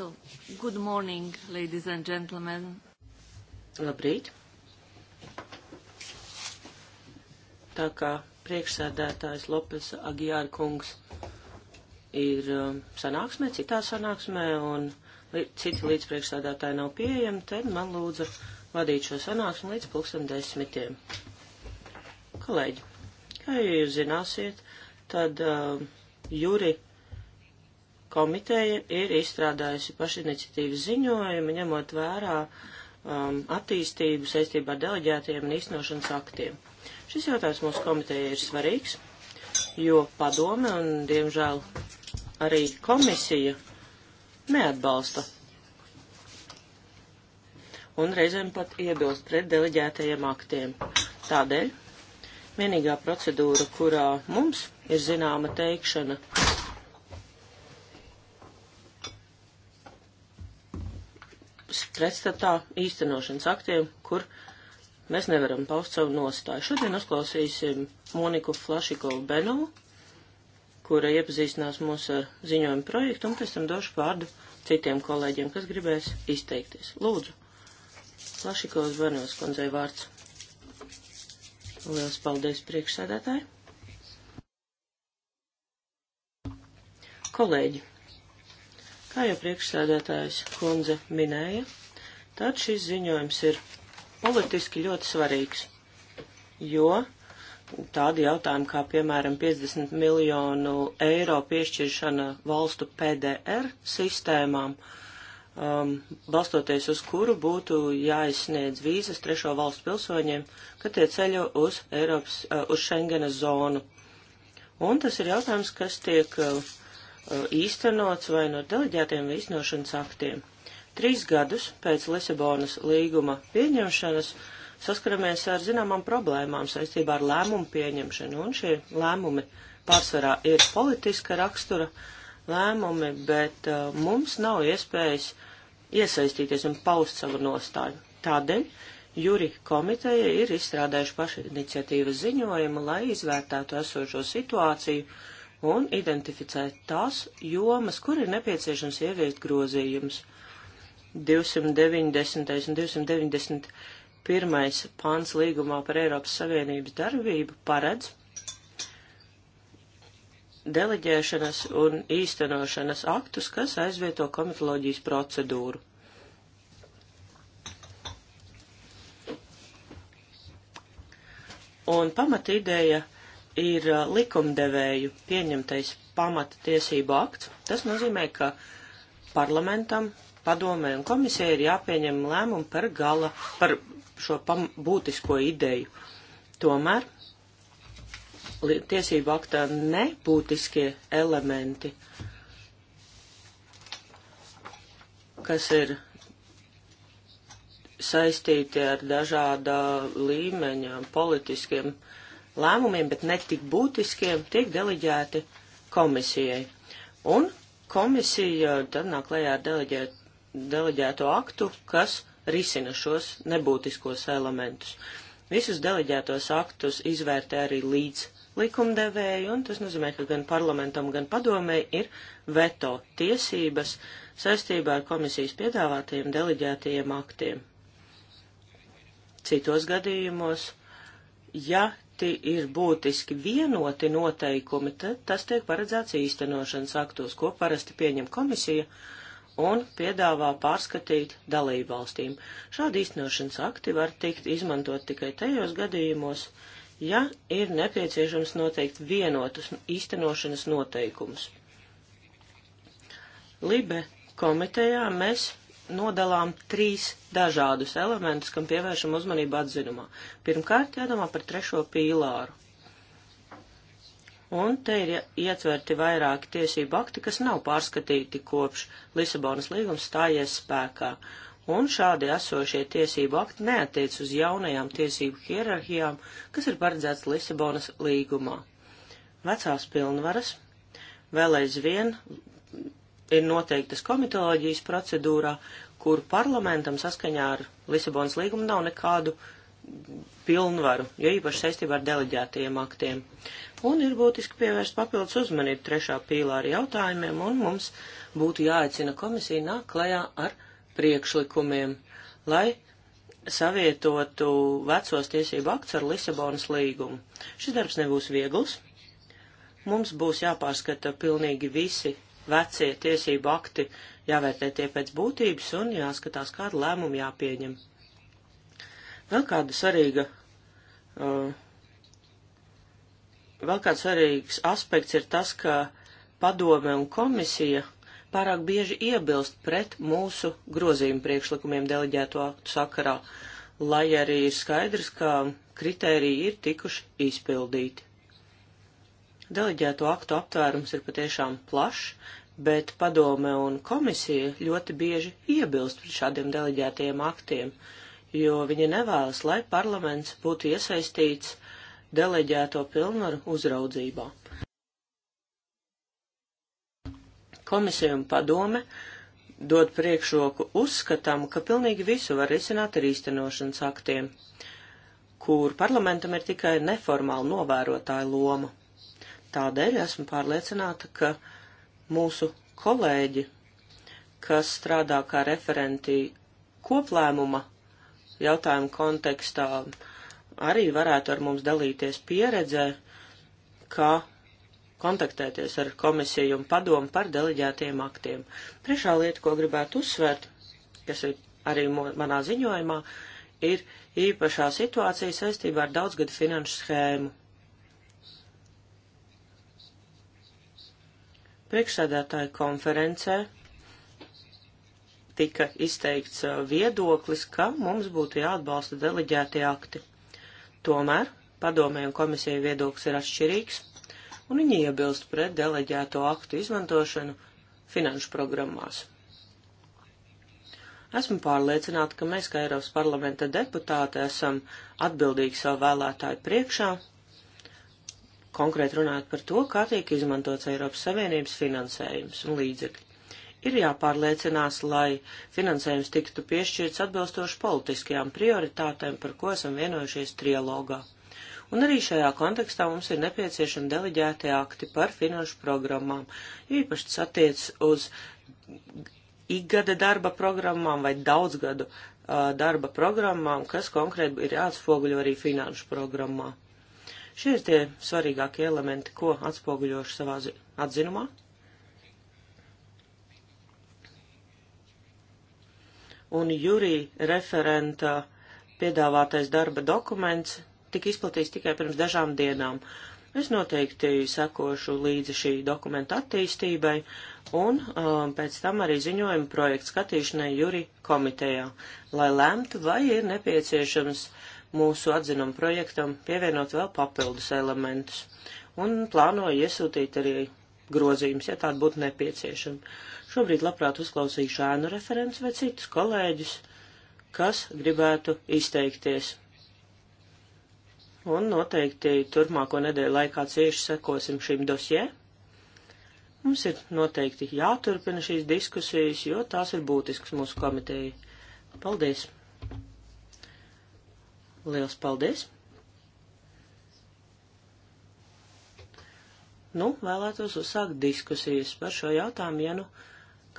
So, good morning, ladies and gentlemen. Labrīt. Tā kā priekšsēdētājs Lopes Agijāra kungs ir um, sanāksmē, citā sanāksmē, un citi līdzpriekšsēdētāji nav pieejami, tad man lūdzu vadīt šo sanāksmi līdz pulksten desmitiem. Kolēģi, kā jūs zināsiet, tad uh, Juri komiteja ir izstrādājusi pašiniciatīvas ziņojumu, ņemot vērā um, attīstību saistībā ar deleģētiem un īstenošanas aktiem. Šis jautājums mūsu komiteja ir svarīgs, jo padome un, diemžēl, arī komisija neatbalsta un reizēm pat iebilst pret deleģētajiem aktiem. Tādēļ vienīgā procedūra, kurā mums ir zināma teikšana pretstatā īstenošanas aktiem, kur mēs nevaram paust savu nostāju. Šodien uzklausīsim Moniku Flašikovu Benovu, kura iepazīstinās mūs ar ziņojumu projektu, un pēc tam došu vārdu citiem kolēģiem, kas gribēs izteikties. Lūdzu, Flašikovas Benovas kundzei vārds. Lielas paldies priekšsēdētāji. Kolēģi, kā jau priekšsēdētājs kundze minēja, tad šis ziņojums ir politiski ļoti svarīgs, jo tādi jautājumi kā, piemēram, 50 miljonu eiro piešķiršana valstu PDR sistēmām, um, balstoties uz kuru būtu jāizsniedz vīzas trešo valstu pilsoņiem, kad tie ceļo uz, Eiropas, uh, uz Schengenas zonu. Un tas ir jautājums, kas tiek uh, īstenots vai no deleģētiem vai īstenošanas aktiem. Trīs gadus pēc Lisabonas līguma pieņemšanas saskaramies ar zināmām problēmām saistībā ar lēmumu pieņemšanu, un šie lēmumi pārsvarā ir politiska rakstura lēmumi, bet uh, mums nav iespējas iesaistīties un paust savu nostāju. Tādēļ Juri komiteja ir izstrādājuši paši iniciatīvas ziņojumu, lai izvērtētu esošo situāciju un identificētu tās jomas, kur ir nepieciešams ieviest grozījumus. Uh, 290. un 291. pāns līgumā par Eiropas Savienības darbību paredz deleģēšanas un īstenošanas aktus, kas aizvieto komitoloģijas procedūru. Un pamatīdēja ir uh, likumdevēju pieņemtais pamata tiesību akts. Tas nozīmē, ka parlamentam padomē un komisija ir jāpieņem lēmumu par gala, par šo pam, būtisko ideju. Tomēr tiesību aktā nebūtiskie elementi, kas ir saistīti ar dažādā līmeņa politiskiem lēmumiem, bet ne tik būtiskiem, tiek deleģēti komisijai. Un komisija tad nāk lejā ar deleģētu deleģēto aktu, kas risina šos nebūtiskos elementus. Visus deleģētos aktus izvērtē arī līdz likumdevēji, un tas nozīmē, ka gan parlamentam, gan padomēji ir veto tiesības saistībā ar komisijas piedāvātajiem deleģētajiem aktiem. Citos gadījumos, ja tie ir būtiski vienoti noteikumi, tad tas tiek paredzēts īstenošanas aktos, ko parasti pieņem komisija un piedāvā pārskatīt dalību valstīm. Šādi īstenošanas akti var tikt izmantot tikai tajos gadījumos, ja ir nepieciešams noteikt vienotus īstenošanas noteikumus. Libe komitejā mēs nodalām trīs dažādus elementus, kam pievēršam uzmanību atzinumā. Pirmkārt, jādomā par trešo pīlāru Un te ir ietverti vairāki tiesību akti, kas nav pārskatīti kopš Lisabonas līgums stājies spēkā. Un šādi esošie tiesību akti neatiec uz jaunajām tiesību hierarhijām, kas ir paredzēts Lisabonas līgumā. Vecās pilnvaras vēl aizvien ir noteiktas komitoloģijas procedūrā, kur parlamentam saskaņā ar Lisabonas līgumu nav nekādu uh, pilnvaru, jo īpaši saistībā ar deleģētajiem aktiem. Un ir būtiski pievērst papildus uzmanību trešā pīlāra jautājumiem, un mums būtu jāaicina komisija nāk klajā ar priekšlikumiem, lai savietotu vecos tiesību akts ar Lisabonas līgumu. Šis darbs nebūs viegls. Mums būs jāpārskata pilnīgi visi vecie tiesību akti, jāvērtē tie pēc būtības un jāskatās, kādu lēmumu jāpieņem. Vēl kāda svarīga, uh, vēl kāds svarīgs aspekts ir tas, ka padome un komisija pārāk bieži iebilst pret mūsu grozījumu priekšlikumiem deleģēto aktu sakarā, lai arī ir skaidrs, ka kritēriji ir tikuši izpildīti. Deleģēto aktu aptvērums ir patiešām plašs, bet padome un komisija ļoti bieži iebilst pret šādiem deleģētajiem aktiem, uh, jo viņi nevēlas, lai parlaments būtu iesaistīts deleģēto pilnvaru uzraudzībā. Komisija un padome dod priekšroku uzskatam, ka pilnīgi visu var risināt ar īstenošanas aktiem, kur parlamentam ir tikai neformāla novērotāja loma. Tādēļ esmu pārliecināta, ka mūsu kolēģi, kas strādā kā referenti koplēmuma jautājumu kontekstā arī varētu ar mums dalīties pieredze, kā kontaktēties ar komisiju un padomu par deleģētiem aktiem. Trešā lieta, ko gribētu uzsvērt, kas ir arī manā ziņojumā, ir īpašā situācija saistībā ar daudzgadu finanšu schēmu. Priekšsēdētāju konferencē tika izteikts uh, viedoklis, ka mums būtu jāatbalsta deleģēti akti. Tomēr padomē un komisija viedoklis ir atšķirīgs, un viņi iebilst pret deleģēto aktu izmantošanu finanšu programmās. Esmu pārliecināta, ka mēs, kā Eiropas parlamenta deputāti, esam atbildīgi savu vēlētāju priekšā, konkrēti runāt par to, kā tiek izmantots Eiropas Savienības finansējums un līdzekļi. Ir jāpārliecinās, lai finansējums tiktu piešķirts atbilstoši politiskajām prioritātēm, par ko esam vienojušies trialogā. Un arī šajā kontekstā mums ir nepieciešami deleģēti akti par finanšu programmām, īpaši tas attiec uz ikgada darba programmām vai daudzgadu uh, darba programmām, kas konkrēti ir jāatspoguļo arī finanšu programmā. Šie ir tie svarīgākie elementi, ko atspoguļošu savā atzinumā. un Jurī referenta piedāvātais darba dokuments tika izplatīts tikai pirms dažām dienām. Es noteikti sekošu līdzi šī dokumenta attīstībai un um, pēc tam arī ziņojumu projektu skatīšanai Juri komitejā, lai lemtu, vai ir nepieciešams mūsu atzinumu projektam pievienot vēl papildus elementus. Un plānoju iesūtīt arī grozījums, ja tāda būtu nepieciešama. Šobrīd labprāt uzklausīšu ēnu referents vai citus kolēģus, kas gribētu izteikties. Un noteikti turpmāko nedēļu laikā cieši sekosim šim dosjē. Mums ir noteikti jāturpina šīs diskusijas, jo tās ir būtiskas mūsu komitejai. Paldies! Liels paldies! Nu, vēlētos uzsākt diskusijas par šo jautājumu, ja nu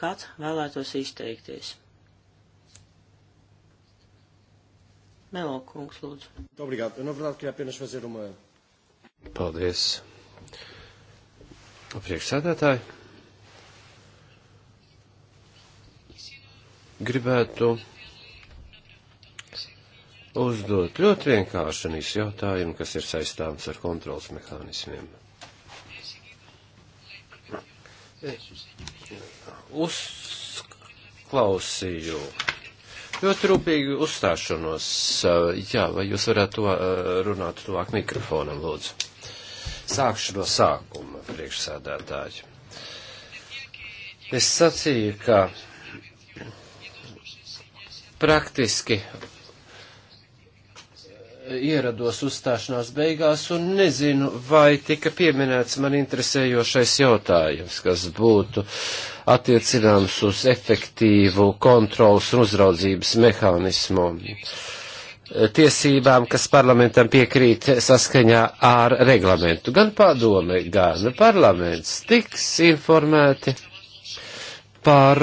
kāds vēlētos izteikties. Melo kungs, lūdzu. Obrigado. Eu, na verdade, queria apenas fazer uma... Paldies. Priekšsēdētāji. Gribētu uzdot ļoti vienkāršanīs jautājumu, kas ir saistāms ar kontrols mehānismiem uzklausīju ļoti rūpīgi uzstāšanos. Eh, jā, vai jūs varētu to eh, runāt tuvāk mikrofonam, lūdzu? Sākšu no sākuma, priekšsādātāji. Es sacīju, ka praktiski eh, ierados uzstāšanās beigās un nezinu, vai tika pieminēts man interesējošais jautājums, kas būtu uh, attiecināms uz efektīvu kontrols un uzraudzības mehānismu tiesībām, kas parlamentam piekrīt saskaņā ar reglamentu. Gan padome, gan parlaments tiks informēti par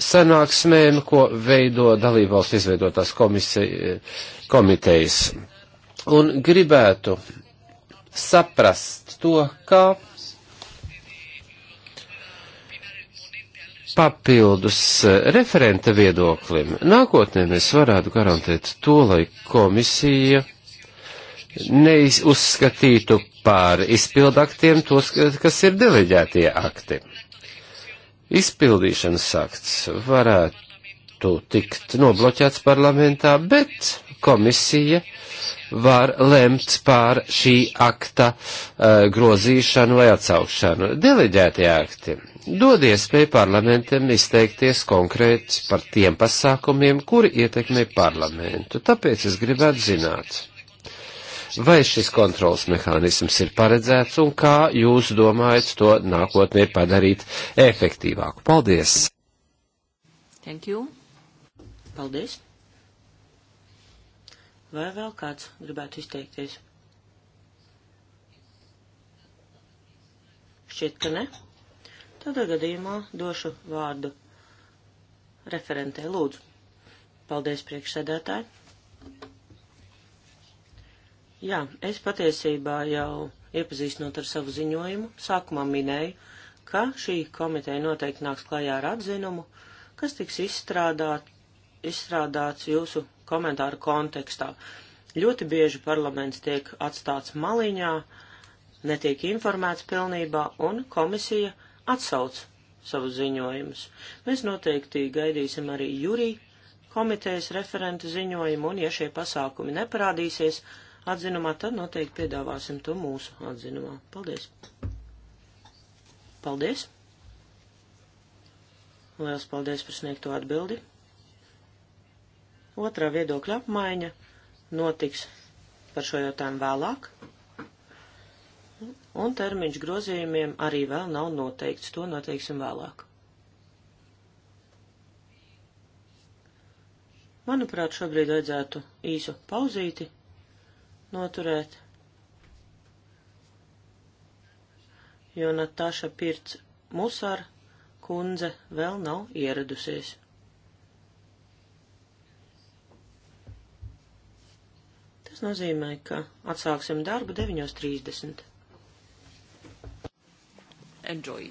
sanāksmēm, ko veido dalībvalsts izveidotās komitejas. Un gribētu saprast to, ka papildus eh, referenta viedoklim nākotnē mēs varētu garantēt to, lai komisija neuzskatītu par izpildaktiem tos, kas ir deleģētie akti. Izpildīšanas akts varētu tikt nobloķēts parlamentā, bet komisija uh, var lemt pār šī akta uh, grozīšanu vai atsaukšanu. Deleģētie akti dod iespēju parlamentam izteikties konkrēti par tiem pasākumiem, kuri ietekmē parlamentu. Tāpēc es gribētu zināt, vai šis kontrols mehānisms ir paredzēts un kā jūs domājat to nākotnē padarīt efektīvāku. Paldies! Thank you. Paldies. Vai vēl kāds gribētu izteikties? Šķiet, ka ne. Tādā gadījumā došu vārdu referentē lūdzu. Paldies, priekšsēdētāji. Jā, es patiesībā jau iepazīstinot ar savu ziņojumu, sākumā minēju, ka šī komiteja noteikti nāks klajā ar atzinumu, kas tiks izstrādāt, izstrādāts jūsu komentāru kontekstā. Ļoti bieži parlaments tiek atstāts maliņā, netiek informēts pilnībā, un komisija atsauc savus ziņojumus. Mēs noteikti gaidīsim arī jūrī komitejas referenta ziņojumu, un ja šie pasākumi neparādīsies atzinumā, tad noteikti piedāvāsim to mūsu atzinumā. Paldies! Paldies! Liels paldies par sniegto atbildi. Otrā viedokļa apmaiņa notiks par šo jautājumu vēlāk. Un termiņš grozījumiem arī vēl nav noteikts. To noteiksim vēlāk. Manuprāt, šobrīd vajadzētu īsu pauzīti noturēt, jo Natāša Pirts Musar kundze vēl nav ieradusies. Tas nozīmē, ka atsāksim darbu 9.30. Enjoy!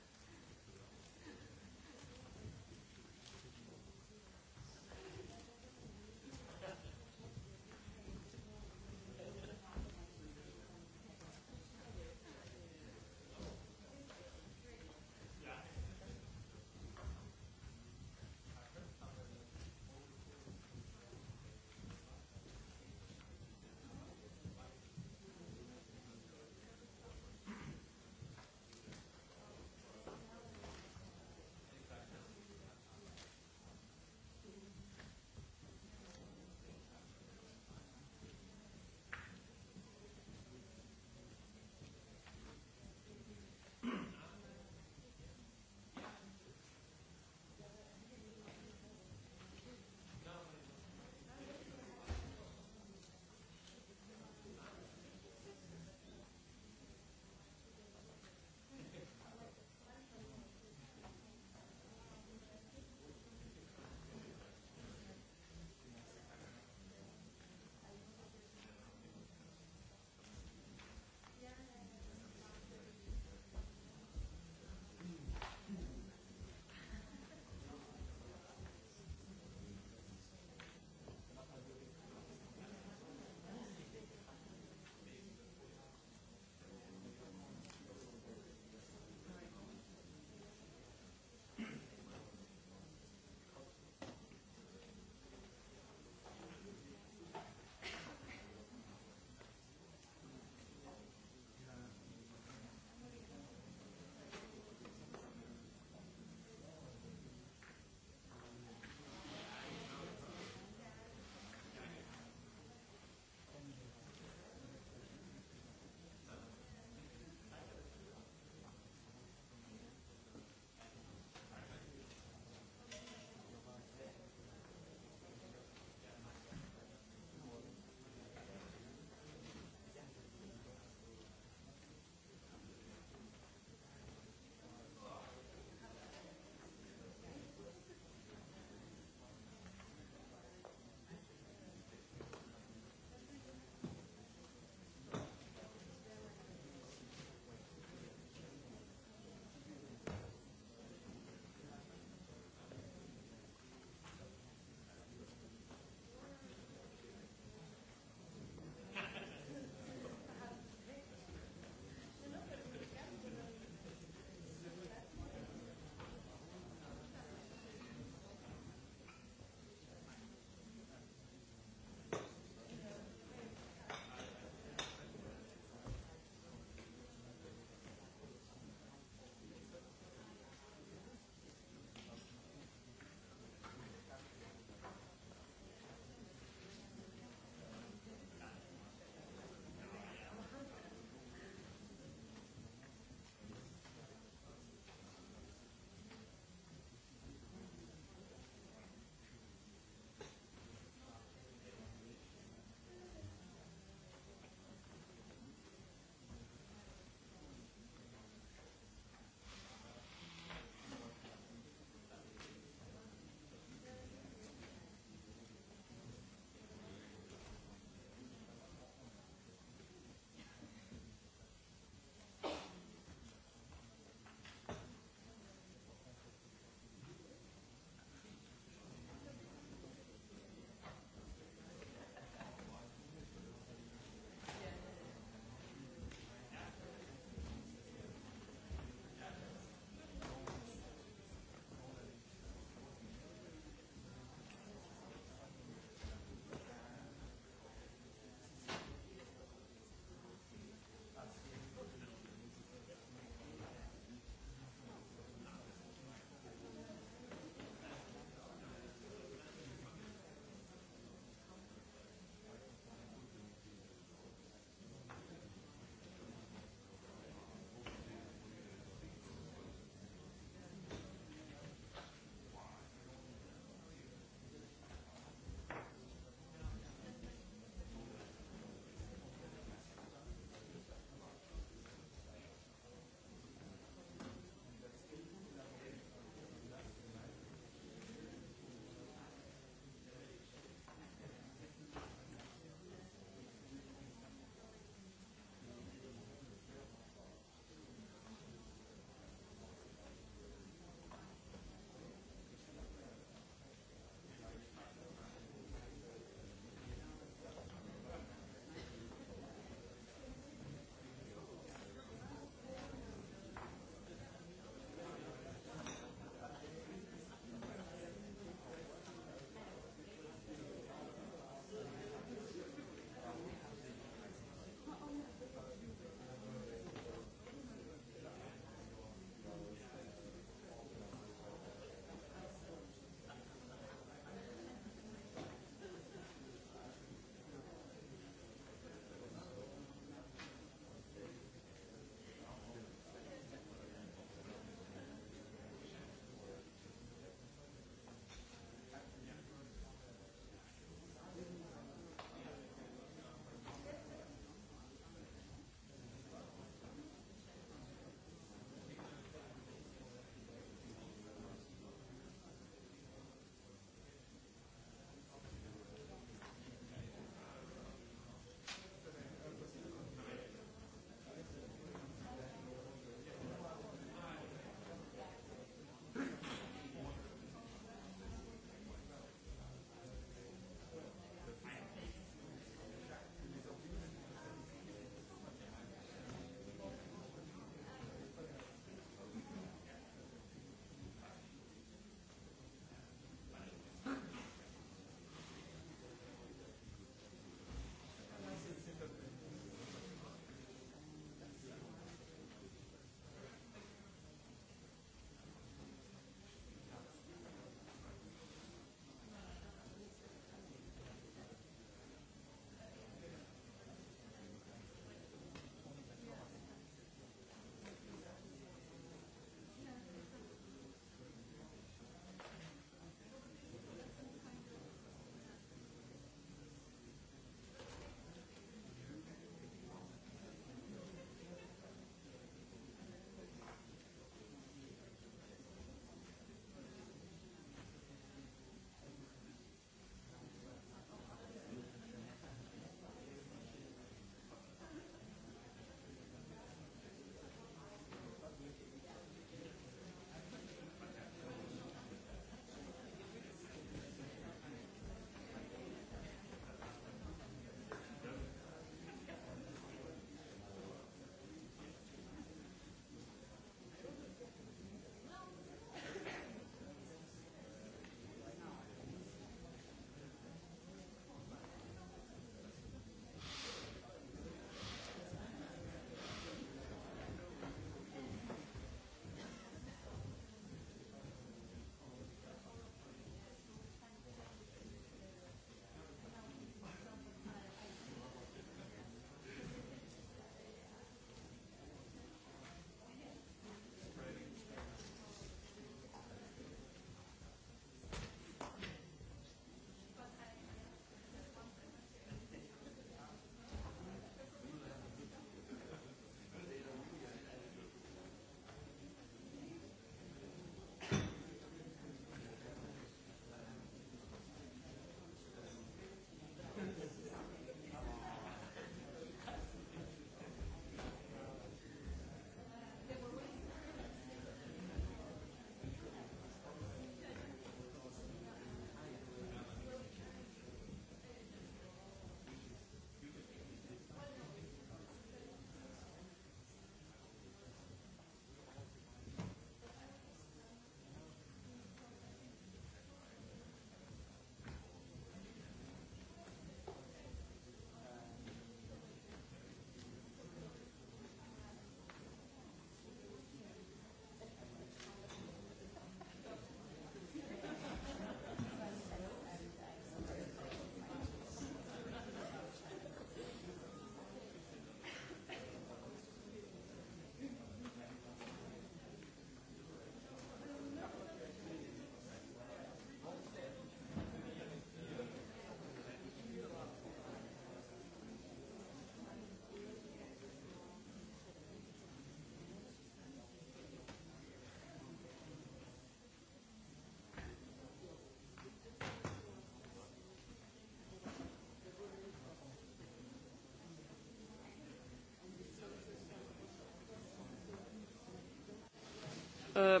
Uh,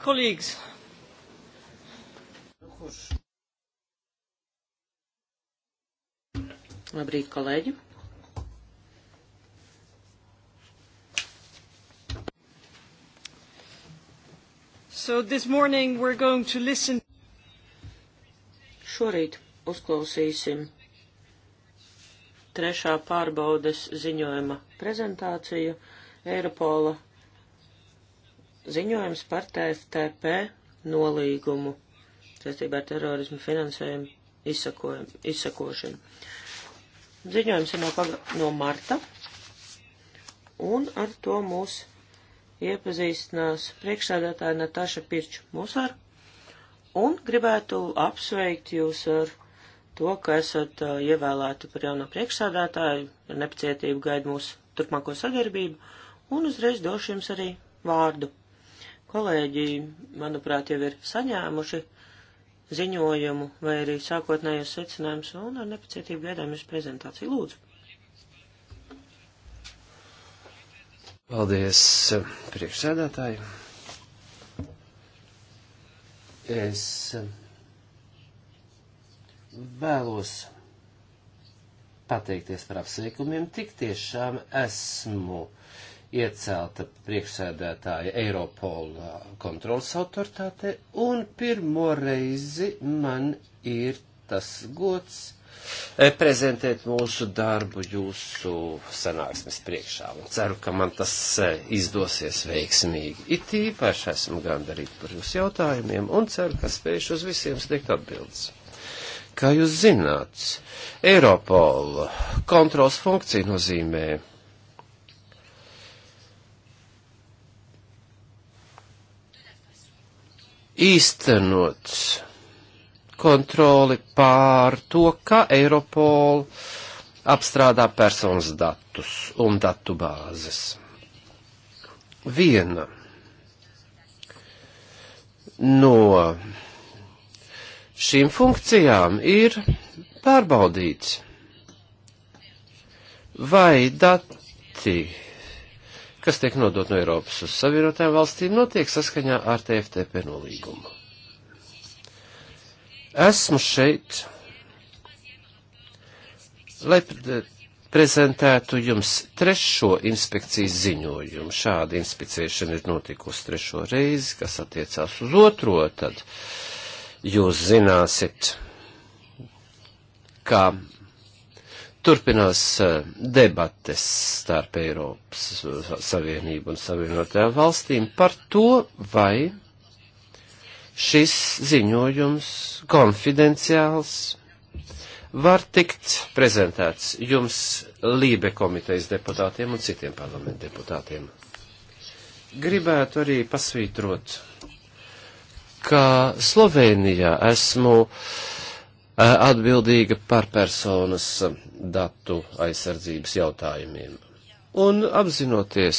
colleagues. Labrīt, kolēģi! So this morning we're going to listen. Šorīt uzklausīsim trešā pārbaudes ziņojuma prezentāciju Eiropola ziņojums par TFTP nolīgumu saistībā ar terorismu finansējumu izsakošanu. Ziņojums ir no, no marta, un ar to mūs iepazīstinās priekšsēdētāja Nataša Pirču Musar, un gribētu apsveikt jūs ar to, ka esat uh, ievēlēti par jauno priekšsādātāju, ar nepacietību gaidu mūsu turpmāko sadarbību, un uzreiz došu jums arī vārdu. Kolēģi, manuprāt, jau ir saņēmuši ziņojumu vai arī sākotnējos secinājumus, un ar nepacietību gaidām jūs prezentāciju lūdzu. Paldies, priekšsēdētāji. Es. Uh, vēlos pateikties par apsveikumiem. Tik tiešām esmu iecelta priekšsēdētāja Eiropola kontrolas autoritāte, un pirmo reizi man ir tas gods eh, prezentēt mūsu darbu jūsu sanāksmes priekšā. Un ceru, ka man tas eh, izdosies veiksmīgi. It īpaši esmu gandarīti par jūsu jautājumiem un ceru, ka spējuši uz visiem sniegt atbildes. Kā jūs zināt, Eiropola kontrols funkcija nozīmē īstenot kontroli pār to, ka Eiropola apstrādā personas datus un datu bāzes. Viena no šīm funkcijām ir pārbaudīts, vai dati, kas tiek nodot no Eiropas uz Savienotajām valstīm, notiek saskaņā ar TFTP nolīgumu. Esmu šeit, lai prezentētu jums trešo inspekcijas ziņojumu. Šāda inspekcēšana ir notikusi trešo reizi, kas attiecās uz otro, tad uh, jūs zināsit, kā turpinās eh, debates starp Eiropas Savienību un Savienotajām valstīm par to, vai šis ziņojums konfidenciāls var tikt prezentēts jums Lībe komitejas deputātiem un citiem parlamentu deputātiem. Gribētu arī pasvītrot ka Slovenijā esmu eh, atbildīga par personas datu aizsardzības jautājumiem. Un apzinoties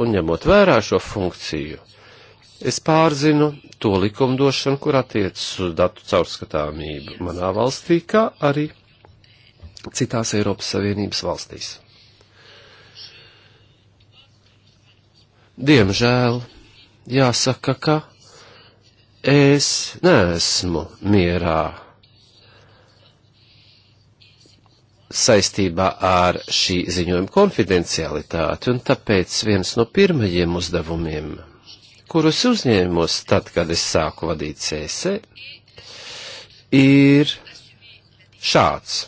un ņemot vērā šo funkciju, es pārzinu to likumdošanu, kur attiecas uz datu caurskatāmību manā valstī, kā arī citās Eiropas Savienības valstīs. Diemžēl jāsaka, ka es neesmu mierā saistībā ar šī ziņojuma konfidencialitāti, un tāpēc viens no pirmajiem uzdevumiem, kurus uzņēmos tad, kad es sāku vadīt CSE, ir šāds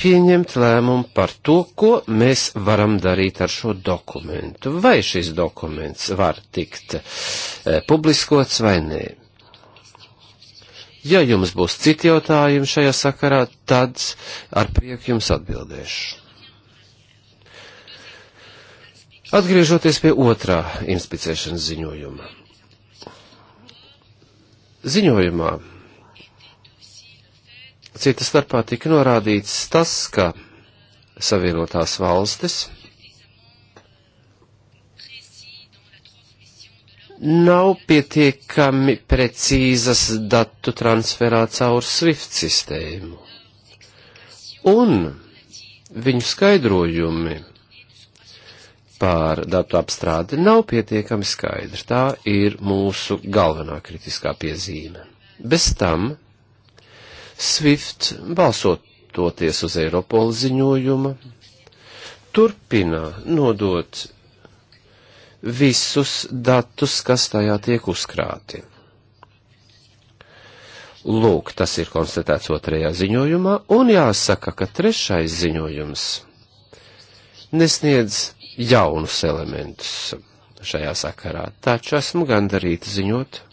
pieņemt lēmumu par to, ko mēs varam darīt ar šo dokumentu. Vai šis dokuments var tikt e, publiskots vai nē. Ja jums būs citi jautājumi šajā sakarā, tad ar prieku jums atbildēšu. Atgriežoties pie otrā inspicēšanas ziņojuma. Ziņojumā Cita starpā tika norādīts tas, ka Savienotās valstis nav pietiekami precīzas datu transferā caur SWIFT sistēmu. Un viņu skaidrojumi pār datu apstrādi nav pietiekami skaidri. Tā ir mūsu galvenā kritiskā piezīme. Bez tam SWIFT balsototies uz Eiropola ziņojumu turpina nodot visus datus, kas tajā tiek uzkrāti. Lūk, tas ir konstatēts otrajā ziņojumā, un jāsaka, ka trešais ziņojums nesniedz jaunus elementus šajā sakarā, taču esmu gandarīti ziņot,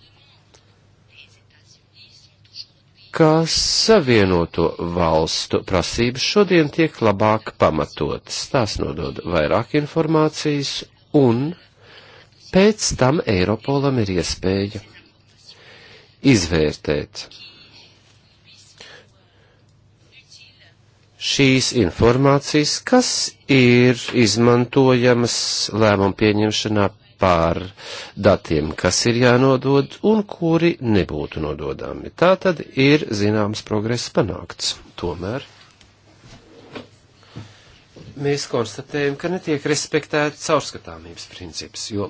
ka savienoto valstu prasības šodien tiek labāk pamatotas. Tās nodod vairāk informācijas un pēc tam Eiropolam ir iespēja izvērtēt šīs informācijas, kas ir izmantojamas lēmumu pieņemšanā par datiem, kas ir jānodod un kuri nebūtu nododami. Tā tad ir zināms progress panākts. Tomēr mēs konstatējam, ka netiek respektēts caurskatāmības princips, jo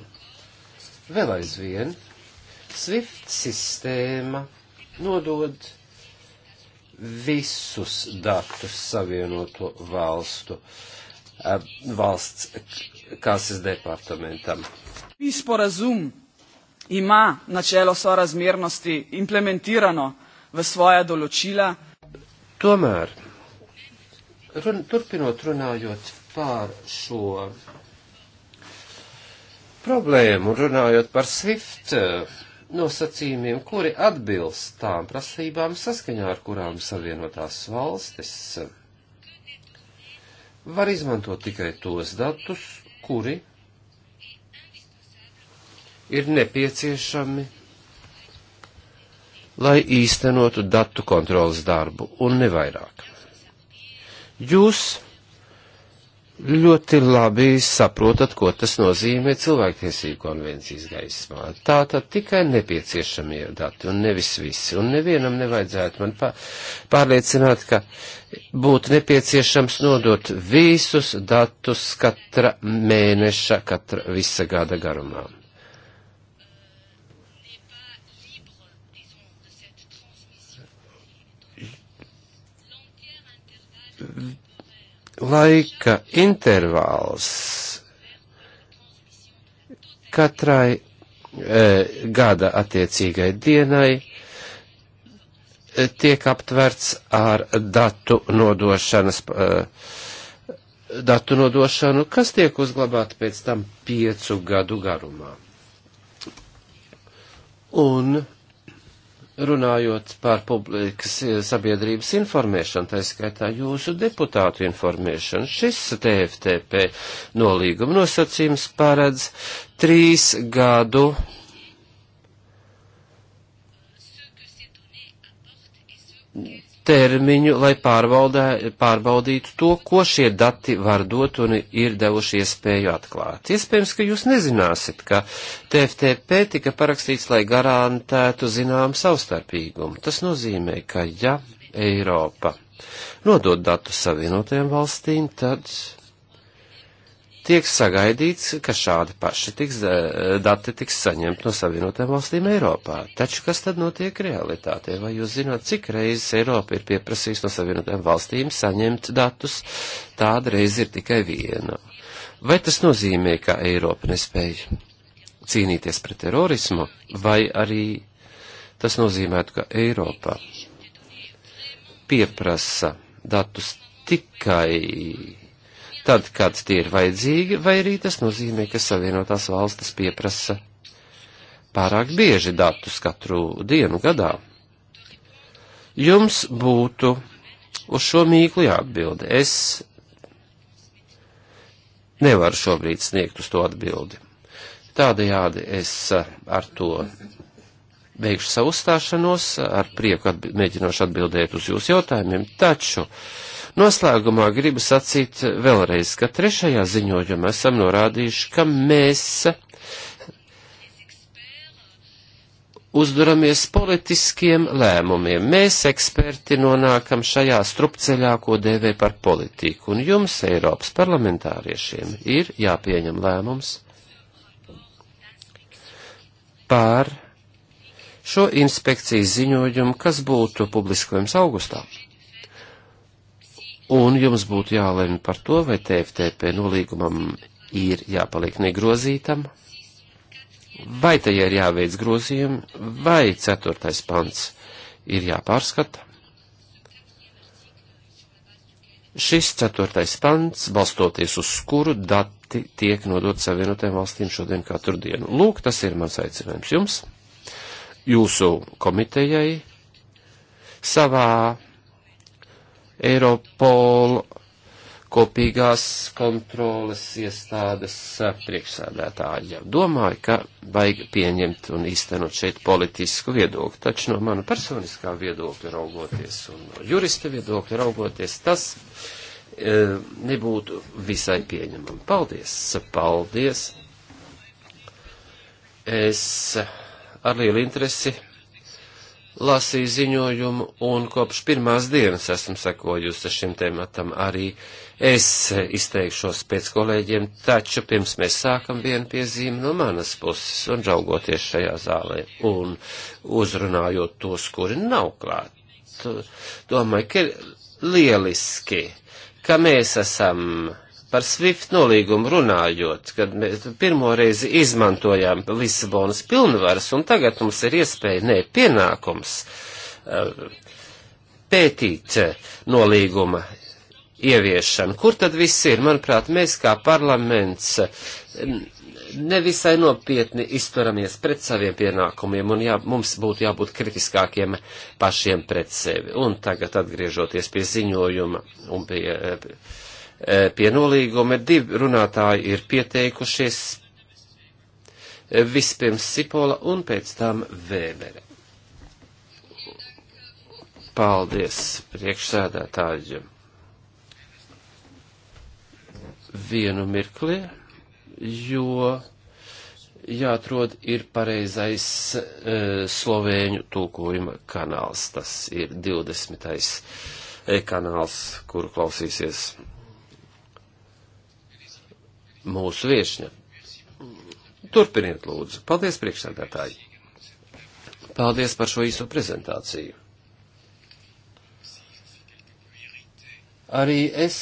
vēl aizvien SWIFT sistēma nodod visus datus savienoto valstu eh, valsts kases departamentam. I sporazum ima načelo sorazmernosti implementirano v svoja določila. Tomēr, run, turpinot runājot par šo problēmu, runājot par SWIFT eh, nosacījumiem, kuri atbilst tām prasībām saskaņā ar kurām savienotās valstis var izmantot tikai tos datus, kuri ir nepieciešami, lai īstenotu datu kontrolas darbu un nevairāk. Jūs ļoti labi saprotat, ko tas nozīmē cilvēktiesību konvencijas gaismā. Tā tad tikai nepieciešamie dati un nevis visi. Un nevienam nevajadzētu man pārliecināt, ka būtu nepieciešams nodot visus datus katra mēneša, katra visa gada garumā. laika intervāls katrai e, gada attiecīgai dienai e, tiek aptverts ar datu nodošanas, e, datu nodošanu, kas tiek uzglabāta pēc tam piecu gadu garumā. Un runājot par publikas eh, sabiedrības informēšanu, tā skaitā jūsu deputātu informēšanu, šis TFTP nolīguma nosacījums paredz trīs gadu termiņu, lai pārbaudē, pārbaudītu to, ko šie dati var dot un ir devuši iespēju atklāt. Iespējams, ka jūs nezināsiet, ka TFTP tika parakstīts, lai garantētu zinām savstarpīgumu. Tas nozīmē, ka ja Eiropa nodod datu savienotajām valstīm, tad tiek sagaidīts, ka šādi paši tiks, eh, dati tiks saņemt no Savienotām valstīm Eiropā. Taču kas tad notiek realitātē? Vai jūs zināt, cik reizes Eiropa ir pieprasījusi no Savienotām valstīm saņemt datus? Tāda reize ir tikai viena. Vai tas nozīmē, ka Eiropa nespēja cīnīties pret terorismu, vai arī tas nozīmētu, ka Eiropa pieprasa datus tikai tad, kad tie ir vajadzīgi, vai arī tas nozīmē, ka Savienotās valstis pieprasa pārāk bieži datus katru dienu gadā. Jums būtu uz šo mīklu jāatbild. Es nevaru šobrīd sniegt uz to atbildi. Tādējādi es ar to beigšu savu stāšanos, ar prieku atbi mēģināšu atbildēt uz jūsu jautājumiem, taču uh, Noslēgumā gribu sacīt vēlreiz, ka trešajā ziņojumā esam norādījuši, ka mēs uzduramies politiskiem lēmumiem. Mēs, eksperti, nonākam šajā strupceļā, ko dēvē par politiku, un jums, Eiropas parlamentāriešiem, ir jāpieņem lēmums pār šo inspekcijas ziņojumu, kas būtu publiskojums augustā un jums būtu jālēma par to, vai TFTP nolīgumam ir jāpaliek negrozītam, vai tajā ir jāveic grozījumi, vai ceturtais pants ir jāpārskata. Šis ceturtais pants, balstoties uz kuru dati tiek nodot Savienotajām valstīm šodien katru dienu. Lūk, tas ir mans aicinājums jums, jūsu komitejai, savā Eiropol kopīgās kontroles iestādes priekšsādētāja. Domāju, ka vajag pieņemt un īstenot šeit politisku viedokli, taču no mana personiskā viedokļa raugoties un no jurista viedokļa raugoties, tas e, nebūtu visai pieņemami. Paldies! Paldies! Es ar lielu interesi lasīju ziņojumu un kopš pirmās dienas esmu sekojusi šim tematam arī. Es izteikšos pēc kolēģiem, taču pirms mēs sākam vienu piezīmi no manas puses un raugoties šajā zālē un uzrunājot tos, kuri nav klāt. Domāju, ka ir lieliski, ka mēs esam Par SWIFT nolīgumu runājot, kad mēs pirmo reizi izmantojām Lisabonas pilnvaras, un tagad mums ir iespēja, nē, pienākums eh, pētīt eh, nolīguma ieviešanu. Kur tad viss ir? Manuprāt, mēs kā parlaments eh, nevisai nopietni izturamies pret saviem pienākumiem, un jā, mums būtu jābūt kritiskākiem pašiem pret sevi. Un tagad atgriežoties pie ziņojuma un pie. pie E, pie nolīguma. Divi runātāji ir pieteikušies e, vispirms Sipola un pēc tam Vēbere. Paldies, priekšsēdētāji. Vienu mirkli, jo jāatrod ir pareizais e, slovēņu tulkojuma kanāls. Tas ir 20. E kanāls, kuru klausīsies mūsu viešņa. Turpiniet, lūdzu. Paldies, priekšsēdētāji. Paldies par šo īso prezentāciju. Arī es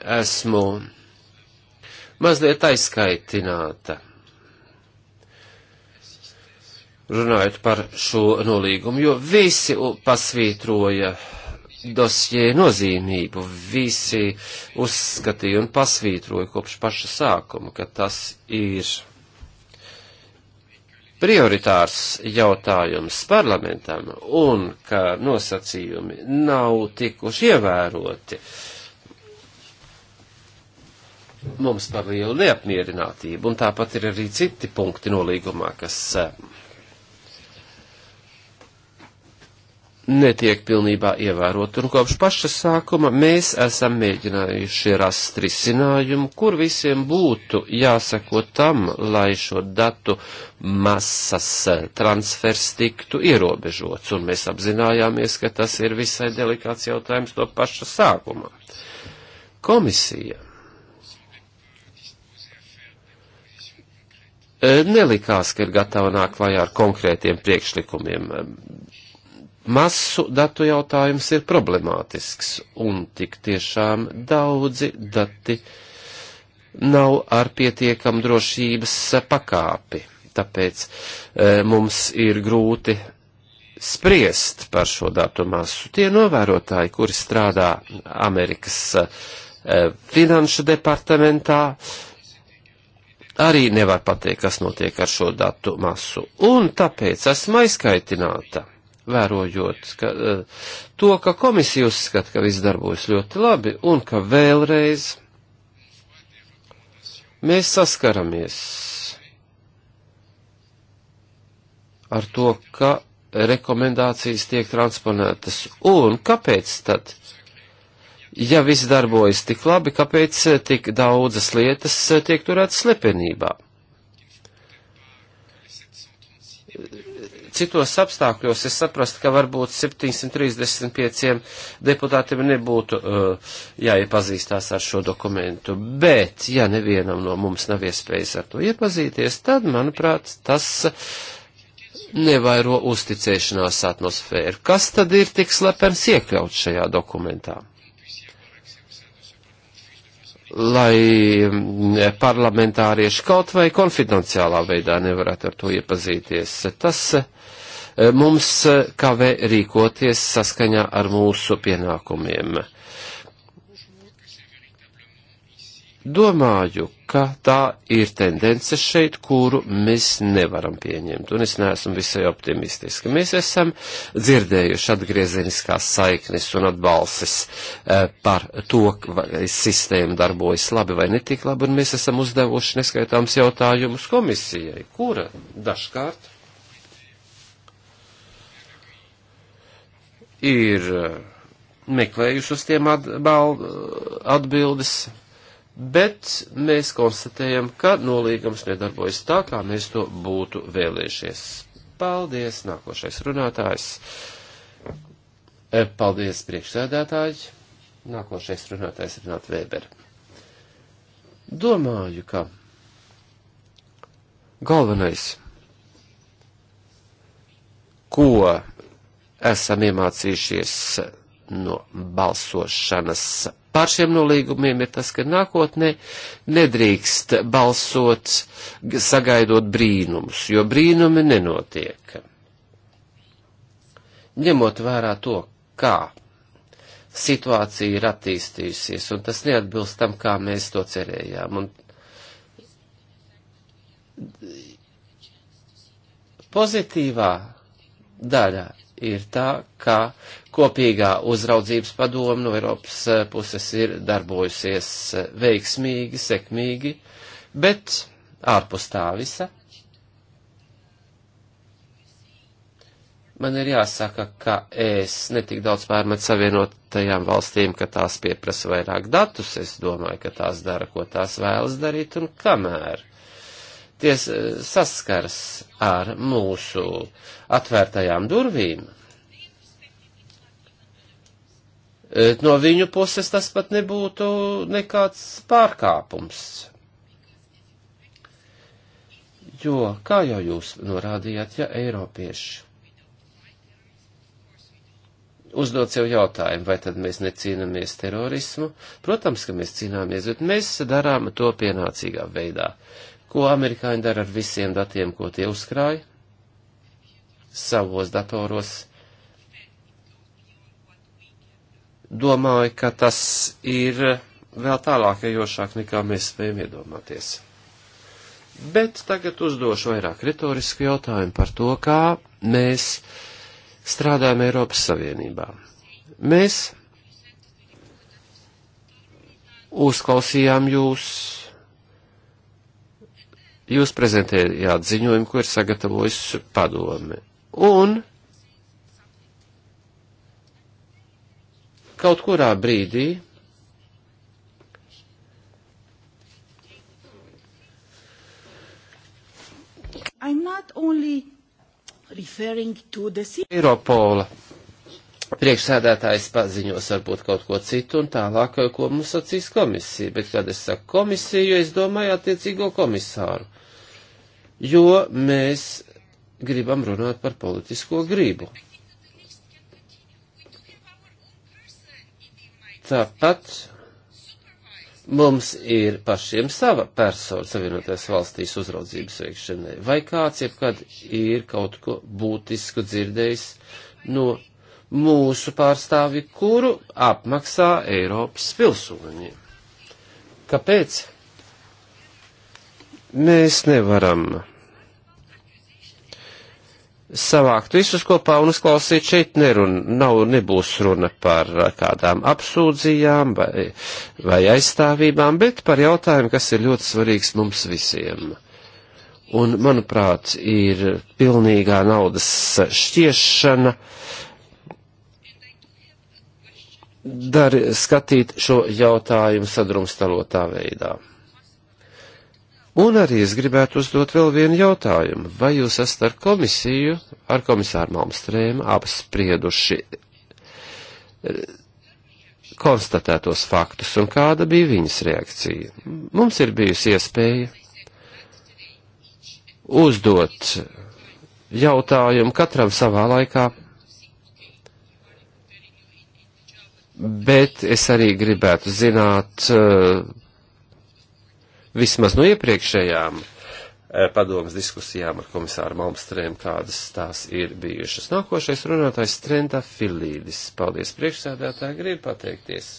esmu mazliet aizskaitināta. Runājot par šo nolīgumu, jo visi pasvītroja uh, dosjē nozīmību. Visi uzskatīja un pasvītroja kopš paša sākuma, ka tas ir prioritārs jautājums parlamentam un ka nosacījumi nav tikuši ievēroti. Mums par lielu neapmierinātību, un tāpat ir arī citi punkti nolīgumā, kas eh, netiek pilnībā ievērot, un kopš paša sākuma mēs esam mēģinājuši rast risinājumu, kur visiem būtu jāsako tam, lai šo datu masas transfers tiktu ierobežots, un mēs apzinājāmies, ka tas ir visai delikāts jautājums no paša sākuma. Komisija nelikās, ka ir gatava nāk klajā ar konkrētiem priekšlikumiem. Masu datu jautājums ir problemātisks, un tik tiešām daudzi dati nav ar pietiekam drošības pakāpi, tāpēc e, mums ir grūti spriest par šo datu masu. Tie novērotāji, kuri strādā Amerikas e, finanšu departamentā, arī nevar pateikt, kas notiek ar šo datu masu, un tāpēc esmu aizskaitināta vērojot ka, e, to, ka komisija uzskata, ka viss darbojas ļoti labi un ka vēlreiz mēs saskaramies ar to, ka rekomendācijas tiek transponētas. Un kāpēc tad, ja viss darbojas tik labi, kāpēc tik daudzas lietas tiek turētas slepenībā? citos apstākļos es saprastu, ka varbūt 735 deputātiem nebūtu uh, jāiepazīstās ar šo dokumentu, bet ja nevienam no mums nav iespējas ar to iepazīties, tad, manuprāt, tas nevairo uzticēšanās atmosfēru. Kas tad ir tik slepens iekļauts šajā dokumentā? lai mm, parlamentārieši kaut vai konfidenciālā veidā nevarētu ar to iepazīties. Tas mums eh, kavē rīkoties saskaņā ar mūsu pienākumiem. Domāju, ka tā ir tendence šeit, kuru mēs nevaram pieņemt, un es neesmu visai optimistiski. Mēs esam dzirdējuši atgriezeniskās saiknes un atbalsis eh, par to, vai sistēma darbojas labi vai netik labi, un mēs esam uzdevuši neskaitāms jautājumus komisijai, kura dažkārt ir uh, meklējuši uz tiem uh, atbildes, bet mēs konstatējam, ka nolīgums nedarbojas tā, kā mēs to būtu vēlējušies. Paldies, nākošais runātājs. Eh, paldies, priekšsēdētāji. Nākošais runātājs ir Nāt Vēber. Domāju, ka galvenais, ko esam iemācījušies no balsošanas par šiem nolīgumiem, ir tas, ka nākotnē nedrīkst balsot sagaidot brīnumus, jo brīnumi nenotiek. Ņemot vērā to, kā situācija ir attīstījusies, un tas neatbilst tam, kā mēs to cerējām. Un pozitīvā daļā ir tā, ka kopīgā uzraudzības padoma no Eiropas eh, puses ir darbojusies eh, veiksmīgi, sekmīgi, bet ārpus tā visa man ir jāsaka, ka es netik daudz pārmet savienotajām valstīm, ka tās pieprasa vairāk datus. Es domāju, ka tās dara, ko tās vēlas darīt un kamēr ties, eh, saskars ar mūsu atvērtajām durvīm, eh, no viņu puses tas pat nebūtu nekāds pārkāpums. Jo, kā jau jūs norādījāt, ja Eiropieši uzdod sev jautājumu, vai tad mēs necīnāmies terorismu? Protams, ka mēs cīnāmies, bet mēs darām to pienācīgā veidā, ko amerikāņi dara ar visiem datiem, ko tie uzkrāja savos datoros. Domāju, ka tas ir vēl tālāk ejošāk nekā mēs spējam iedomāties. Bet tagad uzdošu vairāk retorisku jautājumu par to, kā mēs strādājam Eiropas Savienībā. Mēs uzklausījām jūs Jūs prezentējāt ziņojumu, ko ir sagatavojis padome. Un kaut kurā brīdī Eiropola priekšsēdētājs paziņos varbūt kaut ko citu un tālāk, ko mums sacīs komisija, bet kad es saku komisiju, es domāju attiecīgo komisāru jo mēs gribam runāt par politisko gribu. Tāpat mums ir pašiem sava persona savienoties valstīs uzraudzības veikšanai. Vai kāds jebkad ir kaut ko būtisku dzirdējis no mūsu pārstāvi, kuru apmaksā Eiropas pilsoņi? Kāpēc? Mēs nevaram savākt visus kopā un uzklausīt šeit nerun, nav, nebūs runa par kādām apsūdzījām vai, vai aizstāvībām, bet par jautājumu, kas ir ļoti svarīgs mums visiem. Un, manuprāt, ir pilnīgā naudas šķiešana dar, skatīt šo jautājumu sadrumstalotā veidā. Un arī es gribētu uzdot vēl vienu jautājumu. Vai jūs esat ar komisiju, ar komisāru Malmstrēmu apsprieduši eh, konstatētos faktus un kāda bija viņas reakcija? Mums ir bijusi iespēja uzdot jautājumu katram savā laikā, bet es arī gribētu zināt, uh, vismaz no iepriekšējām eh, padomas diskusijām ar komisāru Malmstrēm, kādas tās ir bijušas. Nākošais runātājs Trenta Filīdis. Paldies priekšsēdētāji, gribu pateikties.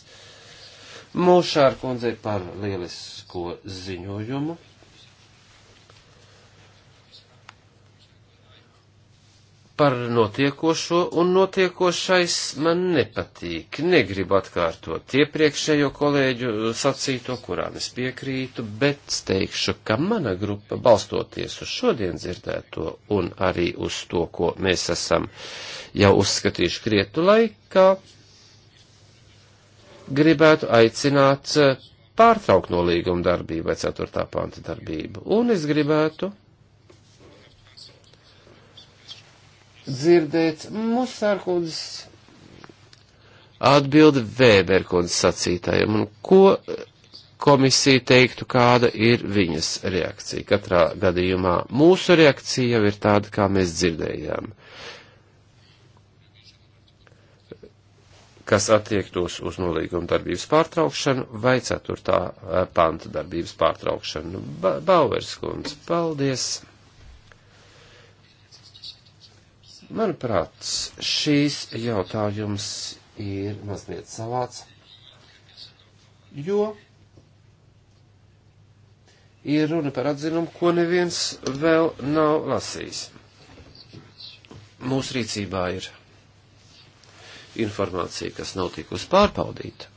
Mūšāra kundzei par lielisko ziņojumu. par notiekošo, un notiekošais man nepatīk. Negribu atkārtot iepriekšējo kolēģu sacīto, kurām es piekrītu, bet teikšu, ka mana grupa, balstoties uz šodien dzirdēto un arī uz to, ko mēs esam jau uzskatījuši krietu laikā, gribētu aicināt eh, pārtraukt nolīguma darbību vai ceturtā panta darbību. Un es gribētu dzirdēt Musārkundas atbildi Vēberkundas sacītājiem un ko komisija teiktu, kāda ir viņas reakcija. Katrā gadījumā mūsu reakcija jau ir tāda, kā mēs dzirdējām. kas attiektos uz nolīguma darbības pārtraukšanu vai ceturtā eh, panta darbības pārtraukšanu. Ba Bauerskundze, paldies! Manuprāt, šīs jautājums ir mazliet savāds, jo ir runa par atzinumu, ko neviens vēl nav lasījis. Mūsu rīcībā ir informācija, kas nav tikusi pārbaudīta.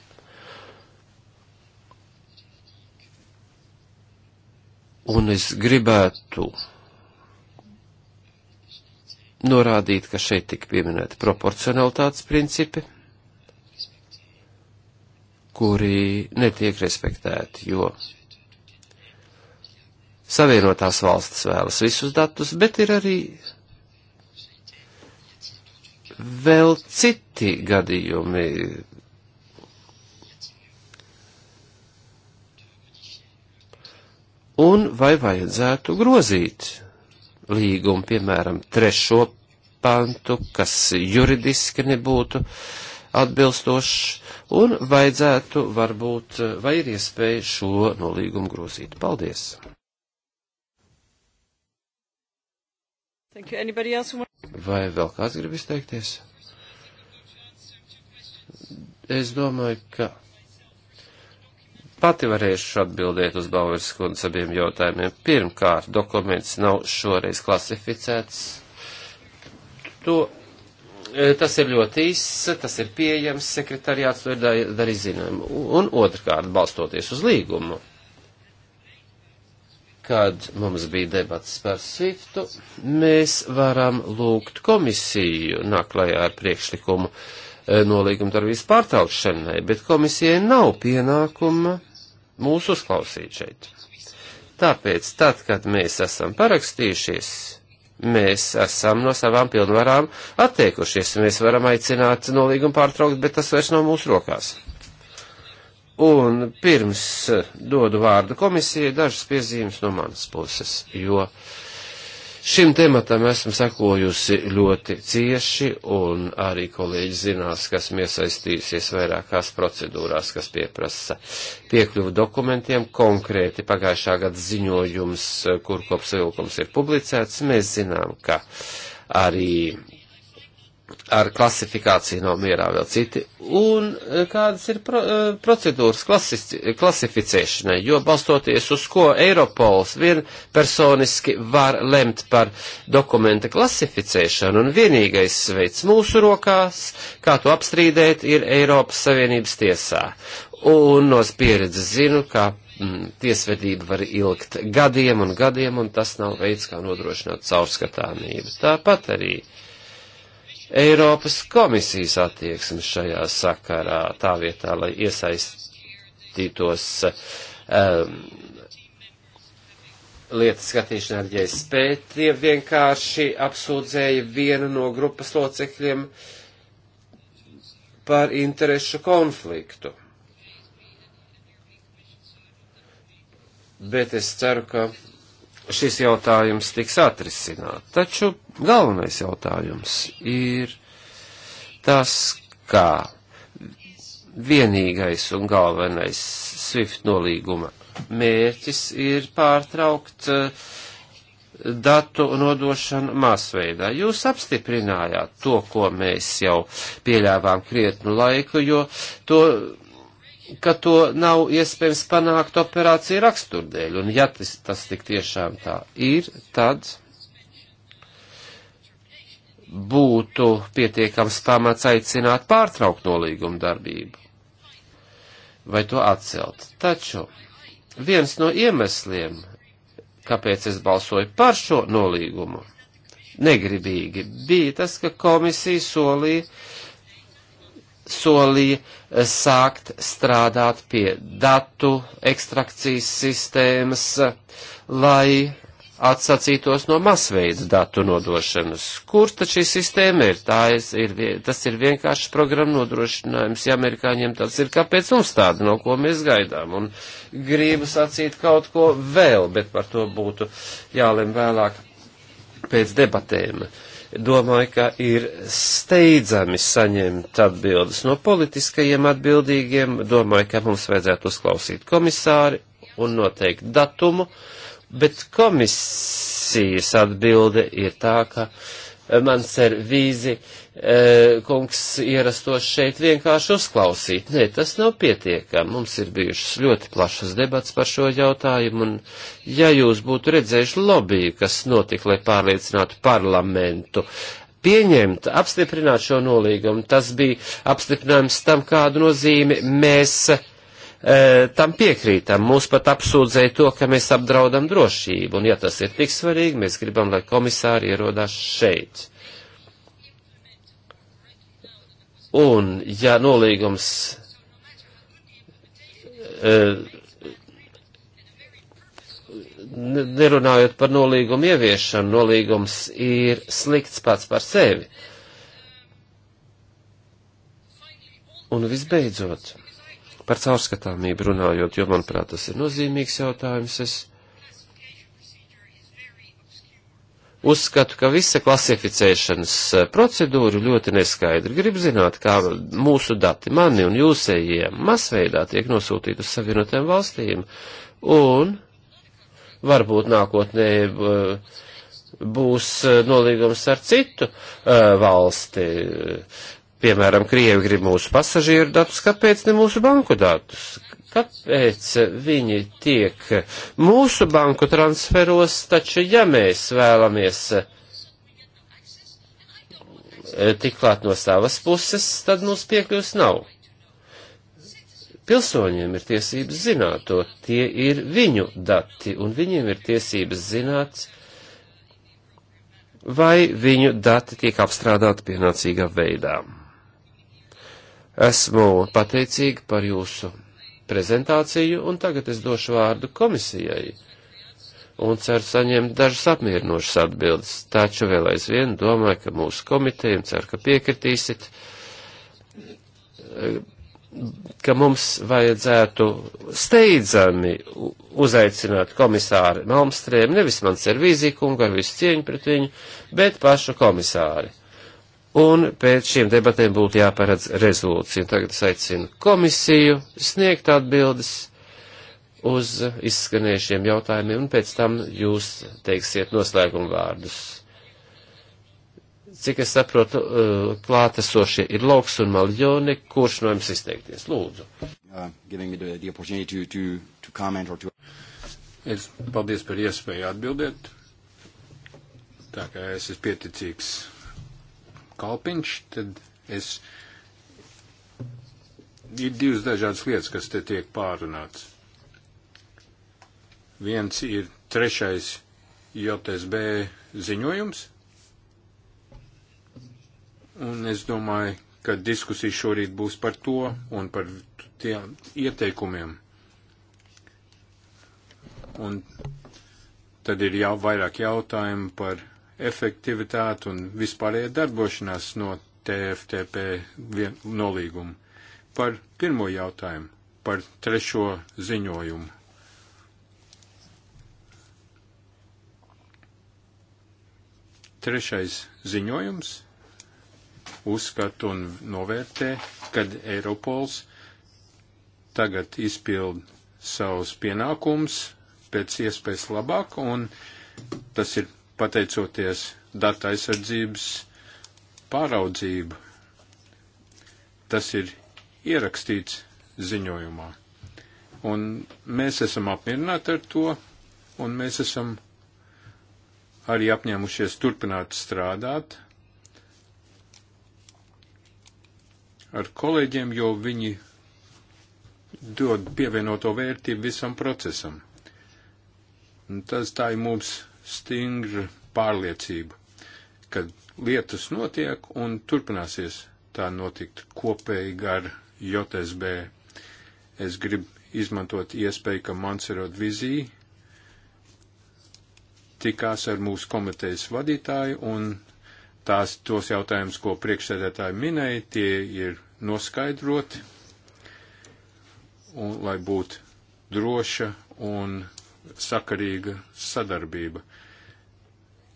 Un es gribētu norādīt, ka šeit tika pieminēti proporcionalitātes principi, kuri netiek respektēti, jo Savienotās valstis vēlas visus datus, bet ir arī vēl citi gadījumi. Un vai vajadzētu grozīt līgumu, piemēram, trešo pantu, kas juridiski nebūtu atbilstošs, un vajadzētu varbūt, vai ir iespēja šo nolīgumu grozīt. Paldies! Vai vēl kāds grib izteikties? Es domāju, ka pati varēšu atbildēt uz Bauers kundzes abiem jautājumiem. Pirmkārt, dokuments nav šoreiz klasificēts. To, e, tas ir ļoti īss, tas ir pieejams, sekretariāts to ir darījis zinām. Un otrkārt, balstoties uz līgumu, kad mums bija debats par Swiftu, mēs varam lūgt komisiju naklajā ar priekšlikumu e, nolīguma darbības pārtraukšanai, bet komisijai nav pienākuma mūs uzklausīt šeit. Tāpēc, tad, kad mēs esam parakstījušies, mēs esam no savām pilnvarām attiekušies. Mēs varam aicināt nolīgumu pārtraukt, bet tas vairs nav mūsu rokās. Un pirms dodu vārdu komisijai, dažas piezīmes no manas puses, jo uh, Šim tematam esmu sekojusi ļoti cieši, un arī kolēģi zinās, kas iesaistījusies vairākās procedūrās, kas pieprasa piekļuvu dokumentiem. Konkrēti pagājušā gada ziņojums, kur kopsavilkums ir publicēts, mēs zinām, ka arī ar klasifikāciju nav mierā vēl citi, un e, kādas ir pro, e, procedūras klasici, klasificēšanai, jo balstoties uz ko Eiropols vienpersoniski var lemt par dokumenta klasificēšanu, un vienīgais veids mūsu rokās, kā to apstrīdēt, ir Eiropas Savienības tiesā. Un no pieredzes zinu, ka mm, tiesvedība var ilgt gadiem un gadiem, un tas nav veids, kā nodrošināt caurskatāmību. Tāpat arī. Uh, Eiropas komisijas attieksmi šajā sakarā, tā vietā, lai iesaistītos um, lietas skatīšanā ar JSP, tie vienkārši apsūdzēja vienu no grupas locekļiem par interešu konfliktu. bet es ceru, ka šis jautājums tiks atrisināt. Taču Galvenais jautājums ir tas, kā vienīgais un galvenais SWIFT nolīguma mērķis ir pārtraukt eh, datu nodošanu masveidā. Jūs apstiprinājāt to, ko mēs jau pieļāvām krietnu laiku, jo to ka to nav iespējams panākt operāciju raksturdēļ, un ja tas, tas tik tiešām tā ir, tad būtu pietiekams pamats aicināt pārtraukt nolīguma darbību vai to atcelt. Taču viens no iemesliem, kāpēc es balsoju par šo nolīgumu, negribīgi, bija tas, ka komisija solīja, solīja sākt strādāt pie datu ekstrakcijas sistēmas, lai atsacītos no masveidu datu nodošanas. Kur tad šī sistēma ir? Tā ir, tas ir vienkārši programma nodrošinājums. Ja amerikāņiem tas ir, kāpēc mums tāda, no ko mēs gaidām? Un gribu sacīt kaut ko vēl, bet par to būtu jālem vēlāk pēc debatēm. Domāju, ka ir steidzami saņemt atbildes no politiskajiem atbildīgiem. Domāju, ka mums vajadzētu uzklausīt komisāri un noteikt datumu. Uh, bet komisijas atbilde ir tā, ka eh, man servīzi e, eh, kungs ierastos šeit vienkārši uzklausīt. Nē, tas nav pietiekami. Mums ir bijušas ļoti plašas debats par šo jautājumu, un ja jūs būtu redzējuši lobby, kas notika, lai pārliecinātu parlamentu, pieņemt, apstiprināt šo nolīgumu, tas bija apstiprinājums tam, kādu nozīmi mēs E, tam piekrītam. Mūs pat apsūdzēja to, ka mēs apdraudam drošību, un ja tas ir tik svarīgi, mēs gribam, lai komisāri ierodās šeit. Un, ja nolīgums e, nerunājot par nolīgumu ieviešanu, nolīgums ir slikts pats par sevi. Un visbeidzot, Par caurskatāmību runājot, jo, manuprāt, tas ir nozīmīgs jautājums, es uzskatu, ka visa klasificēšanas e, procedūra ļoti neskaidra. Gribu zināt, kā mūsu dati, mani un jūsējie, masveidā tiek nosūtīti uz Savienotēm valstīm, un varbūt nākotnē e, būs e, nolīgums ar citu valsti piemēram, Krievi grib mūsu pasažieru datus, kāpēc ne mūsu banku datus? Kāpēc viņi tiek mūsu banku transferos, taču ja mēs vēlamies eh, tiklāt no savas puses, tad mums piekļūs nav. Pilsoņiem ir tiesības zināt to, tie ir viņu dati, un viņiem ir tiesības zināt, vai viņu dati tiek apstrādāti pienācīgā veidā. Esmu pateicīga par jūsu prezentāciju, un tagad es došu vārdu komisijai un ceru saņemt dažas apmierinošas atbildes. Taču vēl aizvien domāju, ka mūsu komiteja, un ceru, ka piekritīsit, ka mums vajadzētu steidzami uzaicināt komisāri Malmstrēm, nevis man servīzī kungu ar visu cieņu pret viņu, bet pašu komisāri un pēc šiem debatēm būtu jāparedz rezolūcija. Tagad es aicinu komisiju sniegt atbildes uz izskanējušiem jautājumiem, un pēc tam jūs teiksiet noslēgumu vārdus. Cik es saprotu, eh, klātesošie ir Lauks un Maljoni, kurš no jums izteikties? Lūdzu. Es paldies par iespēju atbildēt. Tā kā es esmu pieticīgs kalpiņš, tad es. Ir divas dažādas lietas, kas te tiek pārunāts. Viens ir trešais JSB ziņojums, un es domāju, ka diskusija šorīt būs par to un par tiem ieteikumiem. Un tad ir jau vairāk jautājumu par efektivitāti un vispārējā darbošanās no TFTP vien, nolīguma. Par pirmo jautājumu, par trešo ziņojumu. Trešais ziņojums uzskata un novērtē, kad Eiropols tagad izpild savus pienākumus pēc iespējas labāk, un tas ir pateicoties data aizsardzības pāraudzību. Tas ir ierakstīts ziņojumā. Un mēs esam apmierināti ar to, un mēs esam arī apņēmušies turpināt strādāt ar kolēģiem, jo viņi dod pievienoto vērtību visam procesam. Un tas tā ir mums stingra pārliecība, ka lietas notiek un turpināsies tā notikt kopīgi ar JSB. Es gribu izmantot iespēju, ka Manserot vizija tikās ar mūsu komitejas vadītāju un tās tos jautājumus, ko priekšsēdētāji minēja, tie ir noskaidroti, un, lai būtu droša un sakarīga sadarbība.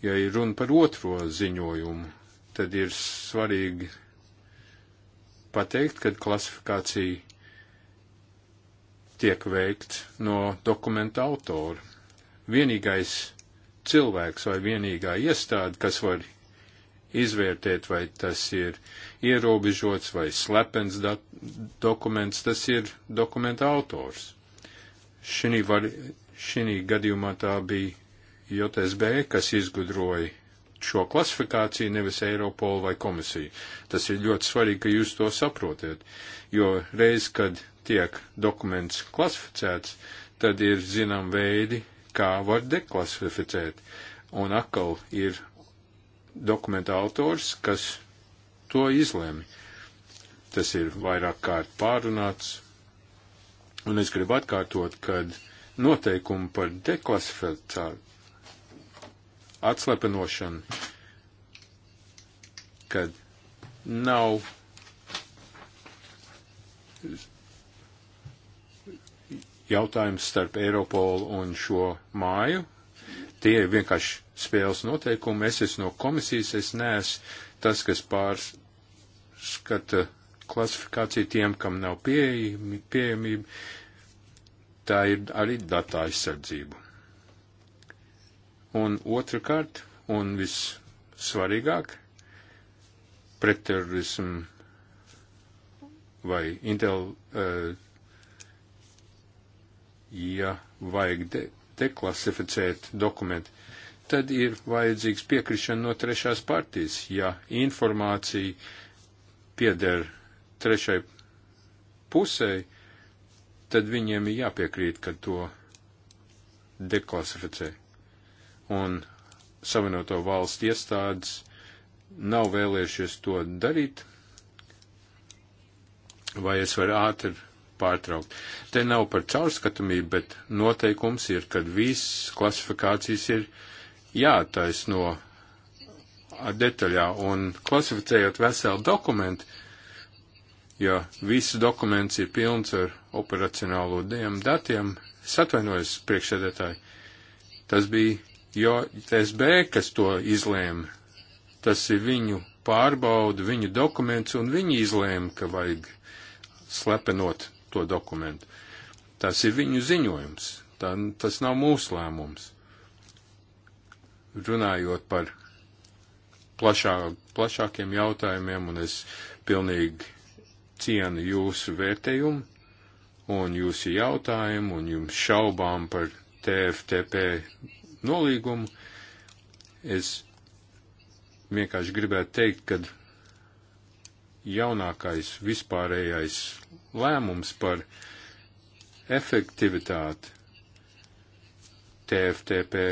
Ja ir runa par otro ziņojumu, tad ir svarīgi pateikt, kad klasifikācija tiek veikt no dokumenta autora. Vienīgais cilvēks vai vienīgā iestāde, kas var izvērtēt, vai tas ir ierobežots vai slepens dokuments, tas ir dokumenta autors. Šī var Šī gadījumā tā bija JSB, kas izgudroja šo klasifikāciju, nevis Eiropolu vai komisiju. Tas ir ļoti svarīgi, ka jūs to saprotiet, jo reiz, kad tiek dokuments klasificēts, tad ir zinām veidi, kā var deklasificēt. Un atkal ir dokumenta autors, kas to izlēma. Tas ir vairāk kārt pārunāts. Un es gribu atkārtot, kad noteikumu par deklasificētu atslepenošanu, kad nav jautājums starp Eiropolu un šo māju. Tie ir vienkārši spēles noteikumi. Es esmu no komisijas, es neesmu tas, kas pārskata klasifikāciju tiem, kam nav pieejami, pieejamība tā ir arī datu aizsardzību. Un otrkārt, un vissvarīgāk, pretterorismu vai intel, uh, ja vajag de deklasificēt dokumentu, tad ir vajadzīgs piekrišana no trešās partijas, ja informācija pieder trešai pusēji, tad viņiem ir jāpiekrīt, ka to deklasificē. Un savienoto valstu iestādes nav vēlējušies to darīt, vai es varu ātri pārtraukt. Te nav par caurskatamību, bet noteikums ir, ka visas klasifikācijas ir jātaisno detaļā, un klasificējot veselu dokumentu, ja viss dokuments ir pilns ar operacionālo datiem, es atvainojos priekšsēdētāji, tas bija JSB, kas to izlēma. Tas ir viņu pārbauda, viņu dokuments, un viņi izlēma, ka vajag slepenot to dokumentu. Tas ir viņu ziņojums, tā, tas nav mūsu lēmums. Runājot par plašāk, plašākiem jautājumiem, un es pilnīgi cienu jūsu vērtējumu un jūsu jautājumu un jums šaubām par TFTP nolīgumu. Es vienkārši gribētu teikt, ka jaunākais vispārējais lēmums par efektivitāti TFTP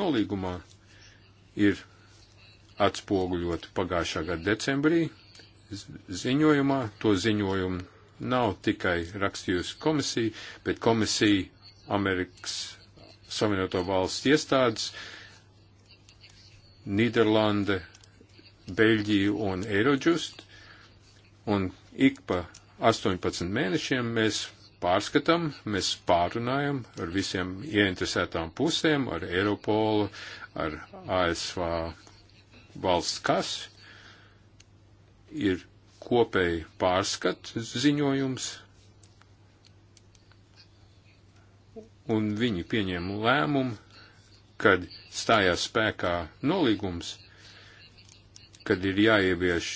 nolīgumā ir atspoguļot pagājušā gada decembrī, ziņojumā. To ziņojumu nav tikai rakstījusi komisija, bet komisija Amerikas Savienoto valstu iestādes, Nīderlande, Beļģija un Eirodžust. Un ik pa 18 mēnešiem mēs pārskatām, mēs pārunājam ar visiem ieinteresētām pusēm, ar Eiropolu, ar ASV valsts kasu, ir kopēji pārskat ziņojums, un viņi pieņēma lēmumu, kad stājās spēkā nolīgums, kad ir jāievieš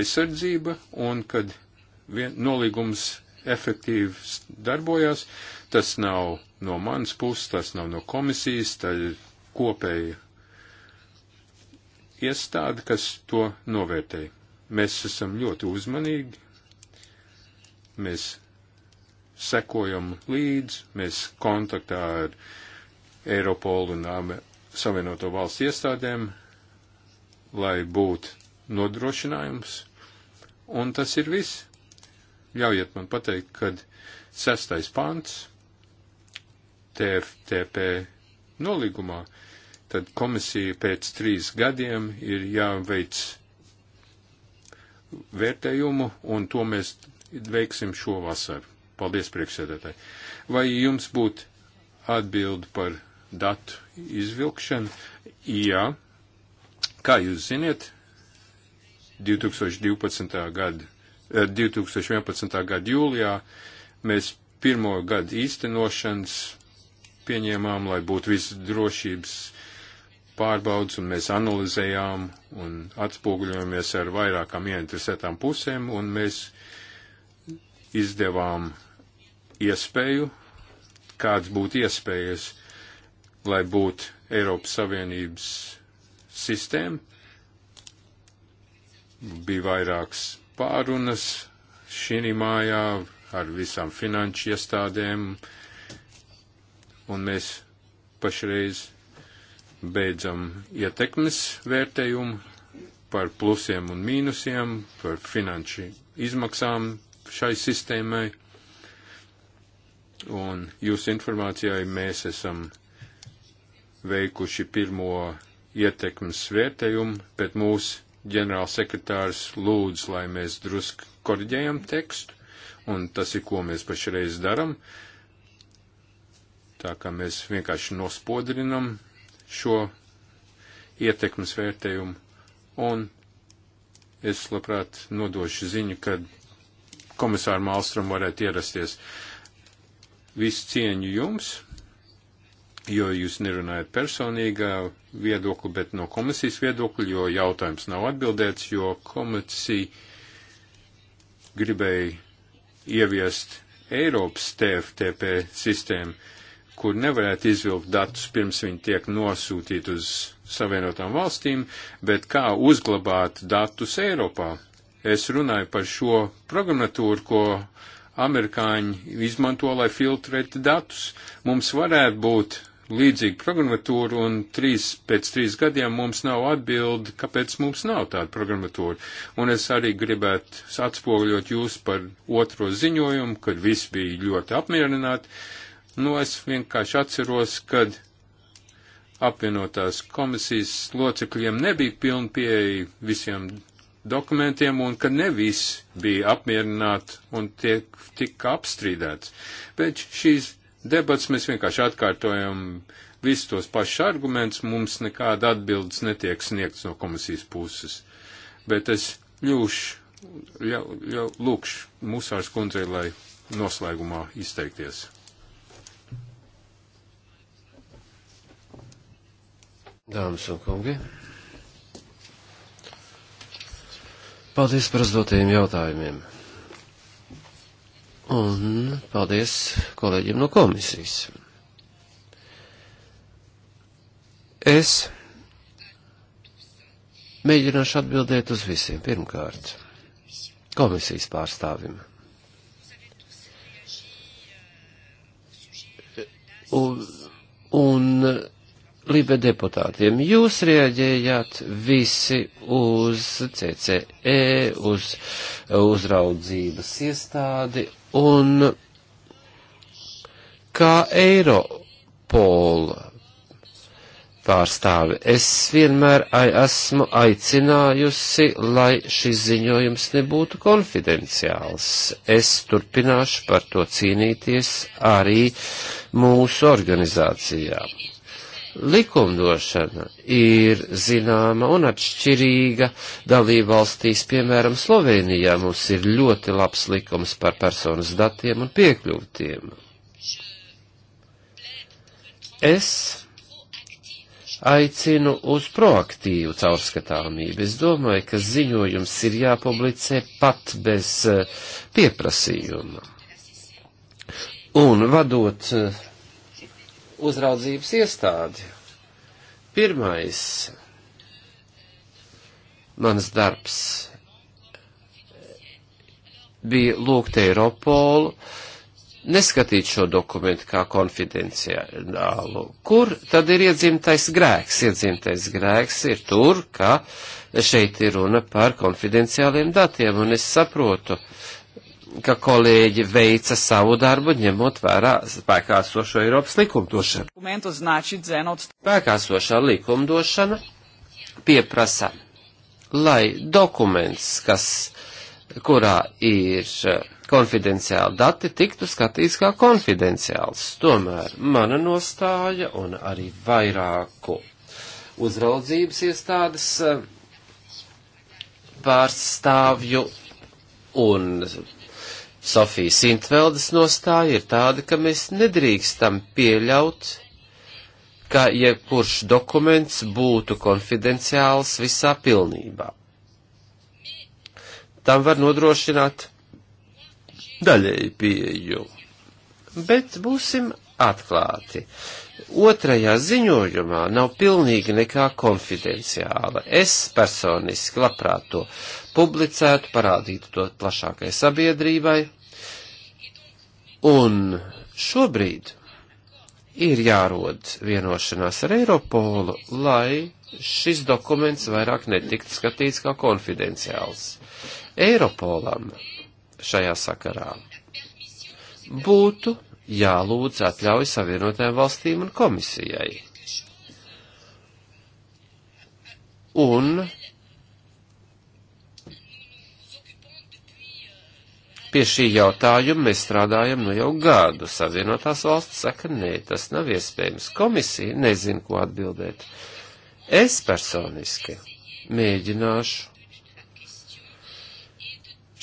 aizsardzība un kad vien, nolīgums efektīvi darbojās. Tas nav no manas puses, tas nav no komisijas, tā ir kopēja iestāde, kas to novērtē. Mēs esam ļoti uzmanīgi, mēs sekojam līdzi, mēs kontaktā ar Eiropolu un Savienoto valstu iestādēm, lai būtu nodrošinājums. Un tas ir viss. Ļaujiet man pateikt, kad sestais pants TFTP nolīgumā tad komisija pēc trīs gadiem ir jāveic vērtējumu, un to mēs veiksim šovasar. Paldies, priekšsēdētāji. Vai jums būtu atbildi par datu izvilkšanu? Jā. Kā jūs ziniet, 2012. gada, 2011. Eh, gada jūlijā mēs pirmo gadu īstenošanas pieņēmām, lai būtu viss drošības pārbaudas, un mēs analizējām un atspoguļojamies ar vairākām ieinteresētām pusēm, un mēs izdevām iespēju, kāds būtu iespējas, lai būtu Eiropas Savienības sistēma. Bija vairākas pārunas šī mājā ar visām finanšu iestādēm, un mēs pašreiz beidzam ietekmes vērtējumu par plusiem un mīnusiem, par finanšu izmaksām šai sistēmai. Un jūsu informācijai mēs esam veikuši pirmo ietekmes vērtējumu, bet mūsu ģenerālsekretārs lūdz, lai mēs drusk korģējam tekstu, un tas ir, ko mēs pašreiz daram. Tā kā mēs vienkārši nospodrinam šo ietekmes vērtējumu, un es labprāt nodošu ziņu, kad komisāra Malstrom varētu ierasties. Visu cieņu jums, jo jūs nerunājat personīgā viedokli, bet no komisijas viedokļa, jo jautājums nav atbildēts, jo komisija gribēja ieviest Eiropas TFTP sistēmu kur nevarētu izvilkt datus pirms viņi tiek nosūtīti uz Savienotām valstīm, bet kā uzglabāt datus Eiropā. Es runāju par šo programmatūru, ko amerikāņi izmanto, lai filtrētu datus. Mums varētu būt līdzīga programmatūra, un trīs, pēc trīs gadiem mums nav atbildi, kāpēc mums nav tāda programmatūra. Un es arī gribētu atspoguļot jūs par otro ziņojumu, kad visi bija ļoti apmierināti, Nu, es vienkārši atceros, kad apvienotās komisijas locekļiem nebija pilna pieeja visiem dokumentiem un ka ne viss bija apmierināti un tiek tika apstrīdēts. Bet šīs debats mēs vienkārši atkārtojam visus tos pašus argumentus, mums nekāda atbildes netiek sniegts no komisijas puses. Bet es ļūšu, ļau, ļau, lūkšu Musārs kundzei, lai noslēgumā izteikties. Dāmas un kungi, paldies par uzdotajiem jautājumiem. Un paldies kolēģiem no komisijas. Es mēģināšu atbildēt uz visiem. Pirmkārt, komisijas pārstāvim. Un, un Libe deputātiem, jūs rieģējāt visi uz CCE, uz uzraudzības iestādi un kā Eiropola pārstāvi. Es vienmēr ai esmu aicinājusi, lai šis ziņojums nebūtu konfidenciāls. Es turpināšu par to cīnīties arī mūsu organizācijā likumdošana ir zināma un atšķirīga dalībvalstīs, piemēram, Slovenijā mums ir ļoti labs likums par personas datiem un piekļūtiem. Es aicinu uz proaktīvu caurskatāmību. Es domāju, ka ziņojums ir jāpublicē pat bez eh, pieprasījuma. Un vadot uh, uzraudzības iestādi. Pirmais mans darbs bija lūgt Eiropolu neskatīt šo dokumentu kā konfidenciālu. Kur tad ir iedzimtais grēks? Iedzimtais grēks ir tur, ka šeit ir runa par konfidenciāliem datiem, un es saprotu, uh, ka kolēģi veica savu darbu, ņemot vērā spēkā sošo Eiropas likumdošanu. Spēkā sošā likumdošana pieprasa, lai dokuments, kas, kurā ir eh, konfidenciāli dati, tiktu skatīts kā konfidenciāls. Tomēr mana nostāja un arī vairāku uzraudzības iestādes eh, pārstāvju un Sofijas Intveldes nostāja ir tāda, ka mēs nedrīkstam pieļaut, ka jebkurš ja dokuments būtu konfidenciāls visā pilnībā. Tam var nodrošināt daļēji pieeju. Bet būsim atklāti. Otrajā ziņojumā nav pilnīgi nekā konfidenciāla. Es personiski labprāt to publicētu, parādītu to plašākai sabiedrībai. Un šobrīd ir jārod vienošanās ar Eiropolu, lai šis dokuments vairāk netiktu skatīts kā konfidenciāls. Eiropolam šajā sakarā būtu jālūdz atļauj savienotajām valstīm un komisijai. Un Pie šī jautājuma mēs strādājam nu jau gadu. Savienotās valsts saka, nē, tas nav iespējams. Komisija nezin, ko atbildēt. Es personiski mēģināšu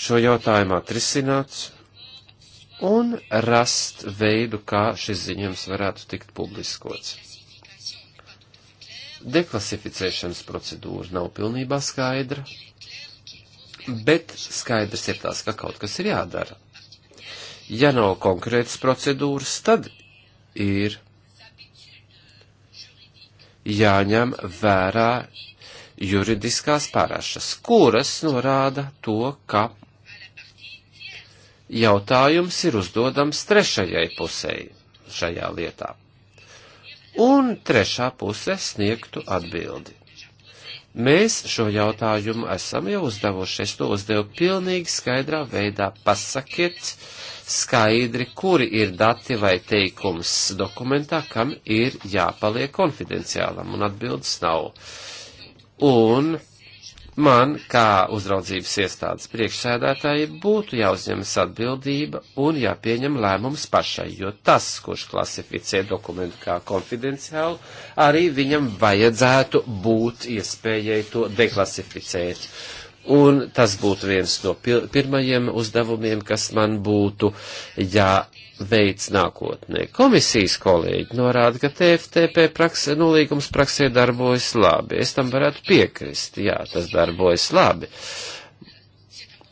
šo jautājumu atrisināt un rast veidu, kā šis ziņojums varētu tikt publiskots. Deklasificēšanas procedūra nav pilnībā skaidra Bet skaidrs ir tās, ka kaut kas ir jādara. Ja nav konkrētas procedūras, tad ir jāņem vērā juridiskās parašas, kuras norāda to, ka jautājums ir uzdodams trešajai pusei šajā lietā. Un trešā puse sniegtu atbildi. Mēs šo jautājumu esam jau uzdevuši. Es to uzdevu pilnīgi skaidrā veidā. Pasakiet skaidri, kuri ir dati vai teikums dokumentā, kam ir jāpaliek konfidenciālam, un atbildes nav. Un Man, kā uzraudzības iestādes priekšsēdētāji, būtu jāuzņemas atbildība un jāpieņem lēmums pašai, jo tas, kurš klasificē dokumentu kā konfidenciālu, arī viņam vajadzētu būt iespējai to deklasificēt. Un tas būtu viens no pirmajiem uzdevumiem, kas man būtu jā. Ja veids nākotnē. Komisijas kolēģi norāda, ka TFTP praksē, nolīgums praksē darbojas labi. Es tam varētu piekrist. Jā, tas darbojas labi.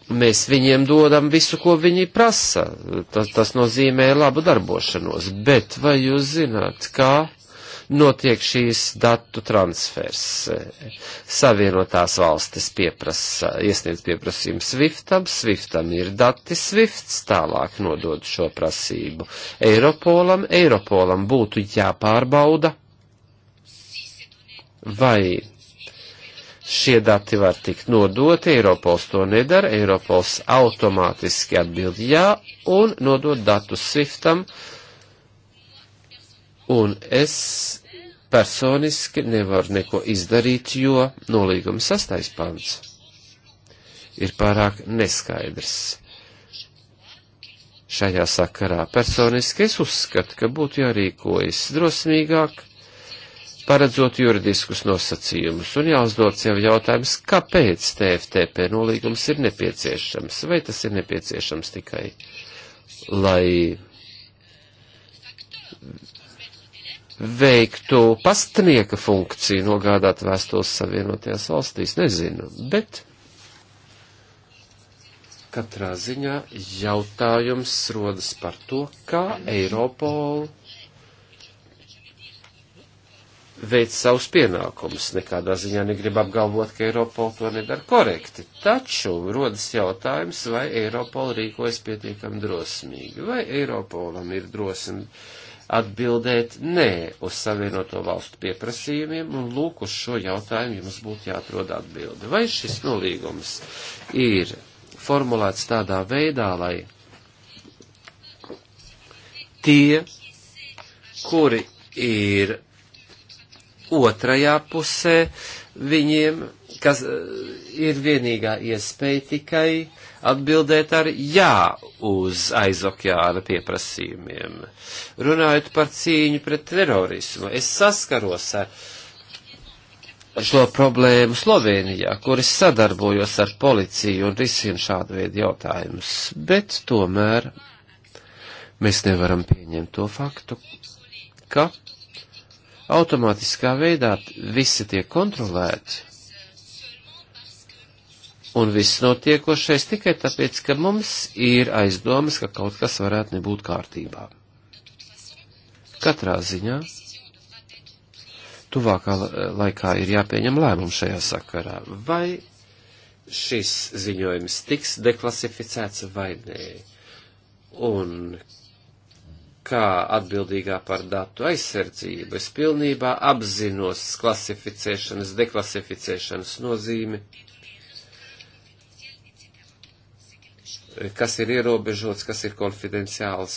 Mēs viņiem dodam visu, ko viņi prasa. Tas, tas nozīmē labu darbošanos. Bet vai jūs zināt, kā notiek šīs datu transfers. Savienotās valstis pieprasa, iesniedz pieprasījumu Swiftam, Swiftam ir dati Swifts, tālāk nodod šo prasību Eiropolam, Eiropolam būtu jāpārbauda, vai šie dati var tikt nodoti, Eiropols to nedara, Eiropols automātiski atbild jā un nodod datus Swiftam, uh, Un es personiski nevaru neko izdarīt, jo nolīguma sastais pants ir pārāk neskaidrs. Šajā sakarā personiski es uzskatu, ka būtu jārīkojas drosmīgāk, paredzot juridiskus nosacījumus un jāuzdod sev jautājums, kāpēc TFTP nolīgums ir nepieciešams, vai tas ir nepieciešams tikai, lai veiktu pastnieka funkciju, nogādāt vēstules savienotajās valstīs, nezinu, bet katrā ziņā jautājums rodas par to, kā Eiropol veic savus pienākumus. Nekādā ziņā negrib apgalvot, ka Eiropola to nedara korekti. Taču rodas jautājums, vai Eiropola rīkojas pietiekami drosmīgi, vai Eiropolam ir drosme atbildēt nē uz Savienoto valstu pieprasījumiem, un lūk uz šo jautājumu jums būtu jāatrod atbildi. Vai šis nolīgums ir formulēts tādā veidā, lai tie, kuri ir otrajā pusē, viņiem, kas eh, ir vienīgā iespēja tikai atbildēt ar jā uz aizokeāna pieprasījumiem. Runājot par cīņu pret terorismu, es saskaros ar šo problēmu Slovenijā, kur es sadarbojos ar policiju un risinu šādu veidu jautājumus, bet tomēr mēs nevaram pieņemt to faktu, ka automātiskā veidā visi tiek kontrolēti un viss notiekošais tikai tāpēc, ka mums ir aizdomas, ka kaut kas varētu nebūt kārtībā. Katrā ziņā tuvākā laikā ir jāpieņem lēmums šajā sakarā, vai šis ziņojums tiks deklasificēts vai nē. Un kā atbildīgā par datu aizsardzību, es pilnībā apzinos klasificēšanas, deklasificēšanas nozīmi kas ir ierobežots, kas ir konfidenciāls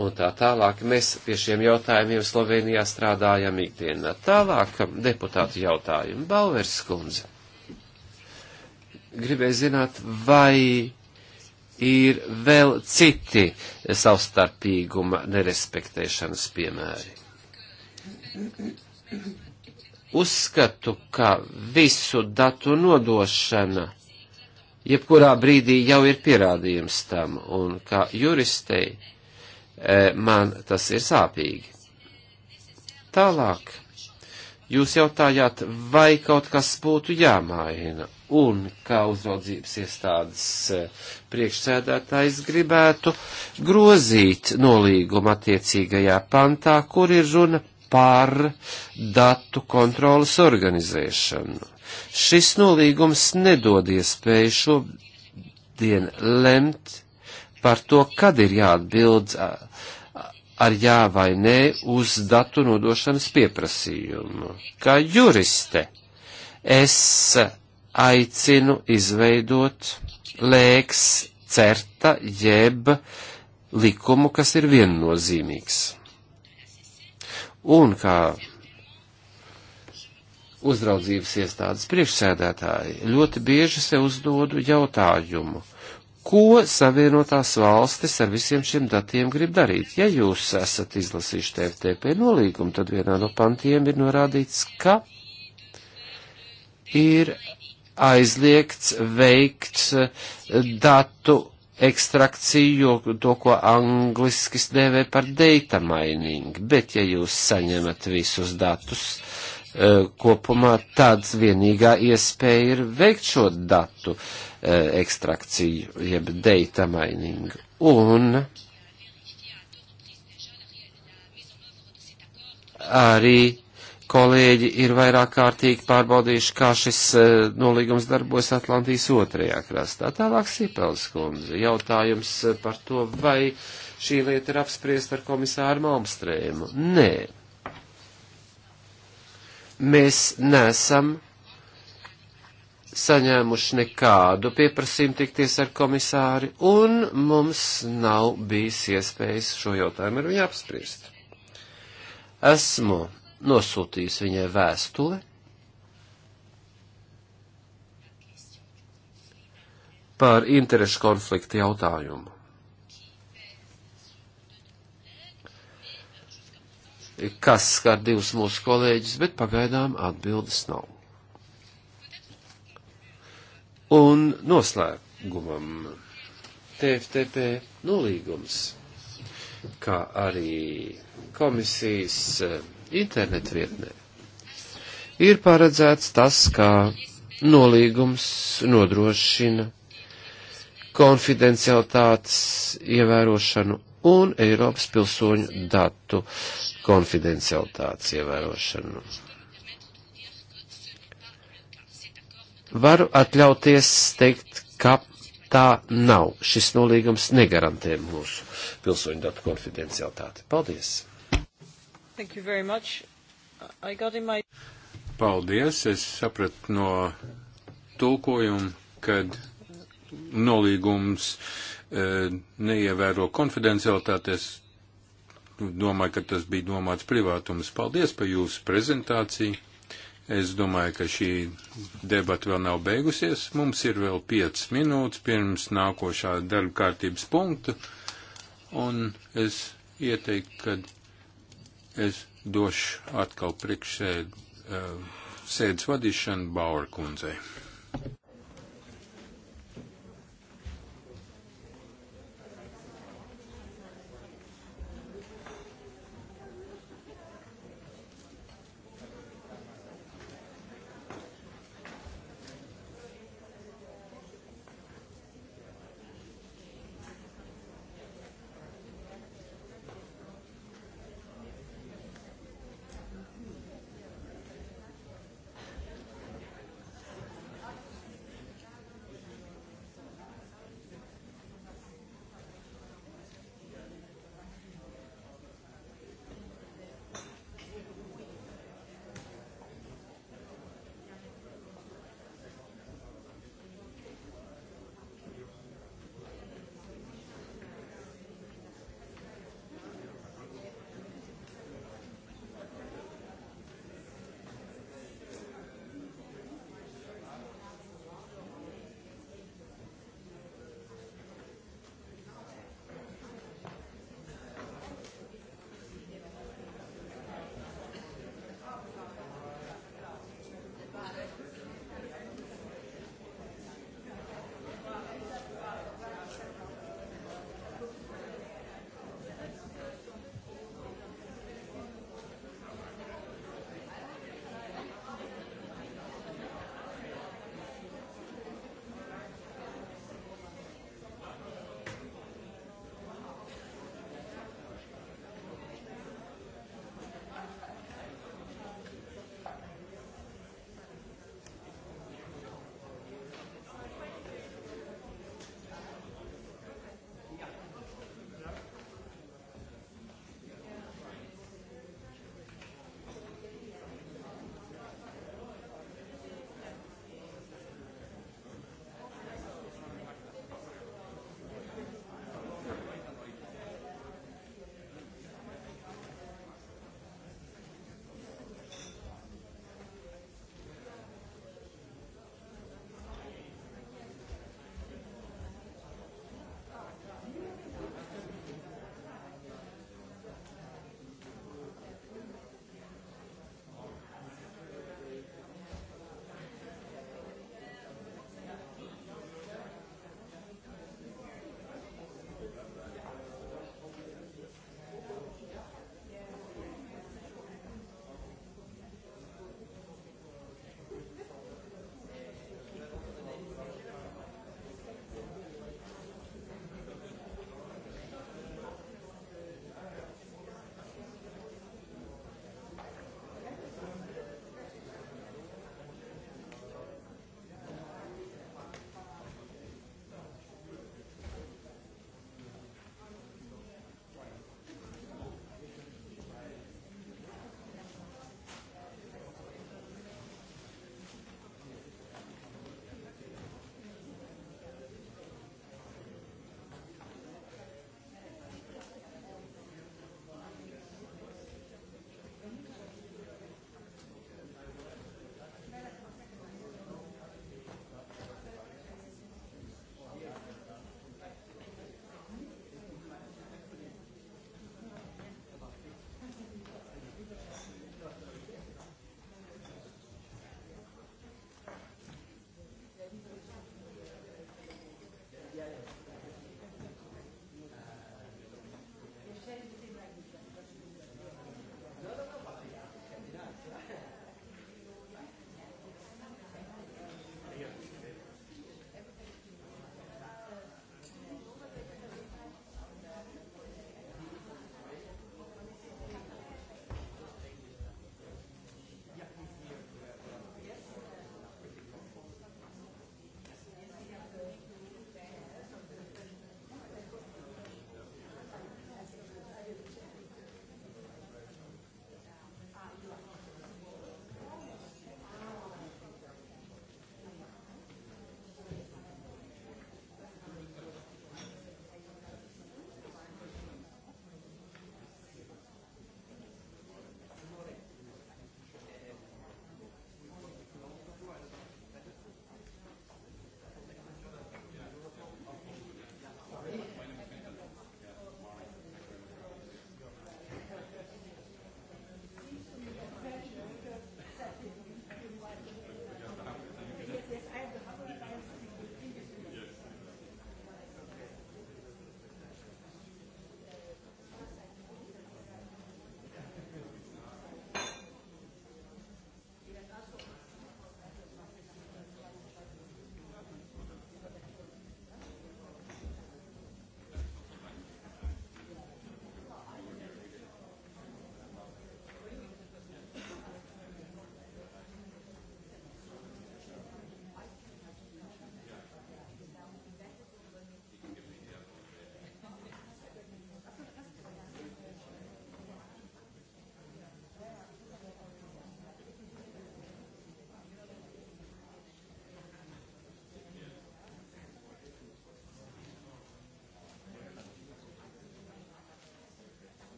un tā tālāk. Mēs pie šiem jautājumiem Slovenijā strādājam ikdienā. Tālāk deputātu jautājumu. Balvers skundze. Gribēju zināt, vai ir vēl citi savstarpīguma nerespektēšanas piemēri. Uzskatu, ka visu datu nodošana jebkurā brīdī jau ir pierādījums tam, un kā juristei e, man tas ir sāpīgi. Tālāk, jūs jautājāt, vai kaut kas būtu jāmaina, un kā uzraudzības iestādes e, priekšsēdētājs gribētu grozīt nolīgumu attiecīgajā pantā, kur ir runa par datu kontrolas organizēšanu Šis nolīgums nedod iespēju šodien lemt par to, kad ir jāatbild ar jā vai nē uz datu nodošanas pieprasījumu. Kā juriste es aicinu izveidot lēks certa jeb likumu, kas ir viennozīmīgs. Un kā uzraudzības iestādes priekšsēdētāji ļoti bieži sev uzdodu jautājumu, ko savienotās valstis ar visiem šiem datiem grib darīt. Ja jūs esat izlasījuši TFTP nolīgumu, tad vienā no pantiem ir norādīts, ka ir aizliegts veikt eh, datu ekstrakciju, to, ko angliski dēvē par data mining, bet ja jūs saņemat visus datus, uh, Eh, kopumā tāds vienīgā iespēja ir veikt šo datu eh, ekstrakciju, jeb data mining. Un arī kolēģi ir vairāk kārtīgi pārbaudījuši, kā šis eh, nolīgums darbojas Atlantijas otrajā krastā. Tālāk Sipels kundze, jautājums par to, vai šī lieta ir apspriesta ar komisāru Malmstrēmu. Nē mēs nesam saņēmuši nekādu pieprasījumu tikties ar komisāri, un mums nav bijis iespējas šo jautājumu ar viņu apspriest. Esmu nosūtījis viņai vēstuli par interešu konfliktu jautājumu. kas skar divus mūsu kolēģus, bet pagaidām atbildes nav. Un noslēgumam TFTP nolīgums, kā arī komisijas eh, internet vietnē, ir paredzēts tas, kā nolīgums nodrošina konfidencialitātes ievērošanu un Eiropas pilsoņu datu konfidencialitātes ievērošanu. Varu atļauties teikt, ka tā nav. Šis nolīgums negarantē mūsu pilsoņu datu konfidencialitāti. Paldies! My... Paldies! Es sapratu no tulkojuma, kad nolīgums e, neievēro konfidencialitātes domāju, ka tas bija domāts privātums. Paldies par jūsu prezentāciju. Es domāju, ka šī debata vēl nav beigusies. Mums ir vēl 5 minūtes pirms nākošā darba kārtības punkta. Un es ieteiktu, ka es došu atkal priekšsēdu eh, sēdes vadīšanu Bauer kundzei.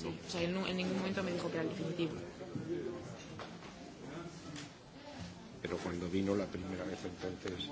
Sí. O sea, él no, nu- en ningún momento me dijo que era el definitivo. Pero cuando vino la primera vez entonces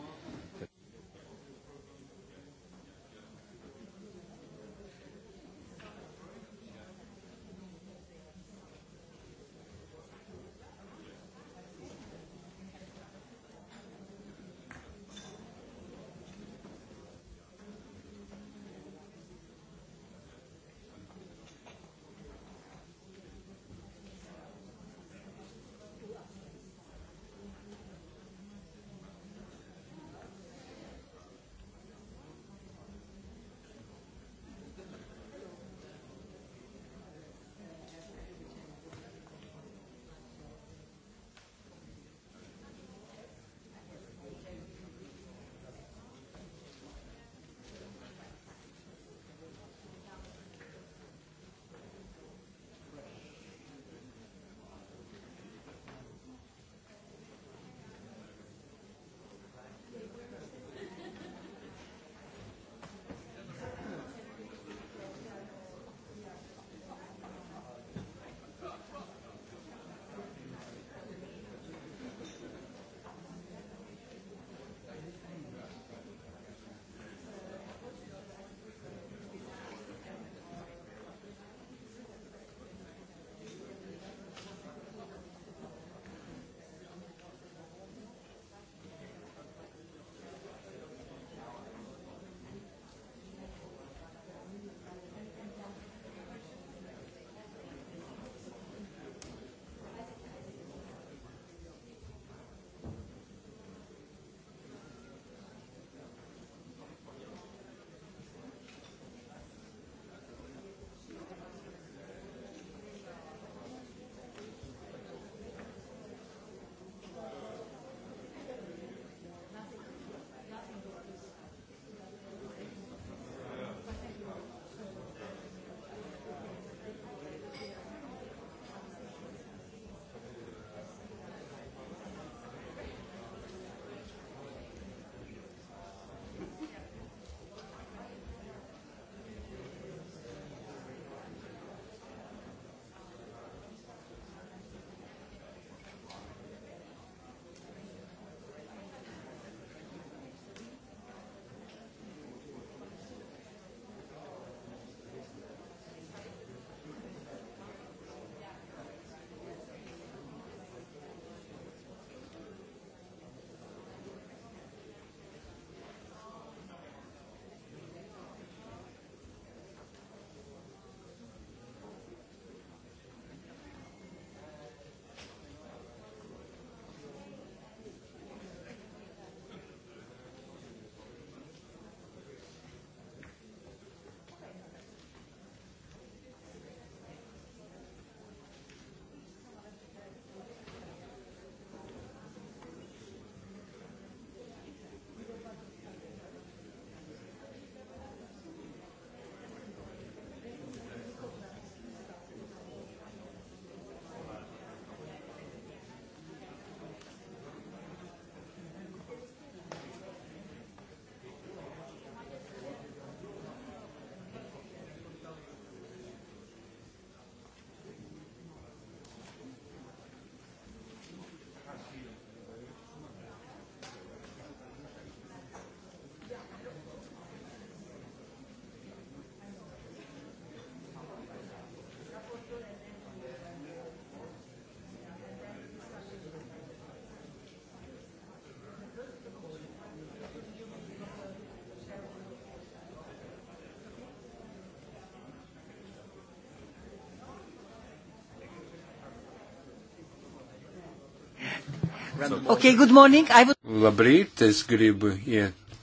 Okay, good morning. I would... Labrīt, es gribu iet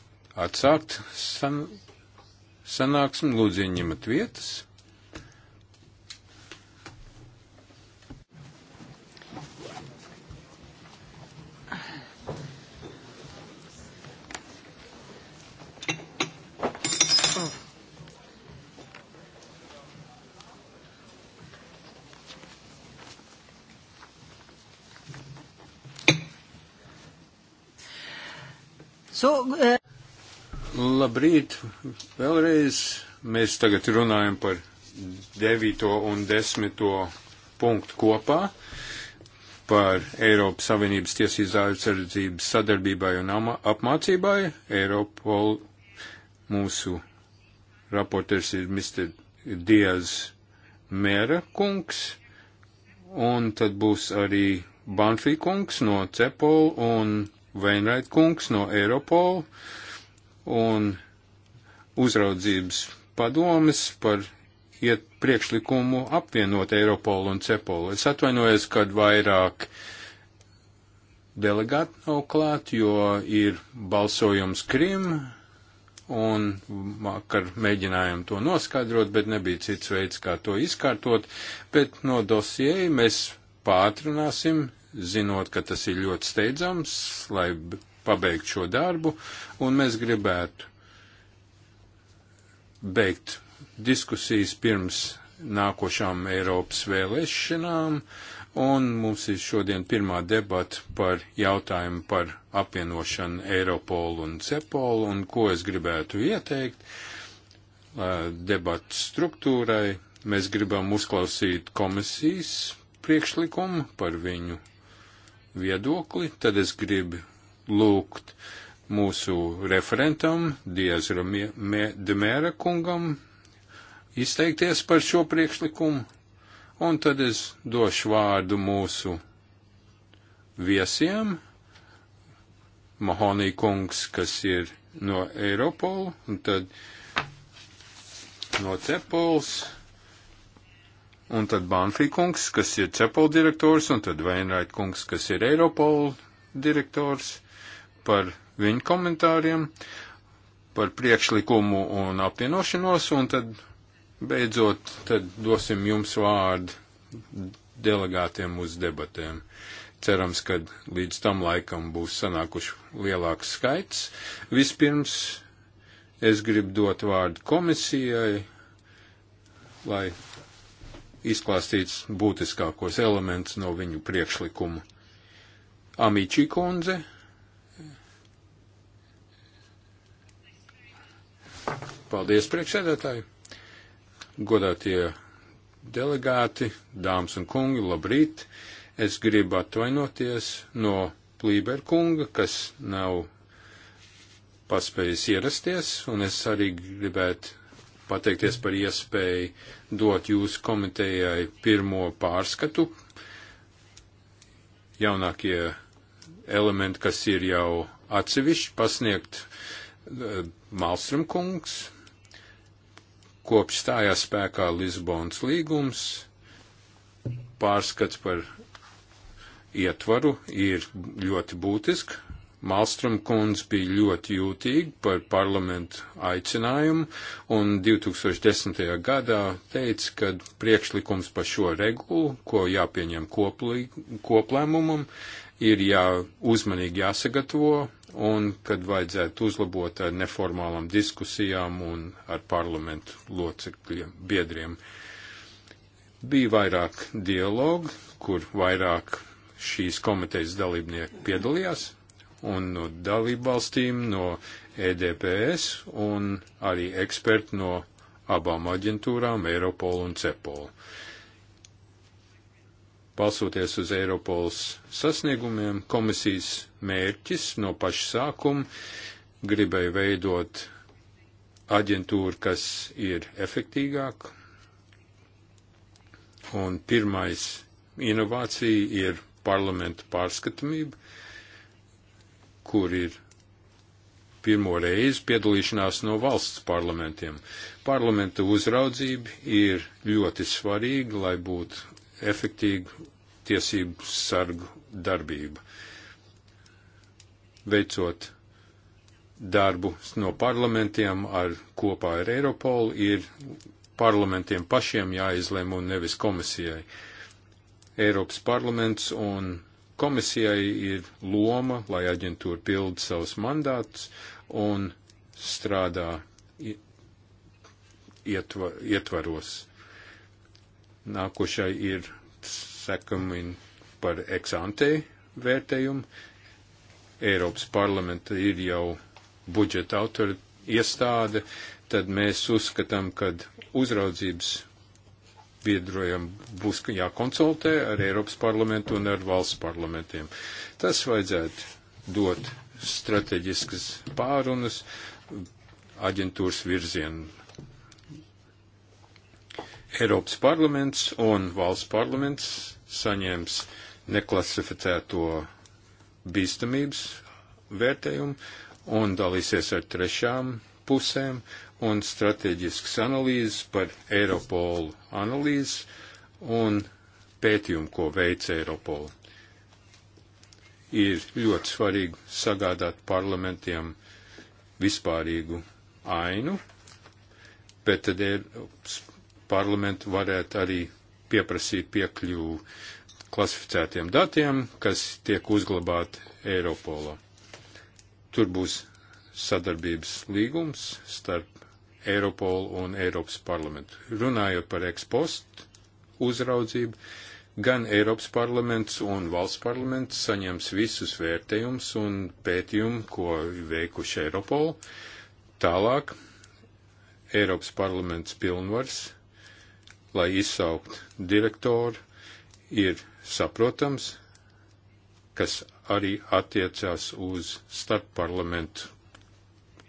atsākt san, sanāksmi, lūdzu, ieņemat vietas. So, uh... Labrīt! Vēlreiz mēs tagad runājam par 9. un 10. punktu kopā par Eiropas Savienības tiesību aizsardzības sadarbībai un apmācībai. Eiropol mūsu raporters ir Mr. Diaz Mēra kungs, un tad būs arī Banfī kungs no Cepol un Veinrait kungs no Eiropola un uzraudzības padomes par iet priekšlikumu apvienot Eiropolu un Cepolu. Es atvainojos, kad vairāk delegāti nav klāt, jo ir balsojums Krim, un vakar mēģinājām to noskaidrot, bet nebija cits veids, kā to izkārtot, bet no dosieja mēs pātrināsim zinot, ka tas ir ļoti steidzams, lai pabeigtu šo darbu, un mēs gribētu beigt diskusijas pirms nākošām Eiropas vēlēšanām, un mums ir šodien pirmā debata par jautājumu par apvienošanu Eiropolu un Cepolu, un ko es gribētu ieteikt debatu struktūrai. Mēs gribam uzklausīt komisijas priekšlikumu par viņu viedokli, tad es gribu lūgt mūsu referentam, Diezra Demēra kungam, izteikties par šo priekšlikumu, un tad es došu vārdu mūsu viesiem. Mahonī kungs, kas ir no Eiropola, un tad no Cepols un tad Banfī kungs, kas ir Cepol direktors, un tad Veinrait kungs, kas ir Eiropol direktors, par viņu komentāriem, par priekšlikumu un apvienošanos, un tad beidzot tad dosim jums vārdu delegātiem uz debatēm. Cerams, ka līdz tam laikam būs sanākuši lielāks skaits. Vispirms es gribu dot vārdu komisijai, lai izklāstīts būtiskākos elements no viņu priekšlikumu. Amiči kundze. Paldies, priekšsēdētāji! Godātie delegāti, dāmas un kungi, labrīt! Es gribu atvainoties no Plīber kunga, kas nav paspējis ierasties, un es arī gribētu pateikties par iespēju dot jūsu komitejai pirmo pārskatu. Jaunākie elementi, kas ir jau atsevišķi, pasniegt eh, Malstrum kungs, kopš stājās spēkā Lisbonas līgums, pārskats par ietvaru ir ļoti būtisks, Malstrom kundze bija ļoti jūtīga par parlamentu aicinājumu un 2010. gadā teica, ka priekšlikums par šo regulu, ko jāpieņem koplī, koplēmumam, ir jā, uzmanīgi jāsagatavo un kad vajadzētu uzlabot ar neformālām diskusijām un ar parlamentu locekļiem, biedriem. Bija vairāk dialogu, kur vairāk šīs komitejas dalībnieki piedalījās, un no dalību valstīm, no EDPS un arī eksperti no abām aģentūrām, Eiropol un Cepol. Balsoties uz Eiropols sasniegumiem, komisijas mērķis no paša sākuma gribēja veidot aģentūru, kas ir efektīgāka, un pirmais inovācija ir parlamenta pārskatamība, kur ir pirmo reizi piedalīšanās no valsts parlamentiem. Parlamenta uzraudzība ir ļoti svarīga, lai būtu efektīva tiesību sargu darbība. Veicot darbu no parlamentiem ar, kopā ar Eiropolu, ir parlamentiem pašiem jāizlem un nevis komisijai. Eiropas parlaments un Komisijai ir loma, lai aģentūra pild savus mandātus un strādā ietva, ietvaros. Nākošai ir sekami par eksantē vērtējumu. Eiropas parlamenta ir jau budžeta autora iestāde, tad mēs uzskatām, ka uzraudzības biedrojam būs jākonsultē ar Eiropas parlamentu un ar valsts parlamentiem. Tas vajadzētu dot strateģiskas pārunas aģentūras virzienu. Eiropas parlaments un valsts parlaments saņems neklasificēto bīstamības vērtējumu un dalīsies ar trešām pusēm, un strateģiskas analīzes par Eiropolu analīzes un pētījumu, ko veic Eiropola. Ir ļoti svarīgi sagādāt parlamentiem vispārīgu ainu, bet tad Eiropas parlamentu varētu arī pieprasīt piekļuvu klasificētiem datiem, kas tiek uzglabāti Eiropolā. Tur būs sadarbības līgums starp Eiropolu un Eiropas parlamentu. Runājot par ekspostu uzraudzību, gan Eiropas parlaments un valsts parlaments saņems visus vērtējumus un pētījumu, ko veikuši Eiropolu. Tālāk Eiropas parlaments pilnvars, lai izsaukt direktoru, ir saprotams, kas arī attiecās uz starpparlamentu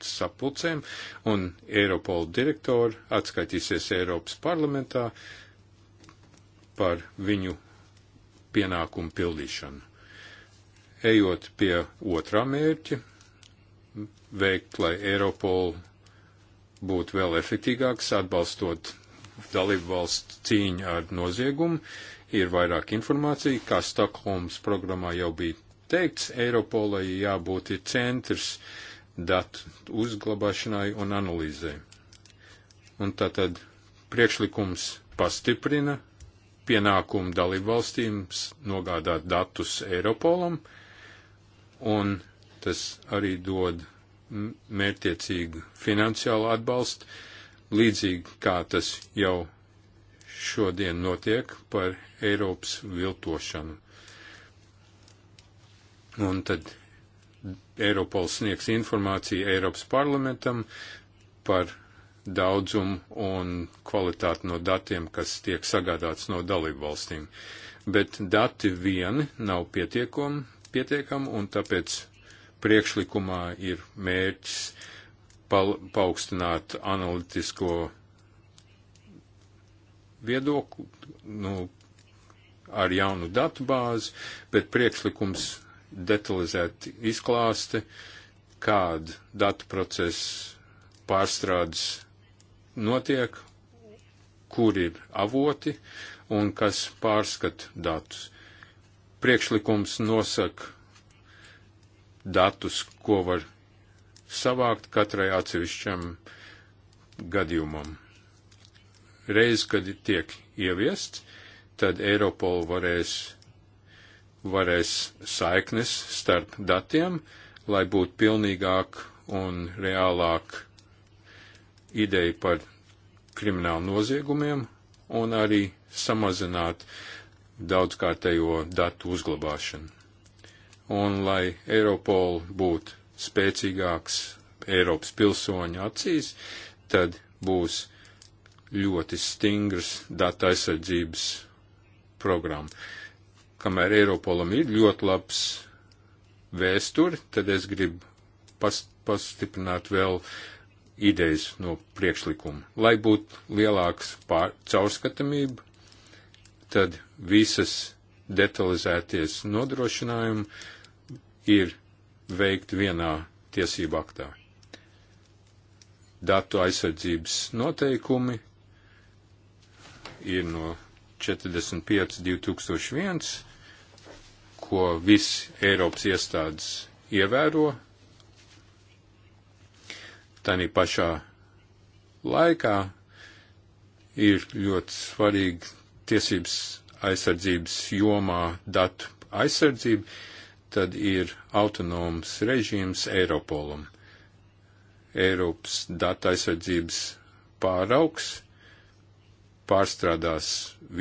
sapulcēm, un Eiropola direktori atskaitīsies Eiropas parlamentā par viņu pienākumu pildīšanu. Ejot pie otrā mērķa, veikt, lai Eiropola būtu vēl efektīgāks, atbalstot dalību valsts cīņu ar noziegumu, ir vairāk informācija, kā Stokholmas programmā jau bija teikts, Eiropolai jābūt ir centrs datu uzglabāšanai un analīzē. Un tātad priekšlikums pastiprina pienākumu dalību valstīm nogādāt datus Eiropolam, un tas arī dod mērķiecīgu finansiālu atbalstu, līdzīgi kā tas jau šodien notiek par Eiropas viltošanu. Un tad Eiropols sniegs informāciju Eiropas parlamentam par daudzumu un kvalitāti no datiem, kas tiek sagādāts no dalību valstīm. Bet dati vieni nav pietiekami, pietiekam, un tāpēc priekšlikumā ir mērķis pal, paaugstināt analītisko viedokli nu, ar jaunu datu bāzi, bet priekšlikums detalizēti izklāsti, kāda datu procesa pārstrādes notiek, kur ir avoti un kas pārskata datus. Priekšlikums nosaka datus, ko var savākt katrai atsevišķam gadījumam. Reiz, kad tiek ieviests, tad Eiropola varēs varēs saiknes starp datiem, lai būtu pilnīgāk un reālāk ideja par kriminālu noziegumiem un arī samazināt daudzkārtējo datu uzglabāšanu. Un lai Eiropol būtu spēcīgāks Eiropas pilsoņu acīs, tad būs ļoti stingrs data aizsardzības programma kamēr Eiropolam ir ļoti labs vēsturi, tad es gribu pas, pastiprināt vēl idejas no priekšlikuma. Lai būtu lielāks pār, caurskatamība, tad visas detalizēties nodrošinājumi ir veikti vienā tiesību aktā. Datu aizsardzības noteikumi ir no 45.2001 ko visi Eiropas iestādes ievēro. Tanī pašā laikā ir ļoti svarīgi tiesības aizsardzības jomā datu aizsardzība, tad ir autonoms režīms Eiropolam. Eiropas data aizsardzības pāraugs pārstrādās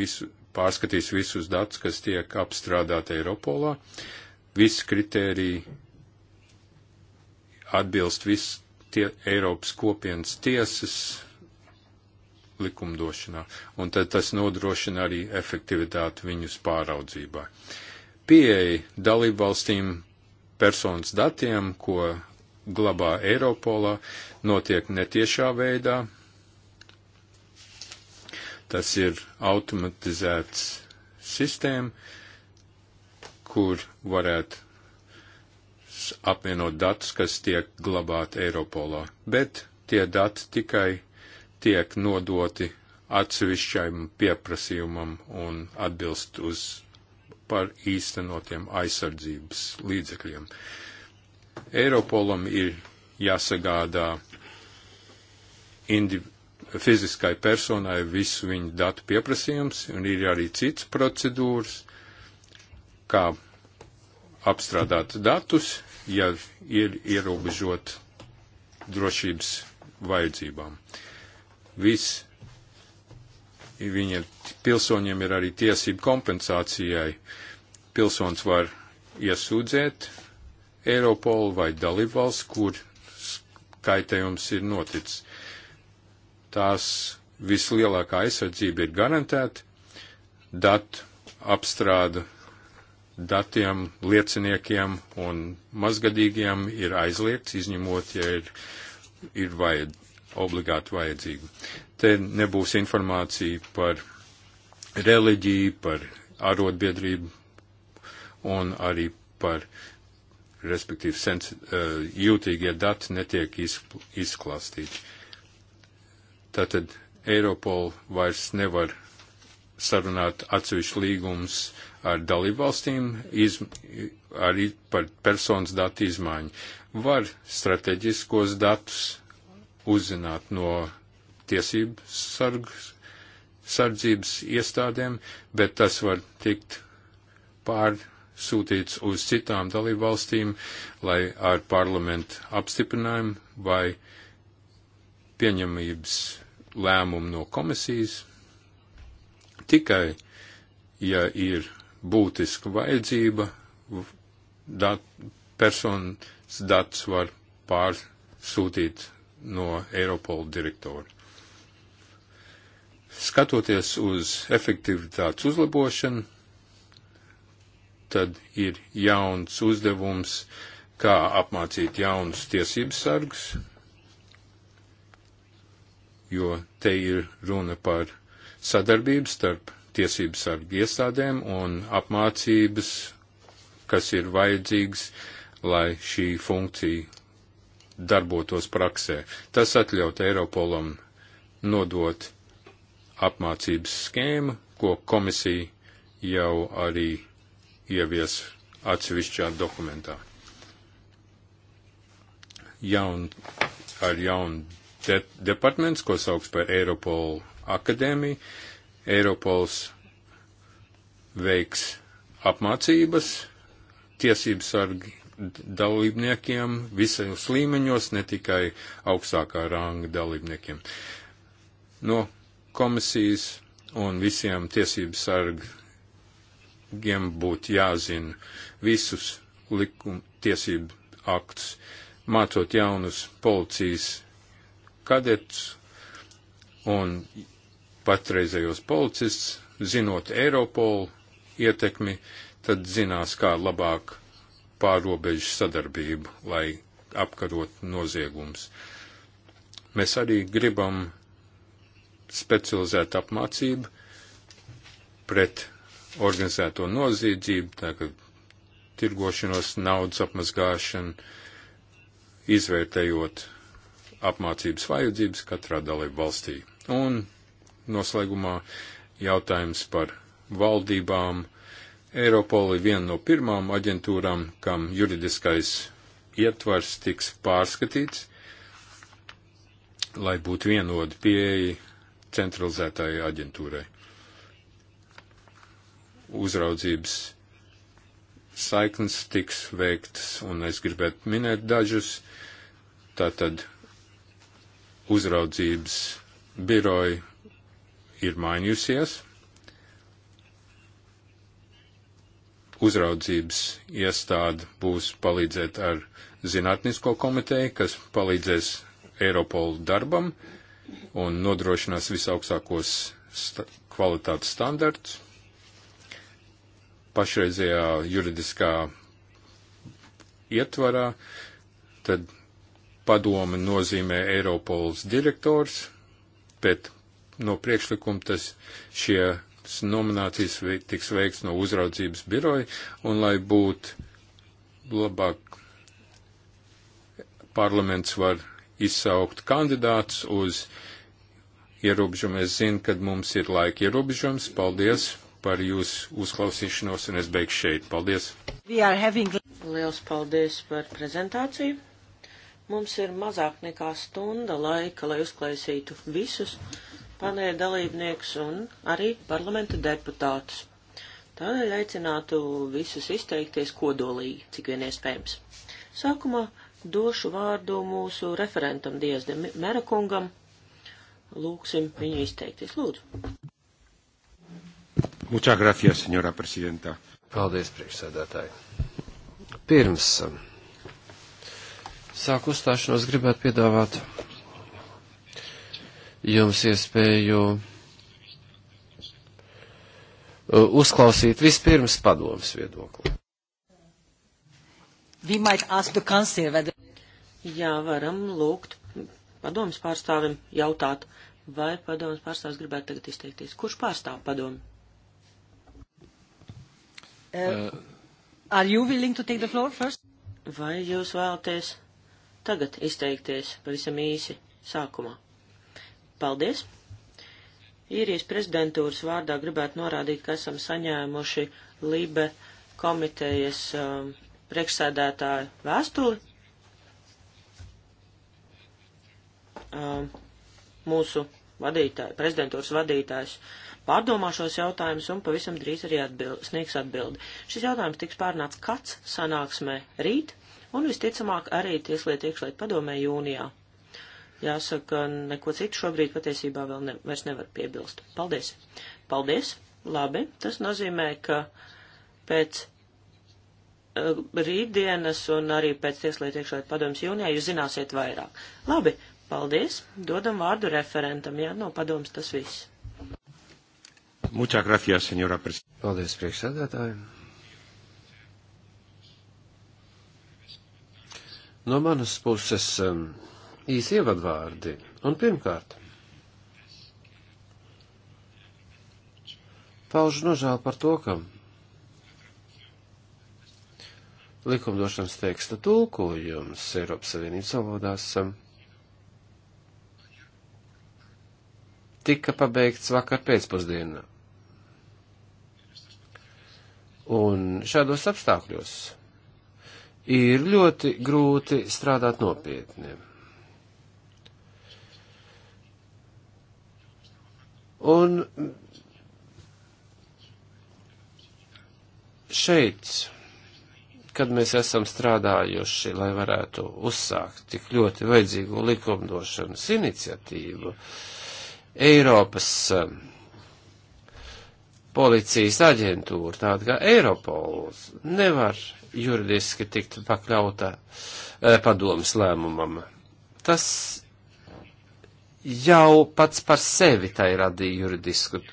visu pārskatīs visus datus, kas tiek apstrādāti Eiropolā. Visi kritēriji atbilst visu tie, Eiropas kopienas tiesas likumdošanā, un tad tas nodrošina arī efektivitāti viņus pāraudzībā. Pieeja dalībvalstīm personas datiem, ko glabā Eiropolā, notiek netiešā veidā, Tas ir automatizēts sistēma, kur varētu apvienot datus, kas tiek glabāti Eiropolā, bet tie dati tikai tiek nodoti atsevišķajam pieprasījumam un atbilst uz par īstenotiem aizsardzības līdzekļiem. Eiropolam ir jāsagādā indiv fiziskai personai visu viņu datu pieprasījums, un ir arī cits procedūras, kā apstrādāt datus, ja ir ierobežot drošības vajadzībām. Viss viņa pilsoņiem ir arī tiesība kompensācijai. Pilsons var iesūdzēt Eiropolu vai dalībvalsts, kur kaitējums ir noticis tās vislielākā aizsardzība ir garantēta, datu apstrāda datiem, lieciniekiem un mazgadīgiem ir aizliegts, izņemot, ja ir, ir vajad, obligāti vajadzīga. Te nebūs informācija par reliģiju, par arotbiedrību un arī par, respektīvi, sens, uh, jūtīgie dati netiek izklāstīti Tātad Eiropola vairs nevar sarunāt atsevišķu līgumus ar dalībvalstīm iz, arī par personas datu izmaiņu. Var strateģiskos datus uzzināt no tiesību sargs, sardzības iestādēm, bet tas var tikt pārsūtīts uz citām dalībvalstīm, lai ar parlamentu apstiprinājumu vai pieņemības lēmumu no komisijas tikai, ja ir būtiska vajadzība, dat, personas dats var pārsūtīt no Eiropola direktora. Skatoties uz efektivitātes uzlabošanu, tad ir jauns uzdevums, kā apmācīt jaunus tiesības sargus, jo te ir runa par sadarbību starp tiesības sargu iestādēm un apmācības, kas ir vajadzīgs, lai šī funkcija darbotos praksē. Tas atļaut Eiropolam nodot apmācības skēmu, ko komisija jau arī ievies atsevišķā dokumentā. Jaun, ar jaunu de departaments, ko sauc par Eiropolu akadēmiju. Eiropols veiks apmācības tiesības sargi dalībniekiem visos līmeņos, ne tikai augstākā ranga dalībniekiem. No komisijas un visiem tiesības sargiem būtu jāzina visus likuma tiesību aktus, mācot jaunus policijas kadets un patreizējos policists, zinot Eiropolu ietekmi, tad zinās, kā labāk pārobežu sadarbību, lai apkarot noziegums. Mēs arī gribam specializēt apmācību pret organizēto noziedzību, tā kā tirgošanos, naudas apmazgāšanu, izvērtējot apmācības vajadzības katrā dalību valstī. Un noslēgumā jautājums par valdībām. Eiropola ir viena no pirmām aģentūrām, kam juridiskais ietvars tiks pārskatīts, lai būtu vienodi pieeja centralizētāji aģentūrai. Uzraudzības saiknes tiks veiktas, un es gribētu minēt dažus. Tātad uzraudzības biroja ir mainījusies. Uzraudzības iestāde būs palīdzēt ar zinātnisko komiteju, kas palīdzēs Eiropolu darbam un nodrošinās visaugstākos sta kvalitātes standarts. Pašreizējā juridiskā ietvarā tad padome nozīmē Eiropols direktors, bet no priekšlikuma tas šie nominācijas tiks veikts no uzraudzības biroja, un lai būtu labāk, parlaments var izsaukt kandidāts uz ierobežumu. Es zinu, kad mums ir laika ierobežums. Paldies par jūsu uzklausīšanos, un es beigšu šeit. Paldies! Having... Liels paldies par prezentāciju! Mums ir mazāk nekā stunda laika, lai uzklausītu visus paneļa dalībniekus un arī parlamenta deputātus. Tādēļ aicinātu visus izteikties kodolīgi, cik vien iespējams. Sākumā došu vārdu mūsu referentam Diezde Merakungam. Lūksim viņu izteikties. Lūdzu. Muchas gracias, señora presidenta. Paldies, priekšsēdētāji. Pirms um, sāku uzstāšanos, gribētu piedāvāt jums iespēju uh, uzklausīt vispirms padomas viedokli. Whether... Jā, varam lūgt padomas pārstāvim jautāt, vai padomas pārstāvs gribētu tagad izteikties. Kurš pārstāv padomu? Uh, are you willing to take the floor first? Vai jūs vēlaties tagad izteikties pavisam īsi sākumā. Paldies! Īrijas prezidentūras vārdā gribētu norādīt, ka esam saņēmuši Libe komitejas um, priekšsēdētāju vēstuli um, mūsu vadītāji, prezidentūras vadītājs pārdomā šos jautājumus un pavisam drīz arī atbild, sniegs atbildi. Šis jautājums tiks pārnāts kāds sanāksmē rīt, un visticamāk arī tieslietu iekšlietu padomē jūnijā. Jāsaka, neko citu šobrīd patiesībā vēl ne, vairs nevar piebilst. Paldies! Paldies! Labi, tas nozīmē, ka pēc uh, rītdienas un arī pēc tieslietu iekšlietu padomas jūnijā jūs zināsiet vairāk. Labi, paldies! Dodam vārdu referentam, jā, no padomas tas viss. Muchas gracias, señora presidenta. Paldies, priekšsēdētājiem! No manas puses īsi ievadvārdi. Un pirmkārt, paužu nožēlu par to, ka likumdošanas teksta tulkojums Eiropas Savienības valodās tika pabeigts vakar pēcpusdienā. Un šādos apstākļos ir ļoti grūti strādāt nopietni. Un šeit, kad mēs esam strādājuši, lai varētu uzsākt tik ļoti vajadzīgo likumdošanas iniciatīvu, Eiropas uh, policijas aģentūra, tāda kā Eiropols, nevar juridiski tikt pakļauta e, padomas lēmumam. Tas jau pats par sevi tai radīja juridisku e,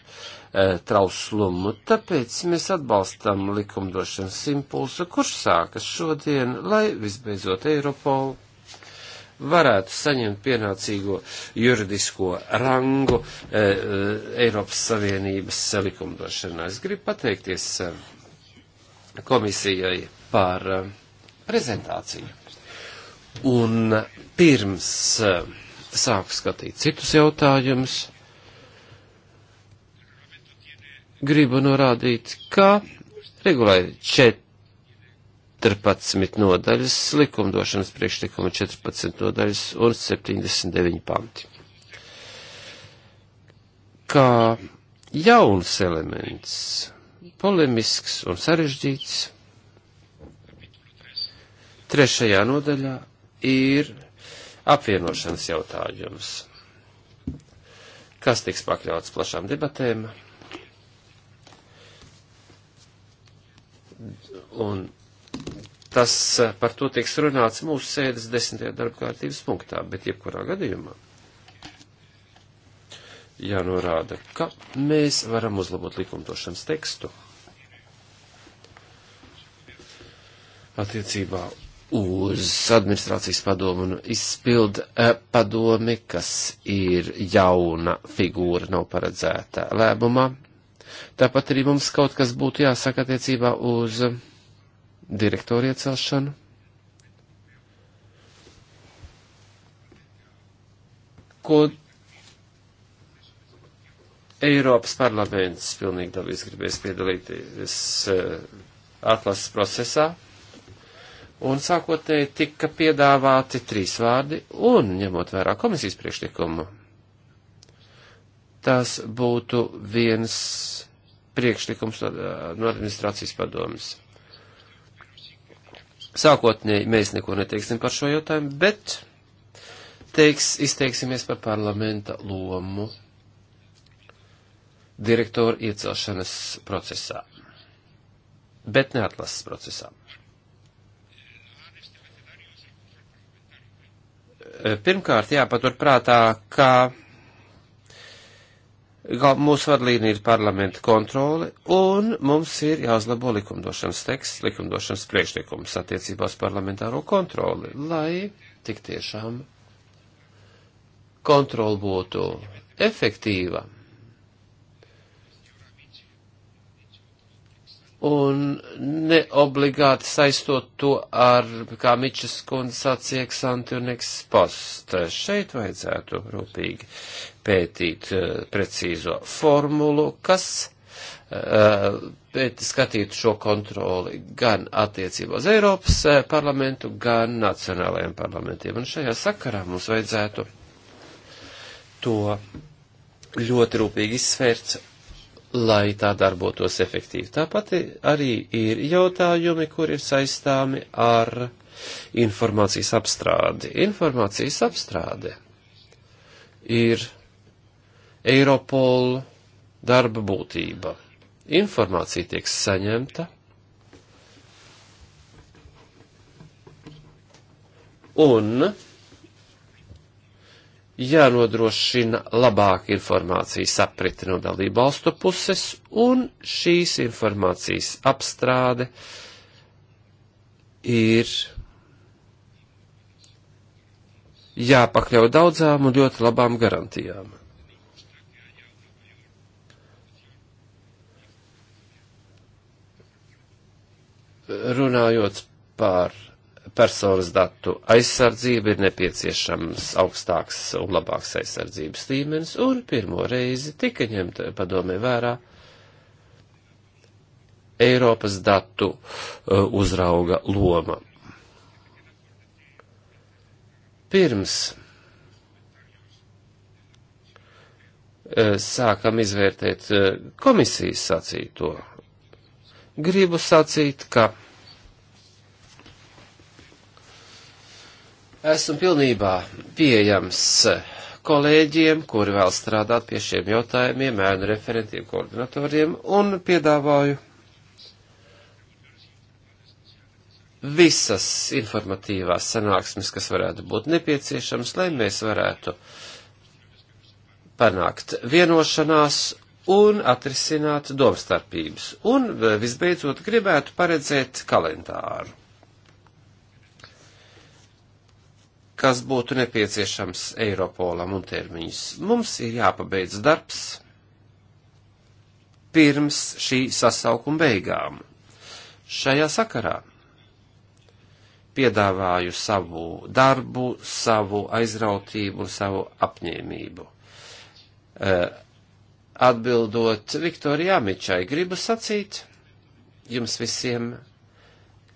trauslumu, tāpēc mēs atbalstam likumdošanas impulsu, kurš sākas šodien, lai visbeidzot Eiropolu varētu saņemt pienācīgo juridisko rangu e, Eiropas Savienības likumdošanā. Es gribu pateikties eh, komisijai par prezentāciju. Un pirms sāku skatīt citus jautājumus, gribu norādīt, ka regulēja četri 14 nodaļas, likumdošanas priekšlikuma 14 nodaļas un 79 panti. Kā jauns elements, polemisks un sarežģīts, trešajā nodaļā ir apvienošanas jautājums, kas tiks pakļauts plašām debatēm. Un tas eh, par to tiks runāts mūsu sēdes desmitajā darba kārtības punktā, bet jebkurā gadījumā jānorāda, ka mēs varam uzlabot likumdošanas tekstu attiecībā uz administrācijas padomu un izpildu eh, padomi, kas ir jauna figūra, nav paredzēta lēmumā. Tāpat arī mums kaut kas būtu jāsaka attiecībā uz uh, direktoru iecelšanu. Ko Eiropas parlaments pilnīgi dalīs gribēs piedalīties eh, atlases procesā. Un sākotnēji tika piedāvāti trīs vārdi, un ņemot vērā komisijas priekšlikumu, tas būtu viens priekšlikums no eh, administrācijas padomas. Sākotnēji mēs neko neteiksim par šo jautājumu, bet teiks, izteiksimies par parlamenta lomu direktoru iecelšanas procesā, bet ne atlases procesā. Pirmkārt, jāpatur prātā, ka mūsu vadlīnija ir parlamenta kontrole, un mums ir jāuzlabo likumdošanas teksts, likumdošanas priekšlikums attiecībās parlamentāro kontroli, lai tik tiešām kontrola būtu efektīva. Un neobligāti saistot to ar, kā Mičas kundze sacīja, eksanti un ekspost. Šeit vajadzētu rūpīgi pētīt eh, precīzo formulu, kas bet eh, skatītu šo kontroli gan attiecībā uz Eiropas eh, parlamentu, gan nacionālajiem parlamentiem. Un šajā sakarā mums vajadzētu to ļoti rūpīgi izsvērt, lai tā darbotos efektīvi. Tāpat arī ir jautājumi, kur ir saistāmi ar informācijas apstrādi. Informācijas apstrāde ir Eiropola darba būtība. Informācija tiek saņemta un jānodrošina labāka informācijas apriti no dalību valstu puses un šīs informācijas apstrāde ir jāpakļauj daudzām un ļoti labām garantijām. runājot par personas datu aizsardzību, ir nepieciešams augstāks un labāks aizsardzības līmenis, un pirmo reizi tika ņemta padomē vērā Eiropas datu uh, uzrauga loma. Pirms uh, sākam izvērtēt uh, komisijas sacīto, gribu sacīt, ka esmu pilnībā pieejams kolēģiem, kuri vēl strādāt pie šiem jautājumiem, ēnu referentiem, koordinatoriem, un piedāvāju visas informatīvās sanāksmes, kas varētu būt nepieciešams, lai mēs varētu panākt vienošanās un atrisināt domstarpības. Un eh, visbeidzot gribētu paredzēt kalendāru. kas būtu nepieciešams Eiropolam un termiņus. Mums ir jāpabeidz darbs pirms šī sasaukuma beigām. Šajā sakarā piedāvāju savu darbu, savu aizrautību un savu apņēmību. Eh, atbildot Viktorijā Mičai, gribu sacīt jums visiem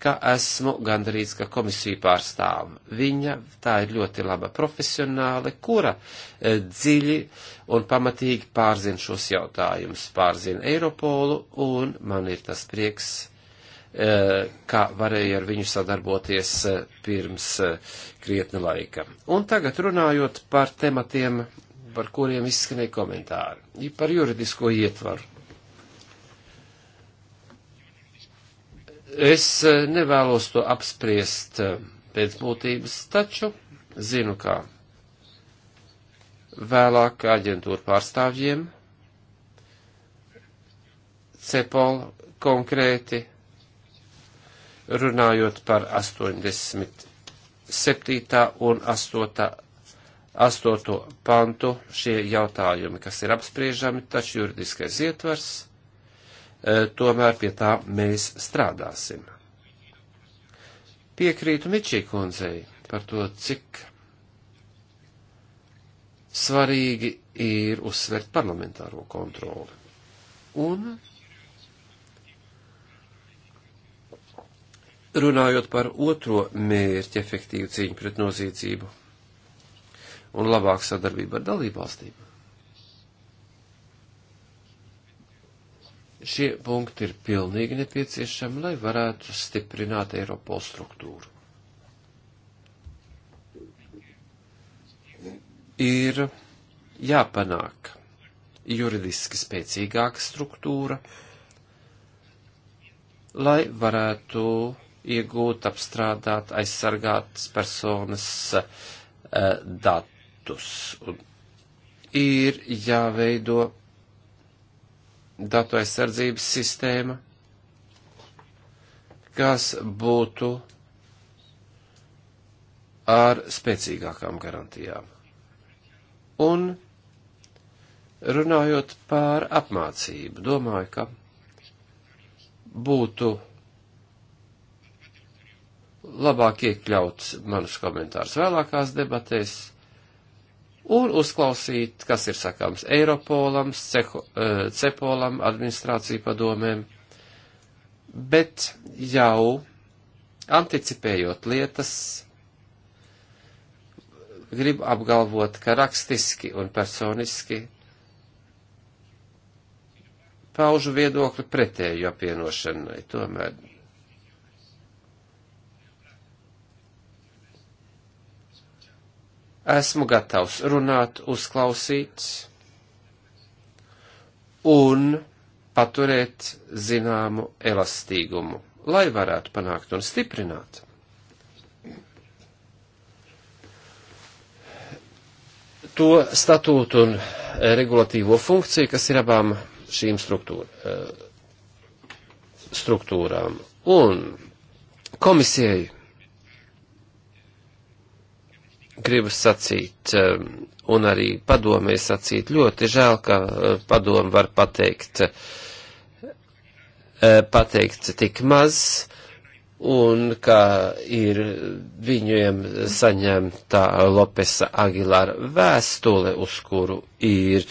ka esmu gandrīz, ka komisiju pārstāv. Viņa tā ir ļoti laba profesionāle, kura e, dziļi un pamatīgi pārzina šos jautājumus, pārzina Eiropolu, un man ir tas prieks, e, kā varēju ar viņu sadarboties e, pirms e, krietni laika. Un tagad runājot par tematiem, par kuriem izskanēja komentāri, par juridisko ietvaru Es eh, nevēlos to apspriest eh, pēc būtības, taču zinu, kā vēlāk aģentūra pārstāvjiem, CEPOL konkrēti, runājot par 87. un 8. 8. pantu šie jautājumi, kas ir apspriežami, taču juridiskais ietvers Eh, tomēr pie tā mēs strādāsim. Piekrītu Mičī kundzei par to, cik svarīgi ir uzsvērt parlamentāro kontroli. Un runājot par otro mērķi efektīvu cīņu pret noziedzību un labāku sadarbību ar dalībvalstīm. Šie punkti ir pilnīgi nepieciešami, lai varētu stiprināt Eiropola struktūru. Ir jāpanāk juridiski spēcīgāka struktūra, lai varētu iegūt, apstrādāt, aizsargāt personas uh, datus. Un ir jāveido datu aizsardzības sistēma, kas būtu ar spēcīgākām garantijām. Un runājot par apmācību, domāju, ka būtu labāk iekļaut manus komentārus vēlākās debatēs un uzklausīt, kas ir sakāms Eiropolam, Ceho, eh, Cepolam, administrāciju padomēm, bet jau anticipējot lietas, gribu apgalvot, ka rakstiski un personiski paužu viedokli pretēju apvienošanai. Tomēr Esmu gatavs runāt, uzklausīt un paturēt zināmu elastīgumu, lai varētu panākt un stiprināt. To statūtu un regulatīvo funkciju, kas ir abām šīm struktūra, eh, struktūrām. Un komisijai gribu sacīt, eh, un arī padomē sacīt, ļoti žēl, ka eh, padomu var pateikt, eh, pateikt tik maz, un kā ir viņiem saņemta Lopesa Agilāra vēstule, uz kuru ir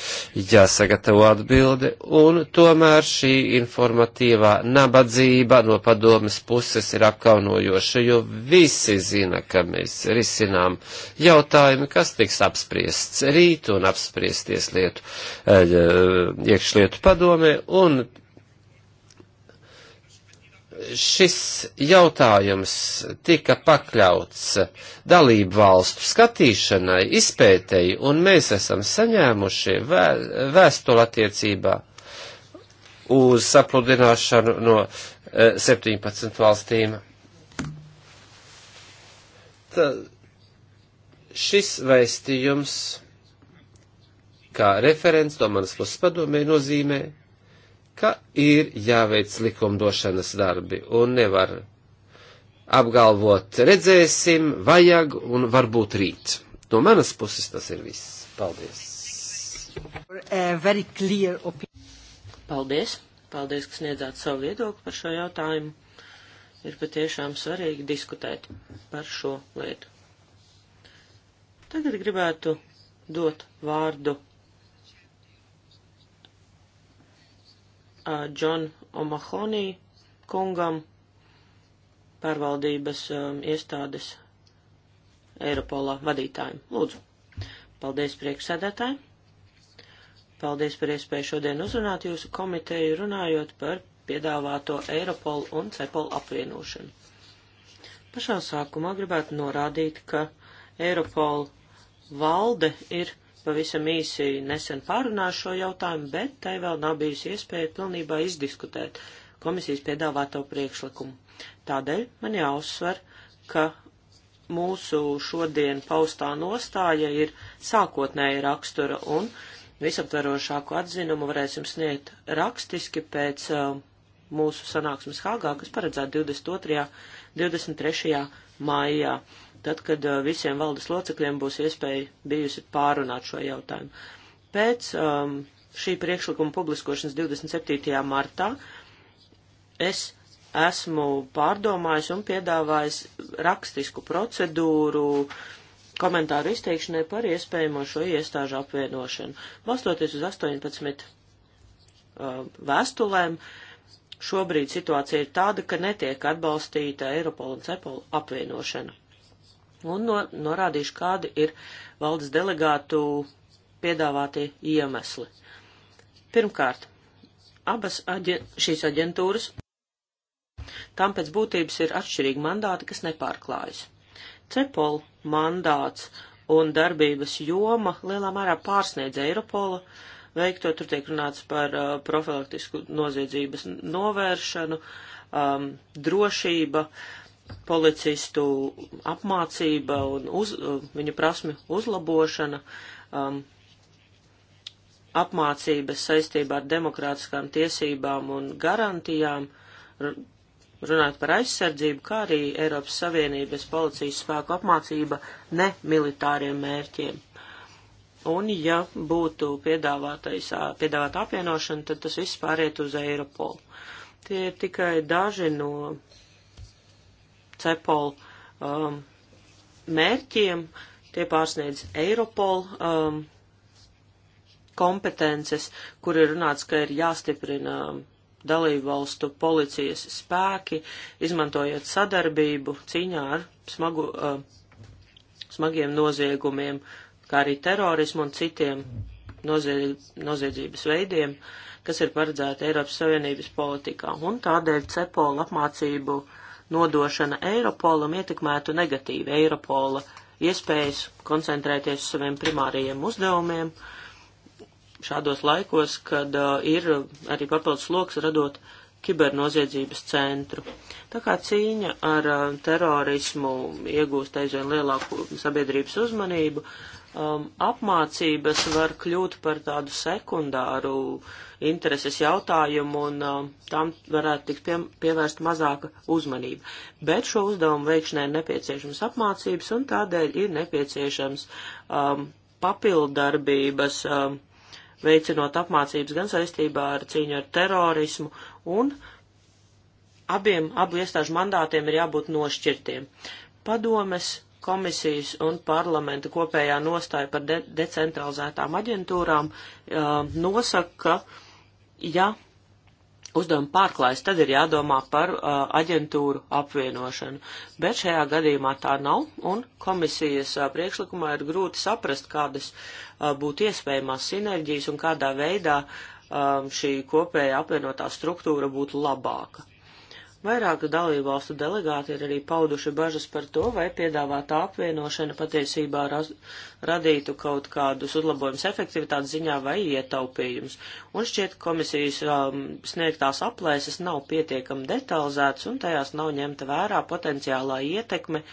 jāsagatavo atbildi, un tomēr šī informatīvā nabadzība no padomas puses ir apkaunojoša, jo visi zina, ka mēs risinām jautājumu, kas tiks apspriests rīt un apspriesties lietu, eh, iekšlietu padomē, un šis jautājums tika pakļauts dalību valstu skatīšanai, izpētēji, un mēs esam saņēmuši vē, vēstuli attiecībā uz sapludināšanu no 17 e, valstīm. Tā, šis vēstījums, kā referents no manas puses padomē, nozīmē, ka ir jāveic likumdošanas darbi un nevar apgalvot redzēsim, vajag un varbūt rīt. No manas puses tas ir viss. Paldies. Paldies. Paldies, ka sniedzāt savu viedokli par šo jautājumu. Ir patiešām svarīgi diskutēt par šo lietu. Tagad gribētu dot vārdu uh, John O'Mahoney kungam, pārvaldības um, iestādes Eiropola vadītājiem. Lūdzu. Paldies priekšsēdētāji. Paldies par iespēju šodien uzrunāt jūsu komiteju runājot par piedāvāto Eiropolu un Cepolu apvienošanu. Pašā sākumā gribētu norādīt, ka Eiropola valde ir pavisam īsi nesen pārunāju šo jautājumu, bet tai vēl nav bijusi iespēja pilnībā izdiskutēt komisijas piedāvāto priekšlikumu. Tādēļ man jāuzsver, ka mūsu šodien paustā nostāja ir sākotnēja rakstura un visaptverošāku atzinumu varēsim sniegt rakstiski pēc uh, mūsu sanāksmes Hāgā, kas paredzēta 22. 23. maijā tad, kad visiem valdes locekļiem būs iespēja bijusi pārunāt šo jautājumu. Pēc um, šī priekšlikuma publiskošanas 27. martā es esmu pārdomājis un piedāvājis rakstisku procedūru komentāru izteikšanai par iespējamo šo iestāžu apvienošanu. Balstoties uz 18 uh, vēstulēm, šobrīd situācija ir tāda, ka netiek atbalstīta Eiropola un Cepola apvienošana un no, norādīšu, kādi ir valdes delegātu piedāvātie iemesli. Pirmkārt, abas aģen šīs aģentūras, tam pēc būtības ir atšķirīgi mandāti, kas nepārklājas. Cepol mandāts un darbības joma lielā mērā pārsniedz Eiropola veikto, tur tiek runāts par uh, profilaktisku noziedzības novēršanu, um, drošība, uh, policistu apmācība un uz, uh, viņu prasmi uzlabošana, um, apmācības saistībā ar demokrātiskām tiesībām un garantijām, runāt par aizsardzību, kā arī Eiropas Savienības policijas spēku apmācība ne militāriem mērķiem. Un, ja būtu piedāvātais, piedāvāta apvienošana, tad tas viss pāriet uz Eiropolu. Tie ir tikai daži no CEPOL um, mērķiem, tie pārsniedz Eiropol um, kompetences, kur ir runāts, ka ir jāstiprina dalību valstu policijas spēki, izmantojot sadarbību cīņā ar smagu, uh, smagiem noziegumiem, kā arī terorismu un citiem noziedzības veidiem, kas ir paredzēti Eiropas Savienības politikā. Un tādēļ CEPOL apmācību uh, nodošana Eiropolam ietekmētu negatīvi Eiropola iespējas koncentrēties uz saviem primārajiem uzdevumiem šādos laikos, kad uh, ir arī papildus sloks radot kibernoziedzības centru. Tā kā cīņa ar uh, terorismu iegūst aizvien lielāku sabiedrības uzmanību, uh, um, apmācības var kļūt par tādu sekundāru intereses jautājumu un um, tam varētu tikt pie, pievērst mazāka uzmanība. Bet šo uzdevumu veikšanai ir nepieciešams apmācības un tādēļ ir nepieciešams um, papildarbības, um, veicinot apmācības gan saistībā ar cīņu ar terorismu un abiem abu iestāžu mandātiem ir jābūt nošķirtiem. Padomes komisijas un parlamenta kopējā nostāja par de decentralizētām aģentūrām uh, nosaka, ka ja uzdevumi pārklājas, tad ir jādomā par uh, aģentūru apvienošanu. Bet šajā gadījumā tā nav, un komisijas uh, priekšlikumā ir grūti saprast, kādas uh, būtu iespējamās sinerģijas un kādā veidā um, šī kopēja apvienotā struktūra būtu labāka. Vairāku dalībvalstu delegāti ir arī pauduši bažas par to, vai piedāvātā apvienošana patiesībā raz, radītu kaut kādus uzlabojumus efektivitātes ziņā vai ietaupījumus. Un šķiet, komisijas um, sniegtās aplēses nav pietiekami detalizētas un tajās nav ņemta vērā potenciālā ietekme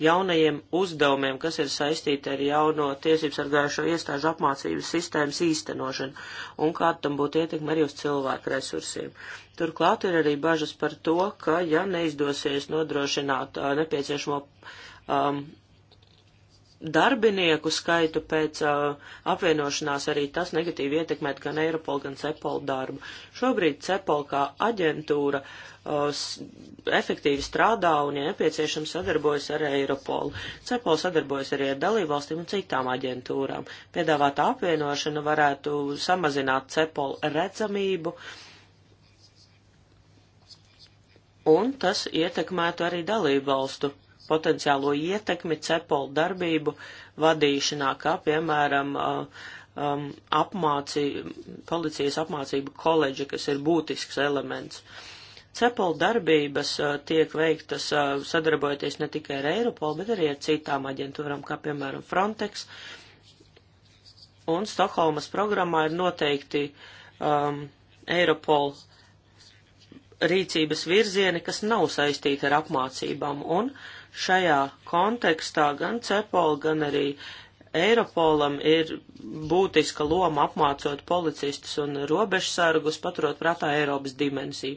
jaunajiem uzdevumiem, kas ir saistīti ar jauno tiesības sargājušo iestāžu apmācības sistēmas īstenošanu un kā tam būtu ietekme arī uz cilvēku resursiem. Turklāt ir arī bažas par to, ka, ja neizdosies nodrošināt uh, nepieciešamo um, darbinieku skaitu pēc uh, apvienošanās arī tas negatīvi ietekmēt gan Eiropol, gan Cepol darbu. Šobrīd Cepol kā aģentūra uh, efektīvi strādā un, ja nepieciešams, sadarbojas ar Eiropolu. Cepol sadarbojas arī ar dalībvalstīm un citām aģentūrām. Piedāvāta apvienošana varētu samazināt Cepol redzamību. Un tas ietekmētu arī dalību valstu potenciālo ietekmi cepola darbību vadīšanā, kā piemēram uh, um, apmācī, policijas apmācību koledža, kas ir būtisks elements. Cepola darbības uh, tiek veiktas uh, sadarbojoties ne tikai ar Eiropolu, bet arī ar citām aģentūram, kā piemēram Frontex. Un Stokholmas programmā ir noteikti um, Eiropola rīcības virzieni, kas nav saistīti ar apmācībām, un šajā kontekstā gan Cepol, gan arī Eiropolam ir būtiska loma apmācot policistus un robežsargus, paturot prātā Eiropas dimensiju.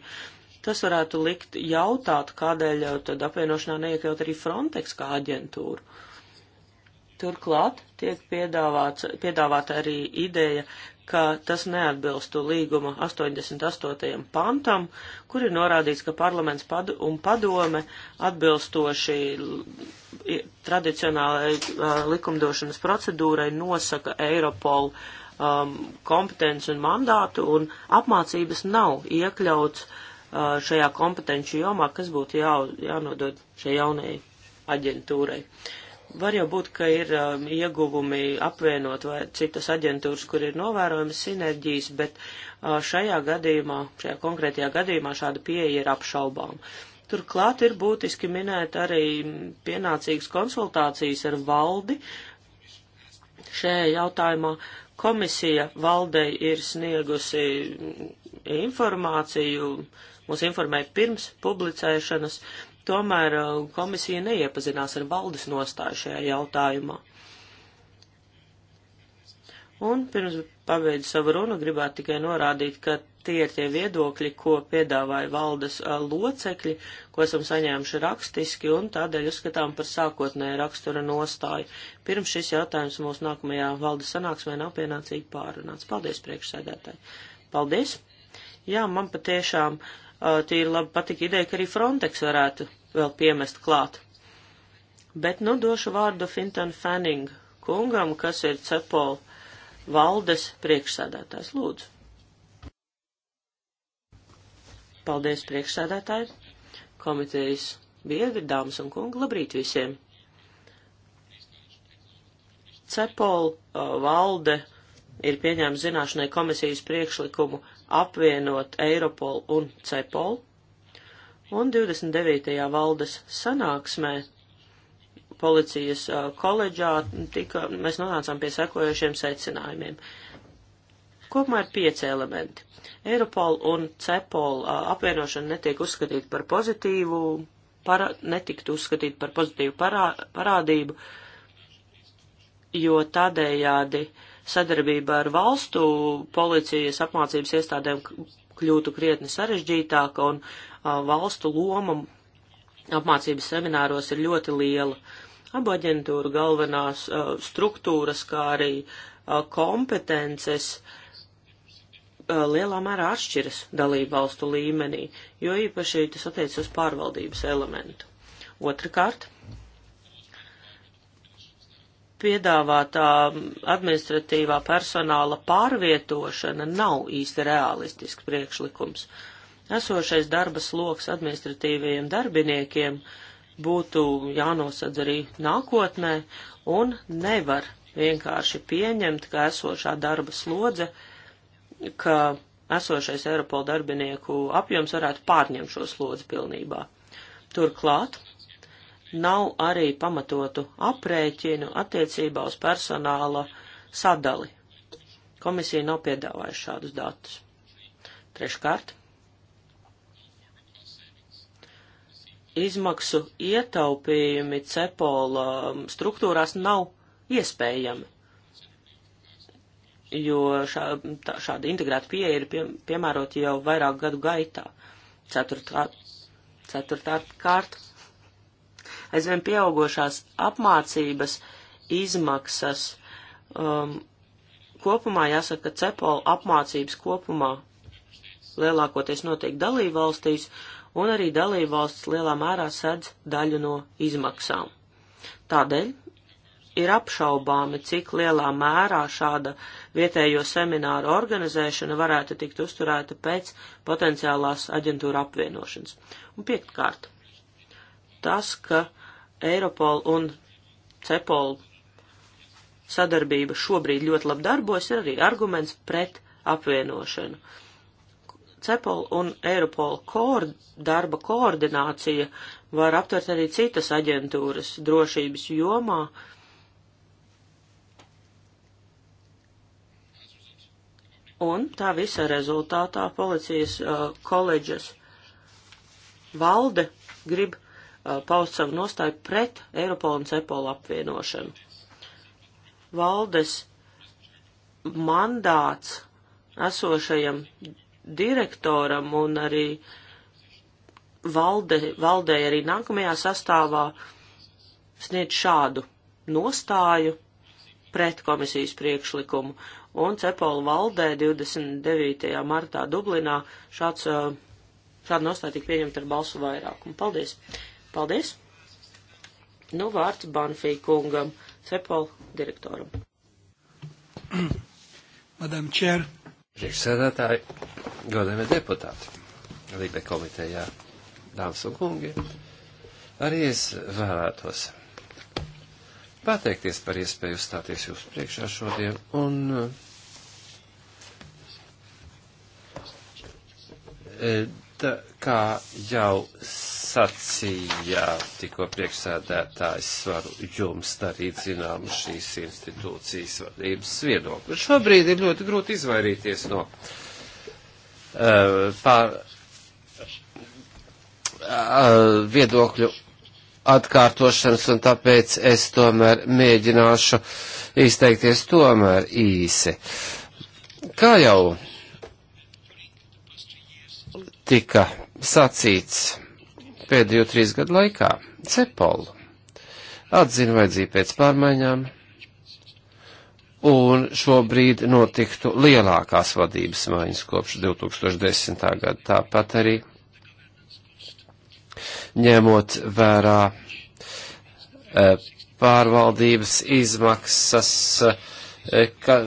Tas varētu likt jautāt, kādēļ tad apvienošanā neiekļaut arī Frontex kā aģentūru. Turklāt tiek piedāvāta arī ideja ka tas neatbilstu līguma 88. pantam, kur ir norādīts, ka parlaments pad un padome atbilstoši tradicionālai uh, likumdošanas procedūrai nosaka Eiropolu um, kompetenci un mandātu, un apmācības nav iekļauts uh, šajā kompetenci jomā, kas būtu jā, jānodod šai jaunajai aģentūrai. Uh, Var jau būt, ka ir um, ieguvumi apvienot vai citas aģentūras, kur ir novērojamas sinerģijas, bet uh, šajā gadījumā, šajā konkrētajā gadījumā šāda pieeja ir apšaubām. Turklāt ir būtiski minēt arī pienācīgas konsultācijas ar valdi. Šajā jautājumā komisija valdei ir sniegusi informāciju, mūs informēja pirms publicēšanas, Tomēr uh, komisija neiepazinās ar valdes nostāju šajā jautājumā. Un pirms pabeidu savu runu, gribētu tikai norādīt, ka tie ir tie viedokļi, ko piedāvāja valdes a, uh, locekļi, ko esam saņēmuši rakstiski un tādēļ uzskatām par sākotnēju rakstura nostāju. Pirms šis jautājums mūsu nākamajā valdes sanāksmē nav pienācīgi pārunāts. Paldies, priekšsēdētāji. Paldies! Jā, man patiešām Uh, tīri labi patika ideja, ka arī Frontex varētu vēl piemest klāt. Bet nu došu vārdu Fintan Fanning kungam, kas ir Cepol valdes priekšsēdētājs. Lūdzu. Paldies priekšsēdētāji, komitejas biedri, dāmas un kungi, labrīt visiem. Cepol uh, valde ir pieņēma zināšanai komisijas priekšlikumu uh, apvienot Eiropol un Cepol, un 29. valdes sanāksmē policijas uh, koledžā tika, mēs nonācām pie sekojošiem secinājumiem. Kopumā ir pieci elementi. Eiropol un Cepol uh, apvienošana netiek uzskatīta par pozitīvu, para, netiktu uzskatīta par pozitīvu parā, parādību, jo tādējādi uh, sadarbība ar valstu policijas apmācības iestādēm kļūtu krietni sarežģītāka un a, valstu loma apmācības semināros ir ļoti liela. Abu aģentūru galvenās a, struktūras, kā arī a, kompetences lielā mērā atšķiras dalību valstu līmenī, jo īpaši tas attiecas uz pārvaldības elementu. Otrakārt, piedāvātā administratīvā personāla pārvietošana nav īsti realistisks priekšlikums. Esošais darba sloks administratīvajiem darbiniekiem būtu jānosadz arī nākotnē un nevar vienkārši pieņemt, ka esošā darba slodze, ka esošais Eiropola darbinieku apjoms varētu pārņemt šo slodzi pilnībā. Turklāt nav arī pamatotu aprēķinu attiecībā uz personāla sadali. Komisija nav piedāvājusi šādus datus. Treškārt, izmaksu ietaupījumi cepola um, struktūrās nav iespējami, jo šā, tā, šāda integrēta pieeja ir pie, piemērota jau vairāku gadu gaitā. Ceturtā, ceturtā kārta aizvien pieaugošās apmācības izmaksas. Um, kopumā jāsaka, ka cepola apmācības kopumā lielākoties notiek dalībvalstīs, un arī dalībvalsts lielā mērā sedz daļu no izmaksām. Tādēļ ir apšaubāmi, cik lielā mērā šāda vietējo semināru organizēšana varētu tikt uzturēta pēc potenciālās aģentūra apvienošanas. Un piektkārt, tas, ka Eiropol un Cepol sadarbība šobrīd ļoti labi darbojas, ir arī arguments pret apvienošanu. Cepol un Eiropol koord, darba koordinācija var aptvert arī citas aģentūras drošības jomā. Un tā visa rezultātā policijas uh, koledžas valde grib Uh, paust savu nostāju pret Eiropolu un Cepolu apvienošanu. Valdes mandāts esošajam direktoram un arī valde, valdē arī nākamajā sastāvā sniedz šādu nostāju pret komisijas priekšlikumu. Un Cepola valdē 29. martā Dublinā šāds, uh, šāda nostāja tika pieņemta ar balsu vairākumu. Paldies! Paldies! Nu, vārds Banfī kungam, Cepol direktoram. Madam Čer. Priekšsēdētāji, godējumie deputāti, Lībe komitejā, dāmas un kungi, arī es vēlētos pateikties par iespēju uzstāties jūsu priekšā šodien un tā, eh, kā jau sacīja tikko priekšsēdētājs, varu jums darīt zinām šīs institūcijas vadības viedokli. Šobrīd ir ļoti grūti izvairīties no uh, pār, uh, viedokļu atkārtošanas, un tāpēc es tomēr mēģināšu izteikties tomēr īsi. Kā jau tika sacīts, pēdējo trīs gadu laikā Cepolu atzina vajadzību pēc pārmaiņām, un šobrīd notiktu lielākās vadības maiņas kopš 2010. gada. Tāpat arī ņemot vērā eh, pārvaldības izmaksas, eh, ka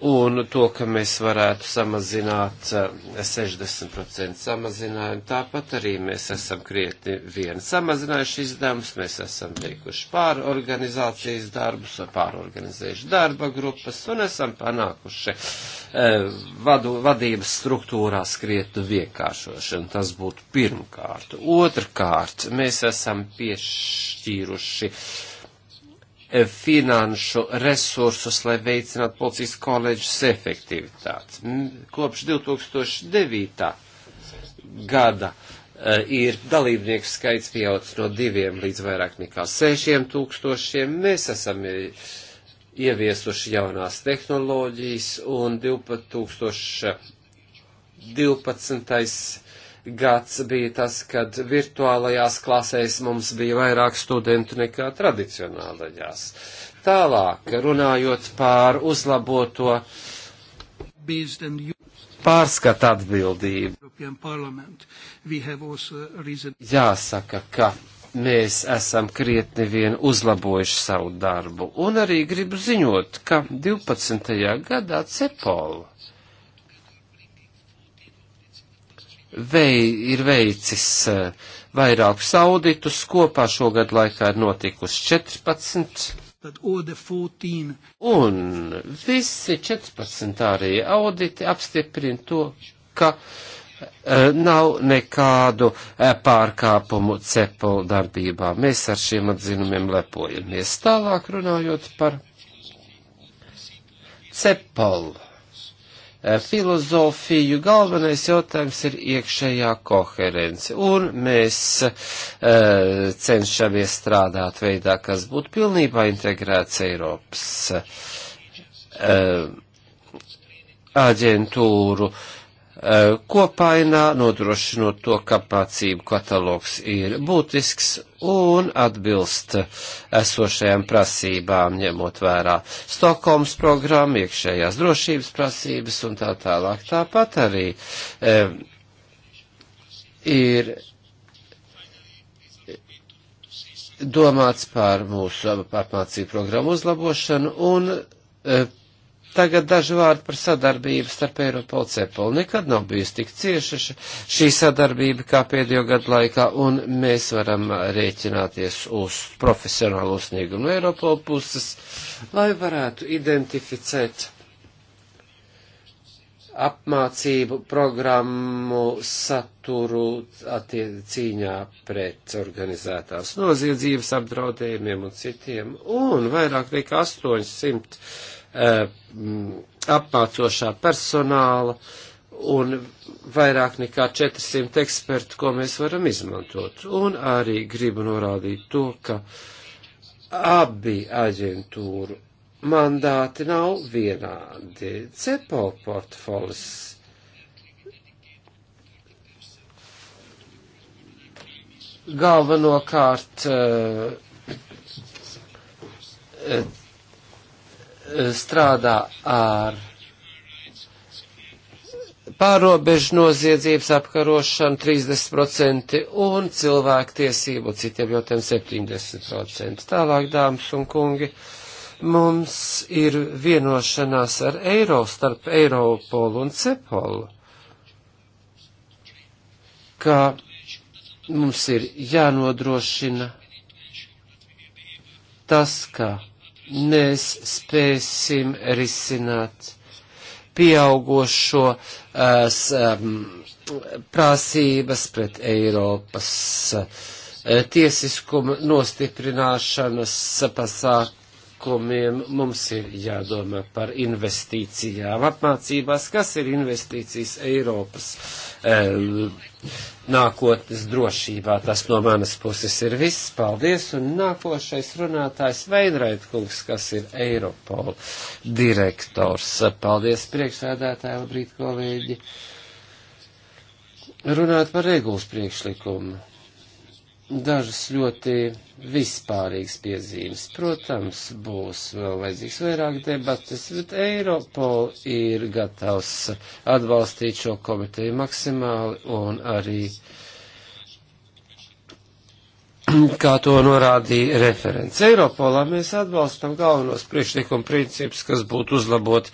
un to, ka mēs varētu samazināt 60% eh, samazinājumu. Tāpat arī mēs esam krietni vien samazinājuši izdevumus, mēs esam veikuši pārorganizācijas darbus, pārorganizējuši darba grupas un esam panākuši eh, vadu, vadības struktūrās krietnu vienkāršošanu. Tas būtu pirmkārt. Otrkārt, mēs esam piešķīruši eh, finanšu resursus, lai veicinātu policijas koledžas efektivitāti. Kopš 2009. gada eh, ir dalībnieku skaits pieaudzis no diviem līdz vairāk nekā sešiem tūkstošiem. Mēs esam eh, ieviesuši jaunās tehnoloģijas un 2012 gads bija tas, kad virtuālajās klasēs mums bija vairāk studentu nekā tradicionālajās. Tālāk, runājot pār uzlaboto pārskata atbildību. Jāsaka, ka mēs esam krietni vien uzlabojuši savu darbu, un arī gribu ziņot, ka 12. gadā Cepola vei, ir veicis eh, vairākus auditus, kopā šogad laikā ir notikusi 14. Un visi 14 arī auditi apstiprina to, ka eh, nav nekādu eh, pārkāpumu cepu darbībā. Mēs ar šiem atzinumiem lepojamies. Tālāk runājot par cepolu Eh, filozofiju. Galvenais jautājums ir iekšējā koherence, un mēs e, cenšamies strādāt veidā, kas būtu pilnībā integrēts Eiropas e, aģentūru Eh, kopainā, nodrošinot to, ka mācību katalogs ir būtisks un atbilst esošajām prasībām, ņemot vērā Stokholmas programmu, iekšējās drošības prasības un tā tālāk. Tāpat arī e, ir domāts par mūsu apmācību programmu uzlabošanu un eh, Tagad daži vārdi par sadarbību starp Eiropolu Cepolu. Nekad nav bijusi tik cieša šī sadarbība kā pēdējo gadu laikā, un mēs varam rēķināties uz profesionālu sniegumu no Eiropola puses, lai varētu identificēt apmācību programmu saturu cīņā pret organizētās noziedzības apdraudējumiem un citiem, un vairāk nekā 800 Uh, mm, apmācošā personāla un vairāk nekā 400 ekspertu, ko mēs varam izmantot. Un arī gribu norādīt to, ka abi aģentūru mandāti nav vienādi. CEPO portfolis galvenokārt uh, strādā ar pārobežu noziedzības apkarošanu 30% un cilvēktiesību citiem jautājumiem 70%. Tālāk, dāmas un kungi, mums ir vienošanās ar Eiro starp Eiropolu un Cepolu, ka mums ir jānodrošina tas, ka mēs spēsim risināt pieaugošo as, um, prasības pret Eiropas eh, tiesiskuma nostiprināšanas pasākumu pasākumiem mums ir jādomā par investīcijām apmācībās, kas ir investīcijas Eiropas e, nākotnes drošībā. Tas no manas puses ir viss. Paldies! Un nākošais runātājs Veinraitkungs, kas ir Eiropola direktors. Paldies priekšsēdētāji, labrīt kolēģi! Runāt par regulas priekšlikumu. Dažas ļoti vispārīgas piezīmes. Protams, būs vēl vajadzīgs vairāk debates, bet Eiropol ir gatavs atbalstīt šo komiteju maksimāli un arī, kā to norādīja referents. Eiropolā mēs atbalstam galvenos priekšlikumu principus, kas būtu uzlabot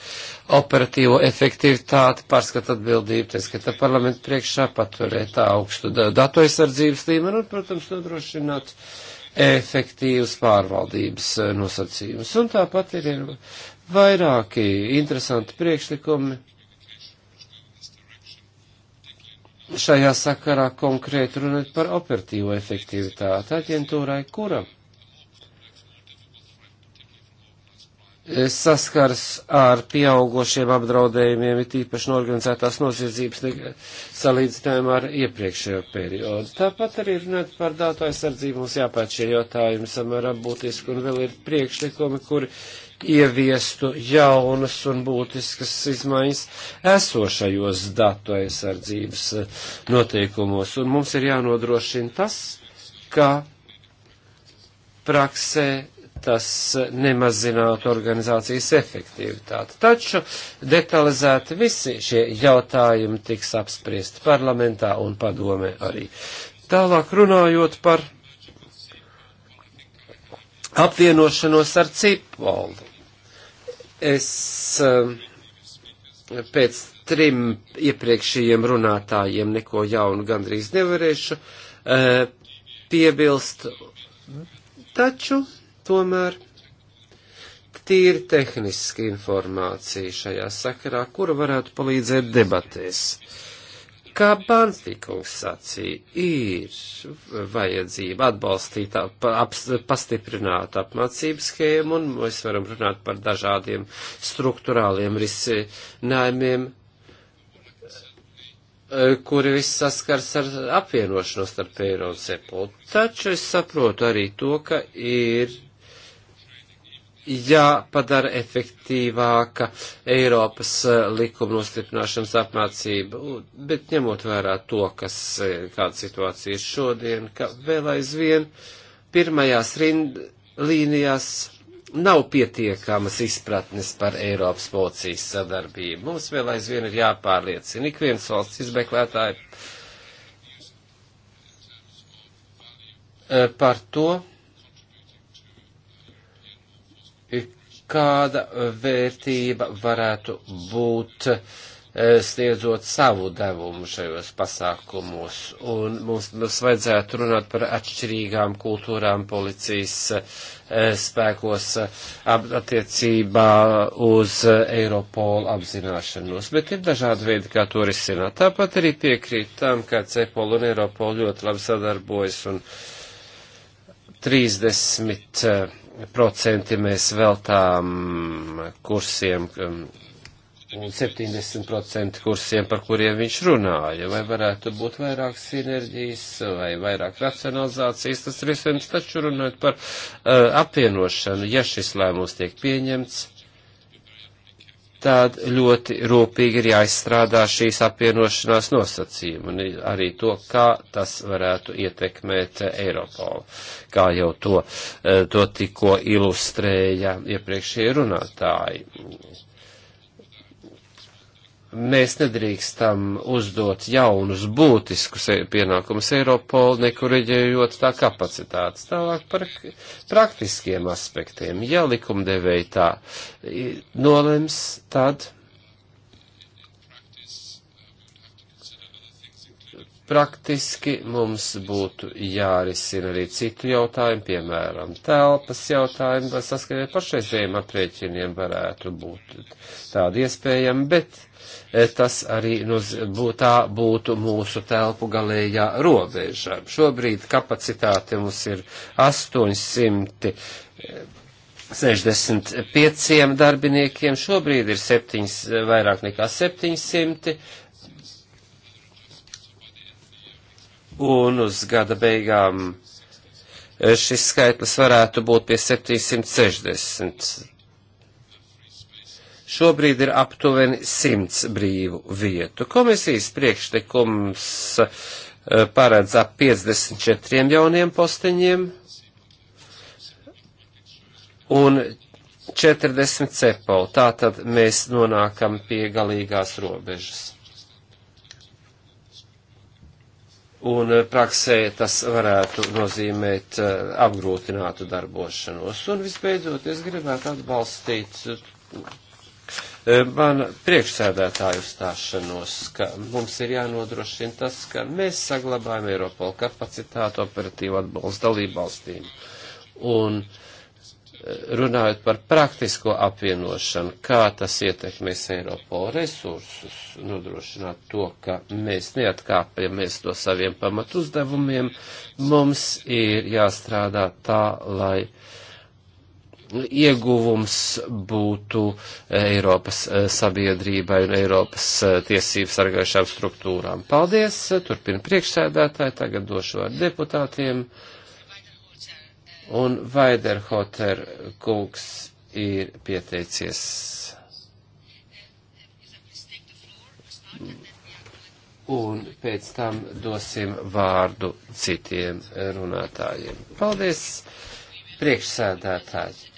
operatīvo efektivitāti, pārskat atbildību, tā skata parlamentu priekšā, paturēt augstu datu aizsardzības līmeni un, protams, nodrošināt. Uh, efektīvas pārvaldības eh, nosacījumus. Un tāpat ir vairāki interesanti priekšlikumi šajā sakarā konkrēti runāt par operatīvo efektivitāti aģentūrai, kura saskars ar pieaugošiem apdraudējumiem, ir tīpaši no organizētās noziedzības salīdzinājumā ar iepriekšējo periodu. Tāpat arī runāt par datu aizsardzību mums jāpēc šie jautājumi samērā būtiski, un vēl ir priekšlikumi, kuri ieviestu jaunas un būtiskas izmaiņas esošajos datu aizsardzības eh, noteikumos, un mums ir jānodrošina tas, ka praksē tas nemazinātu organizācijas efektivitāti. Taču detalizēti visi šie jautājumi tiks apspriesti parlamentā un padomē arī. Tālāk runājot par apvienošanos ar Cipoldu. Es um, pēc trim iepriekšējiem runātājiem neko jaunu gandrīz nevarēšu uh, piebilst, taču Tomēr tīri tehniski informācija šajā sakarā, kura varētu palīdzēt debatēs. Kā Banfikungs sacīja, ir vajadzība atbalstīt, ap, pastiprināt apmācību schēmu, un mēs varam runāt par dažādiem struktūrāliem risinājumiem, kuri viss saskars ar apvienošanos starp eiro un sepulu. Taču es saprotu arī to, ka ir jāpadara efektīvāka Eiropas eh, likuma nostiprināšanas apmācība, bet ņemot vērā to, kas, eh, kāda situācija ir šodien, ka vēl aizvien pirmajās rindlīnijās nav pietiekamas izpratnes par Eiropas policijas sadarbību. Mums vēl aizvien ir jāpārliecina ik viens valsts izmeklētāji eh, par to, kāda eh, vērtība varētu būt eh, sniedzot savu devumu šajos pasākumos. Un mums, mums vajadzētu runāt par atšķirīgām kultūrām policijas eh, spēkos attiecībā uz Eiropolu apzināšanos. Bet ir dažādi veidi, kā to risināt. Tāpat arī piekrīt tam, ka Cepol un Eiropol ļoti labi sadarbojas un 30 procenti mēs veltām kursiem, 70% um, kursiem, par kuriem viņš runāja, vai varētu būt vairāk sinerģijas vai vairāk racionalizācijas, tas ir iespējams, taču runājot par uh, apvienošanu, ja šis lēmums tiek pieņemts, tad ļoti rūpīgi ir jāizstrādā šīs apvienošanās nosacījumi un arī to, kā tas varētu ietekmēt Eiropolu, kā jau to, eh, to tikko ilustrēja iepriekšēji runātāji mēs nedrīkstam uzdot jaunus būtiskus e- pienākumus Eiropolu, nekuriģējot tā kapacitātes. Tālāk par praktiskiem aspektiem. Ja likumdevēji tā nolems, tad praktiski mums būtu jārisina arī citu jautājumu, piemēram, telpas jautājumu, lai saskanē pašreizējiem aprēķiniem varētu būt tādi iespējami, bet tas arī nuz, bū, tā būtu mūsu telpu galējā robeža. Šobrīd kapacitāte mums ir 800. 65 darbiniekiem, šobrīd ir 7, vairāk nekā 700, un uz gada beigām šis skaitlis varētu būt pie 760. Šobrīd ir aptuveni simts brīvu vietu. Komisijas priekšlikums eh, paredz ap 54 jauniem posteņiem un 40 cepau. Tātad mēs nonākam pie galīgās robežas. Un eh, praksē tas varētu nozīmēt eh, apgrūtinātu darbošanos. Un visbeidzot, es gribētu atbalstīt Eh, man priekšsēdētāju stāšanos, ka mums ir jānodrošina tas, ka mēs saglabājam Eiropolu kapacitātu operatīvu atbalstu dalību valstīm. Un eh, runājot par praktisko apvienošanu, kā tas ietekmēs Eiropolu resursus, nodrošināt to, ka mēs neatkāpjamies no saviem pamatuzdevumiem, mums ir jāstrādā tā, lai. Uh, ieguvums būtu Eiropas eh, sabiedrībai un Eiropas eh, tiesību sargājušām struktūrām. Paldies, eh, turpina priekšsēdētāji, tagad došu vārdu deputātiem. Un Vaiderhoter kungs ir pieteicies. Un pēc tam dosim vārdu citiem runātājiem. Paldies! priekšsēdētāji.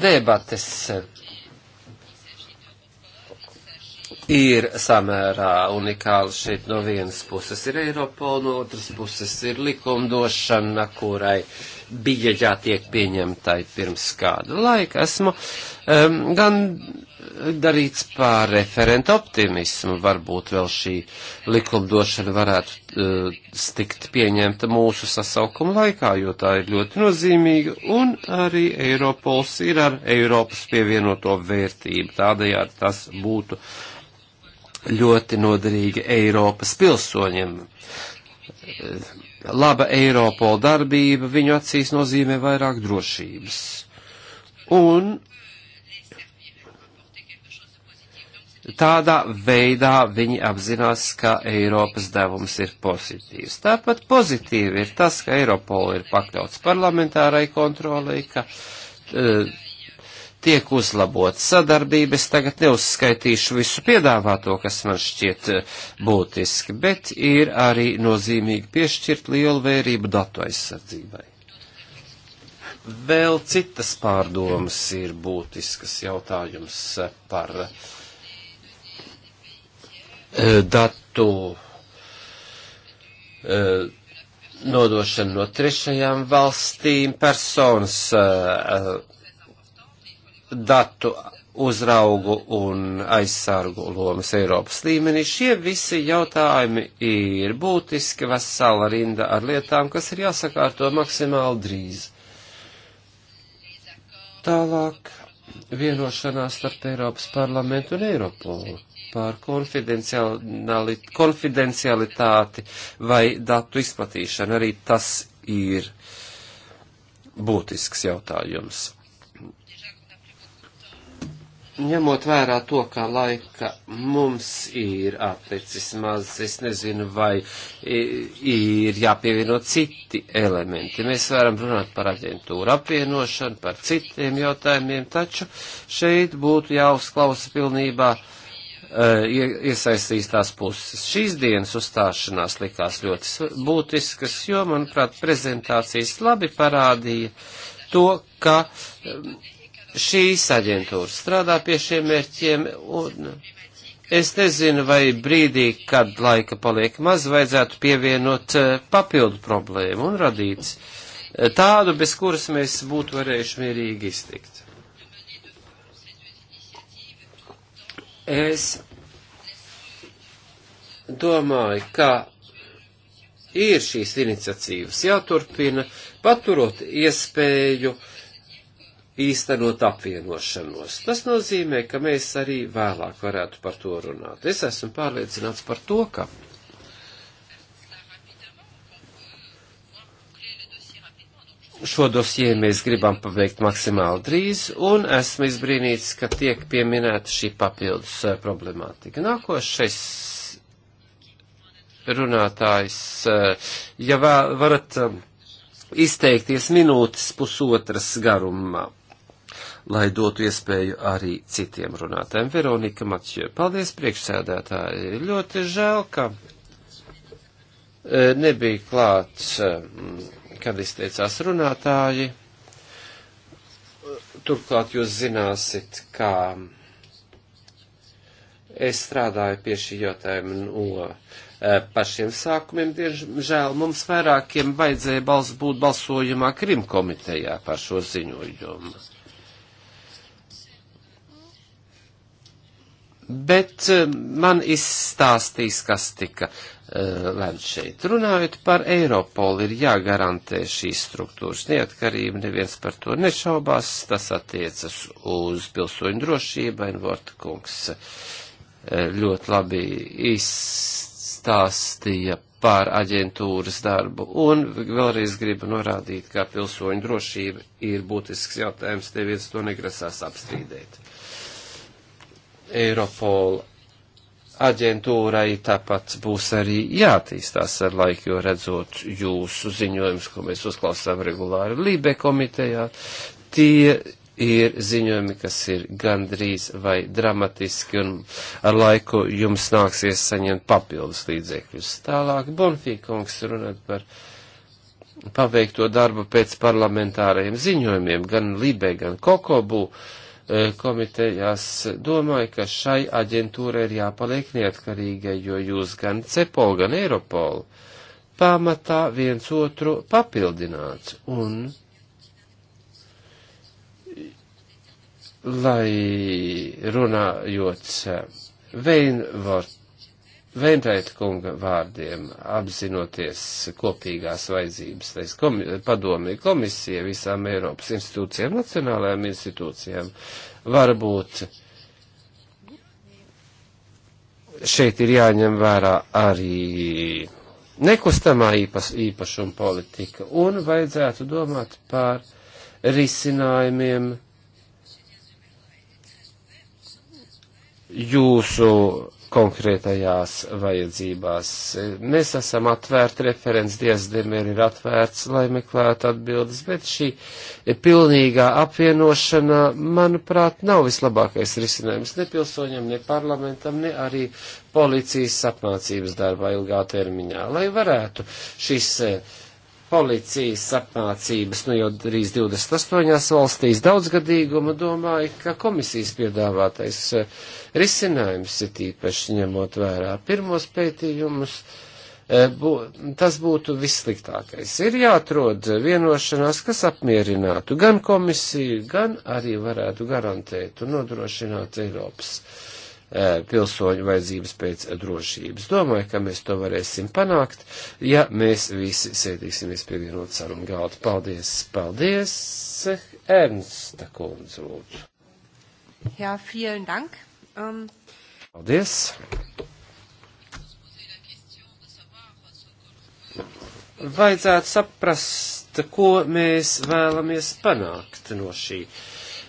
Debates ir samērā unikāls šeit no vienas puses ir Eiropola, no otras puses ir likumdošana, kurai bija jātiek pieņemtai pirms kādu laiku. Esmu um, gan darīts pār referentu optimismu. Varbūt vēl šī likumdošana varētu uh, tikt pieņemta mūsu sasaukuma laikā, jo tā ir ļoti nozīmīga, un arī Eiropols ir ar Eiropas pievienoto vērtību. Tādējādi tas būtu ļoti noderīgi Eiropas pilsoņiem. Eh, laba Eiropola darbība viņu acīs nozīmē vairāk drošības. Un Tādā veidā viņi apzinās, ka Eiropas devums ir pozitīvs. Tāpat pozitīvi ir tas, ka Eiropola ir pakļauts parlamentārai kontrolei, ka uh, tiek uzlabot sadarbības. Tagad neuzskaitīšu visu piedāvāto, kas man šķiet eh, būtiski, bet ir arī nozīmīgi piešķirt lielu vērību datu aizsardzībai. Vēl citas pārdomas ir būtiskas jautājums par uh, Eh, datu eh, nodošana no trešajām valstīm, personas eh, datu uzraugu un aizsargu lomas Eiropas līmenī. Šie visi jautājumi ir būtiski vesela rinda ar lietām, kas ir jāsakārto maksimāli drīz. Tālāk vienošanās starp Eiropas parlamentu un Eiropolu par konfidencialitāti vai datu izplatīšanu. Arī tas ir būtisks jautājums. Ņemot vērā to, ka laika mums ir atlicis maz, es nezinu, vai ir jāpievieno citi elementi. Mēs varam runāt par aģentūru apvienošanu, par citiem jautājumiem, taču šeit būtu jāuzklausa pilnībā uh, Eh, iesaistīs tās puses. Šīs dienas uzstāšanās likās ļoti būtiskas, jo, manuprāt, prezentācijas labi parādīja to, ka eh, šīs aģentūras strādā pie šiem mērķiem, un es nezinu, vai brīdī, kad laika paliek maz, vajadzētu pievienot eh, papildu problēmu un radīt tādu, bez kuras mēs būtu varējuši mierīgi iztikt. Es domāju, ka ir šīs iniciatīvas jāturpina, paturot iespēju īstenot apvienošanos. Tas nozīmē, ka mēs arī vēlāk varētu par to runāt. Es esmu pārliecināts par to, ka šo dosiju mēs gribam pabeigt maksimāli drīz, un esmu izbrīnīts, ka tiek pieminēta šī papildus eh, problemātika. Nākošais runātājs, eh, ja varat eh, izteikties minūtes pusotras garumā, lai dotu iespēju arī citiem runātājiem. Veronika Matjē, paldies priekšsēdētāji. Ļoti žēl, ka nebija klāts kad izteicās runātāji. Turklāt jūs zināsit, kā es strādāju pie šī jautājuma no e, pašiem sākumiem. Diemžēl mums vairākiem vajadzēja balss būt balsojumā Krim komitejā par šo ziņojumu. Bet e, man izstāstīs, kas tika Eh, lemts šeit. Runājot par Eiropolu, ir jāgarantē šīs struktūras neatkarība, neviens par to nešaubās, tas attiecas uz pilsoņu drošību, Envorta kungs eh, ļoti labi izstāstīja par aģentūras darbu, un vēlreiz gribu norādīt, ka pilsoņu drošība ir būtisks jautājums, neviens to negrasās apstrīdēt. Eiropola aģentūrai tāpat būs arī jātīstās ar laiku, jo redzot jūsu ziņojumus, ko mēs uzklausām regulāri Lībe komitejā, tie ir ziņojumi, kas ir gandrīz vai dramatiski, un ar laiku jums nāksies saņemt papildus līdzekļus. Tālāk Bonfīkungs runāt par paveikto darbu pēc parlamentārajiem ziņojumiem, gan Lībe, gan Kokobu. Uh, E, komitejās domāju, ka šai aģentūrai ir jāpaliek neatkarīgai, jo jūs gan Cepol, gan Eiropol pamatā viens otru papildināts un lai runājot Veinvort Veinraita kunga vārdiem, apzinoties kopīgās vajadzības, tais komi padomī komisija visām Eiropas institūcijām, nacionālajām institūcijām, varbūt šeit ir jāņem vērā arī nekustamā īpaš, īpašuma politika un vajadzētu domāt par risinājumiem jūsu konkrētajās vajadzībās. Mēs esam atvērti, referents diezdiemēr ir atvērts, lai meklētu atbildes, bet šī pilnīgā apvienošana, manuprāt, nav vislabākais risinājums ne pilsoņam, ne parlamentam, ne arī policijas apmācības darbā ilgā termiņā, lai varētu šis eh, policijas apmācības, nu jau drīz 28 valstīs daudzgadīguma, domāju, ka komisijas piedāvātais eh, risinājums ir tīpaši ņemot vērā pirmos pētījumus. Eh, Bū, tas būtu vissliktākais. Ir jāatrod vienošanās, kas apmierinātu gan komisiju, gan arī varētu garantēt un nodrošināt Eiropas uh, pilsoņu vajadzības pēc drošības. Domāju, ka mēs to varēsim panākt, ja mēs visi sēdīsimies pie vienotas sarunu galda. Paldies, paldies, Ernsta kundze, lūdzu. Jā, ja, vielen dank. Um... Paldies. Vajadzētu saprast, ko mēs vēlamies panākt no šī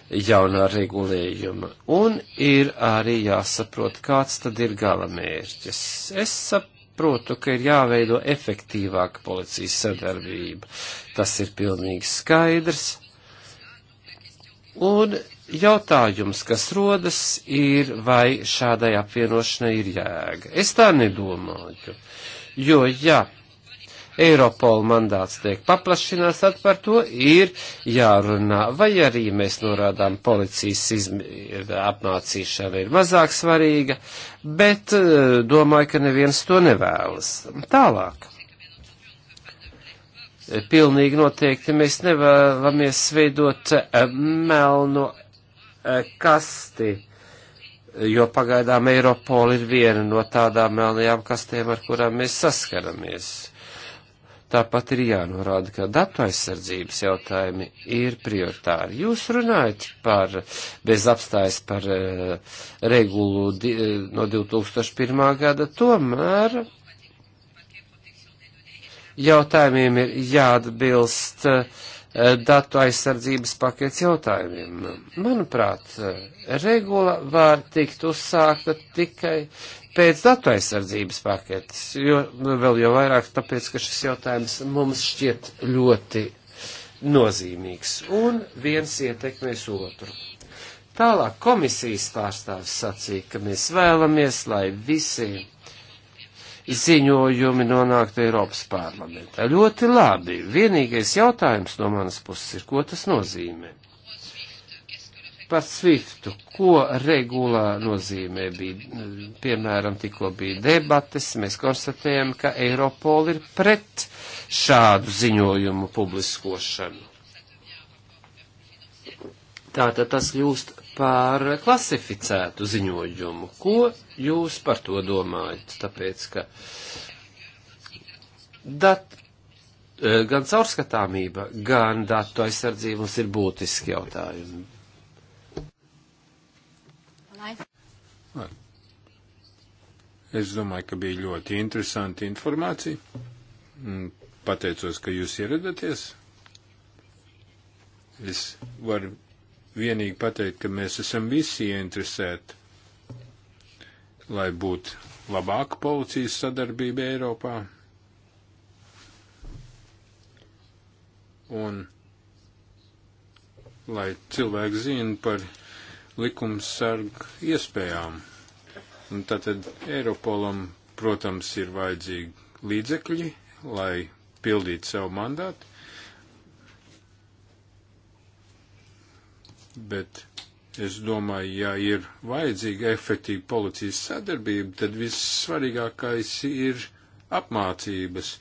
jaunā regulējuma. Un ir arī jāsaprot, kāds tad ir gala mērķis. Es saprotu, ka ir jāveido efektīvāka policijas sadarbība. Tas ir pilnīgi skaidrs. Un jautājums, kas rodas, ir, vai šādai apvienošanai ir jēga. Es tā nedomāju. Jo, ja Eiropola mandāts tiek paplašināts, tad par to ir jārunā. Vai arī mēs norādām, policijas izm... apmācīšana ir mazāk svarīga, bet eh, domāju, ka neviens to nevēlas. Tālāk. Pilnīgi noteikti mēs nevēlamies veidot eh, melnu eh, kasti, jo pagaidām Eiropola ir viena no tādām melnajām kastēm, ar kurām mēs saskaramies Tāpat ir jānorāda, ka datu aizsardzības jautājumi ir prioritāri. Jūs runājat par bezapstājas par uh, regulu di, eh, no 2001. gada, tomēr jautājumiem ir jāatbilst uh, datu aizsardzības pakets jautājumiem. Manuprāt, regula var tikt uzsākta tikai, pēc datu aizsardzības paketes, jo nu, vēl jau vairāk tāpēc, ka šis jautājums mums šķiet ļoti nozīmīgs un viens ietekmēs otru. Tālāk komisijas pārstāvis sacīja, ka mēs vēlamies, lai visi ziņojumi nonāktu Eiropas parlamentā. Ļoti labi. Vienīgais jautājums no manas puses ir, ko tas nozīmē. Par Swiftu, ko regulā nozīmē bija, piemēram, tikko bija debates, mēs konstatējam, ka Eiropola ir pret šādu ziņojumu publiskošanu. Tātad tas kļūst par klasificētu ziņojumu. Ko jūs par to domājat? Tāpēc, ka dat, eh, gan caurskatāmība, gan datu aizsardzība mums ir būtiski jautājumi. Es domāju, ka bija ļoti interesanti informācija. Mm, pateicos, ka jūs ieradaties. Es varu vienīgi pateikt, ka mēs esam visi ieinteresēti, lai būtu labāka policijas sadarbība Eiropā. Un lai cilvēki zina par likums sargu iespējām. Un tātad Eiropolam, protams, ir vajadzīgi līdzekļi, lai pildītu savu mandātu, bet es domāju, ja ir vajadzīga efektīva policijas sadarbība, tad vissvarīgākais ir apmācības,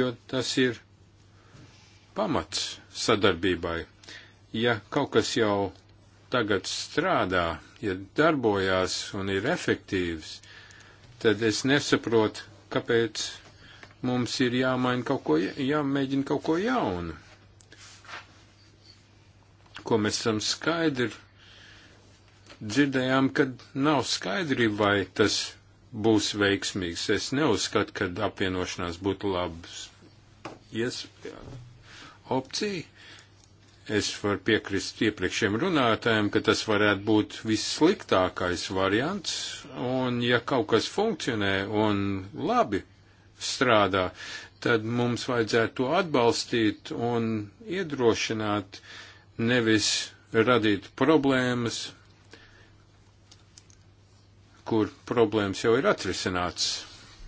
jo tas ir pamats sadarbībai. Ja kaut kas jau tagad strādā, ja darbojās un ir efektīvs, tad es nesaprotu, kāpēc mums ir jāmaina kaut ko, jāmēģina kaut ko jaunu, ko mēs esam skaidri dzirdējām, kad nav skaidrība, vai tas būs veiksmīgs. Es neuzskatu, ka apvienošanās būtu labs yes, opcija. Es varu piekrist iepriekšējiem runātājiem, ka tas varētu būt vissliktākais variants, un ja kaut kas funkcionē un labi strādā, tad mums vajadzētu to atbalstīt un iedrošināt, nevis radīt problēmas, kur problēmas jau ir atrisināts.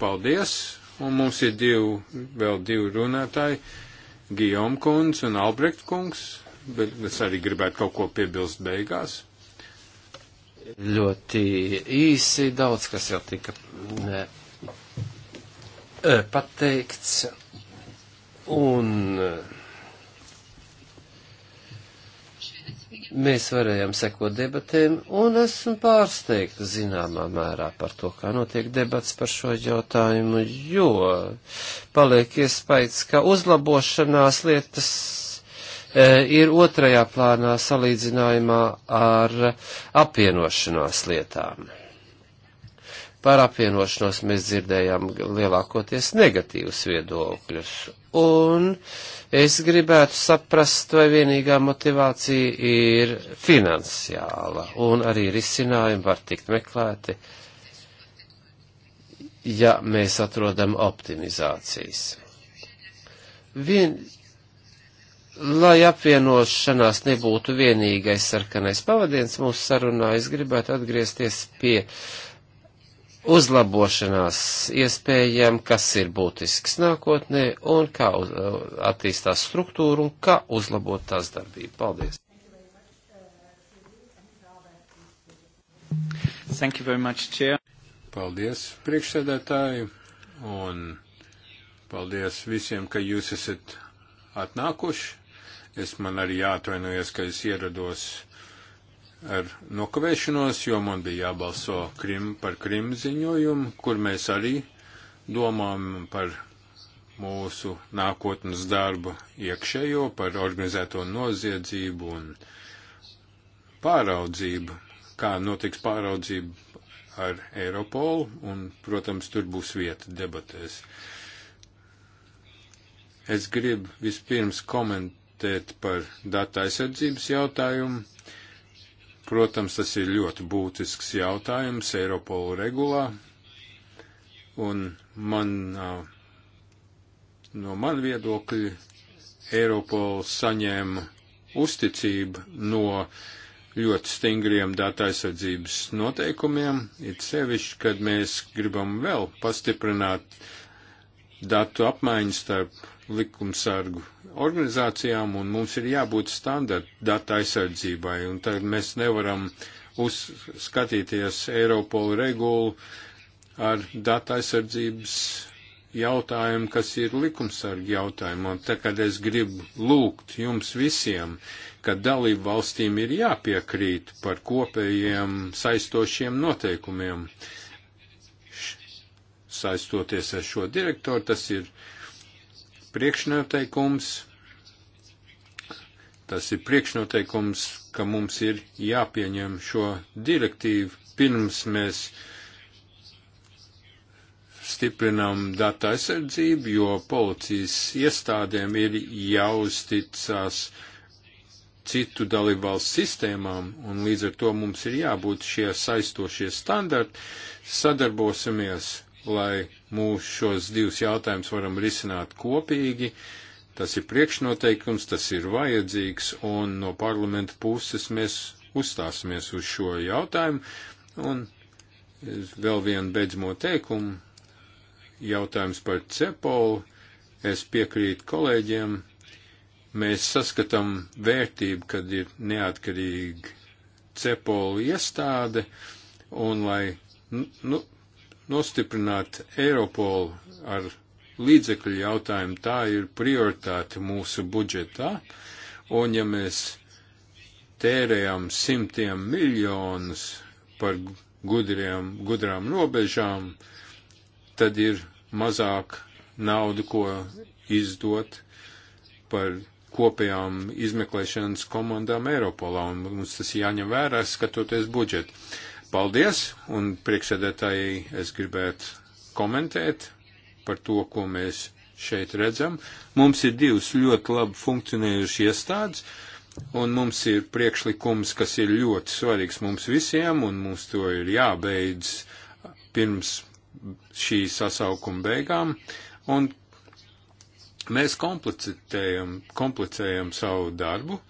Paldies! Un mums ir divi, vēl divi runātāji - Gijom kungs un Albrecht kungs bet es arī gribētu kaut ko piebilst beigās. Ļoti īsi daudz, kas jau tika ne, e, pateikts. Un e, mēs varējām sekot debatēm, un esmu pārsteigta zināmā mērā par to, kā notiek debats par šo jautājumu, jo paliek iespējas, ka uzlabošanās lietas E, ir otrajā plānā salīdzinājumā ar apvienošanās lietām. Par apvienošanos mēs dzirdējām lielākoties negatīvus viedokļus, un es gribētu saprast, vai vienīgā motivācija ir finansiāla, un arī risinājumi var tikt meklēti, ja mēs atrodam optimizācijas. Vien, lai apvienošanās nebūtu vienīgais sarkanais pavadiens mūsu sarunā, es gribētu atgriezties pie uzlabošanās iespējām, kas ir būtisks nākotnē un kā uz, attīstās struktūra un kā uzlabot tās darbību. Paldies! Thank you very much, Chair. Paldies, priekšsēdētāji, un paldies visiem, ka jūs esat atnākuši Es man arī jāatvainojas, ka es ierados ar nokavēšanos, jo man bija jābalso krim, par krim ziņojumu, kur mēs arī domājam par mūsu nākotnes darbu iekšējo, par organizēto noziedzību un pāraudzību, kā notiks pāraudzība ar Eiropolu, un, protams, tur būs vieta debatēs. Es gribu vispirms komentēt debatēt par data aizsardzības jautājumu. Protams, tas ir ļoti būtisks jautājums Eiropolu regulā, un man, no man viedokļa Eiropols saņēma uzticību no ļoti stingriem data aizsardzības noteikumiem, it sevišķi, kad mēs gribam vēl pastiprināt datu apmaiņu starp likumsargu organizācijām, un mums ir jābūt standarta data aizsardzībai, un tad mēs nevaram uzskatīties Eiropolu regulu ar data aizsardzības jautājumu, kas ir likumsargi jautājumā. Tā kā es gribu lūgt jums visiem, ka dalību valstīm ir jāpiekrīt par kopējiem saistošiem noteikumiem. Saistoties ar šo direktoru, tas ir priekšnoteikums. Tas ir priekšnoteikums, ka mums ir jāpieņem šo direktīvu pirms mēs stiprinām data aizsardzību, jo policijas iestādēm ir jāuzticās citu dalībvalstu sistēmām, un līdz ar to mums ir jābūt šie saistošie standarti, sadarbosimies lai mūs šos divus jautājumus varam risināt kopīgi. Tas ir priekšnoteikums, tas ir vajadzīgs, un no parlamenta puses mēs uzstāsimies uz šo jautājumu. Un vēl vienu beidzamo teikumu. Jautājums par cepolu. Es piekrītu kolēģiem. Mēs saskatām vērtību, kad ir neatkarīga cepola iestāde, un lai nu, nu nostiprināt Eiropolu ar līdzekļu jautājumu, tā ir prioritāte mūsu budžetā, un ja mēs tērējam simtiem miljonus par gudriem, gudrām robežām, tad ir mazāk naudu, ko izdot par kopējām izmeklēšanas komandām Eiropolā, un mums tas jāņem vērā, skatoties budžetu. Paldies, un priekšsēdētāji es gribētu komentēt par to, ko mēs šeit redzam. Mums ir divas ļoti labi funkcionējušas iestādes, un mums ir priekšlikums, kas ir ļoti svarīgs mums visiem, un mums to ir jābeidz pirms šī sasaukuma beigām, un mēs komplicējam, komplicējam savu darbu.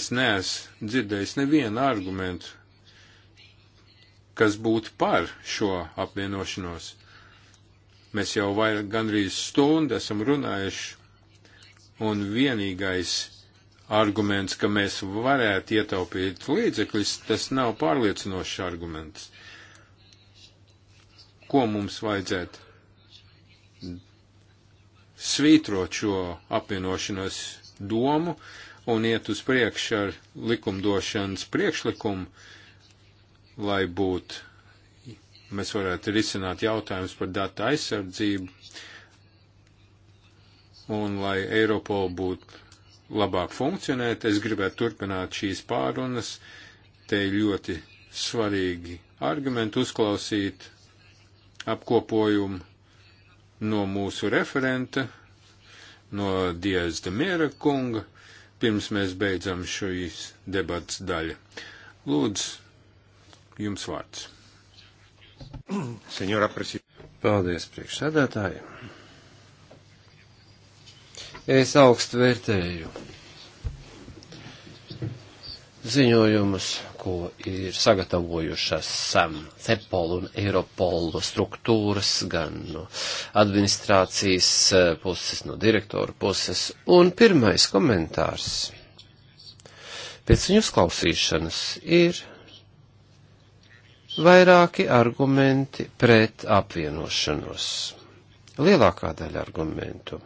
Es neesmu dzirdējis nevienu argumentu kas būtu par šo apvienošanos. Mēs jau vairāk gandrīz stundu esam runājuši, un vienīgais arguments, ka mēs varētu ietaupīt līdzekļus, tas nav pārliecinošs arguments. Ko mums vajadzētu? Svītrot šo apvienošanos domu un iet uz priekšu ar likumdošanas priekšlikumu, lai būtu, mēs varētu risināt jautājumus par datu aizsardzību un lai Eiropola būtu labāk funkcionēt, es gribētu turpināt šīs pārunas. Te ir ļoti svarīgi argumenti uzklausīt apkopojumu no mūsu referenta, no Dievs Damiera kunga, pirms mēs beidzam šīs debats daļa. Lūdzu, Jums vārds. Senjora Presida. Paldies, priekšsēdētāji. Es augstu vērtēju ziņojumus, ko ir sagatavojušas SAM, CEPOL un Eiropolu struktūras, gan no administrācijas eh, puses, no direktora puses. Un pirmais komentārs pēc viņu klausīšanas ir vairāki argumenti pret apvienošanos. Lielākā daļa argumentu.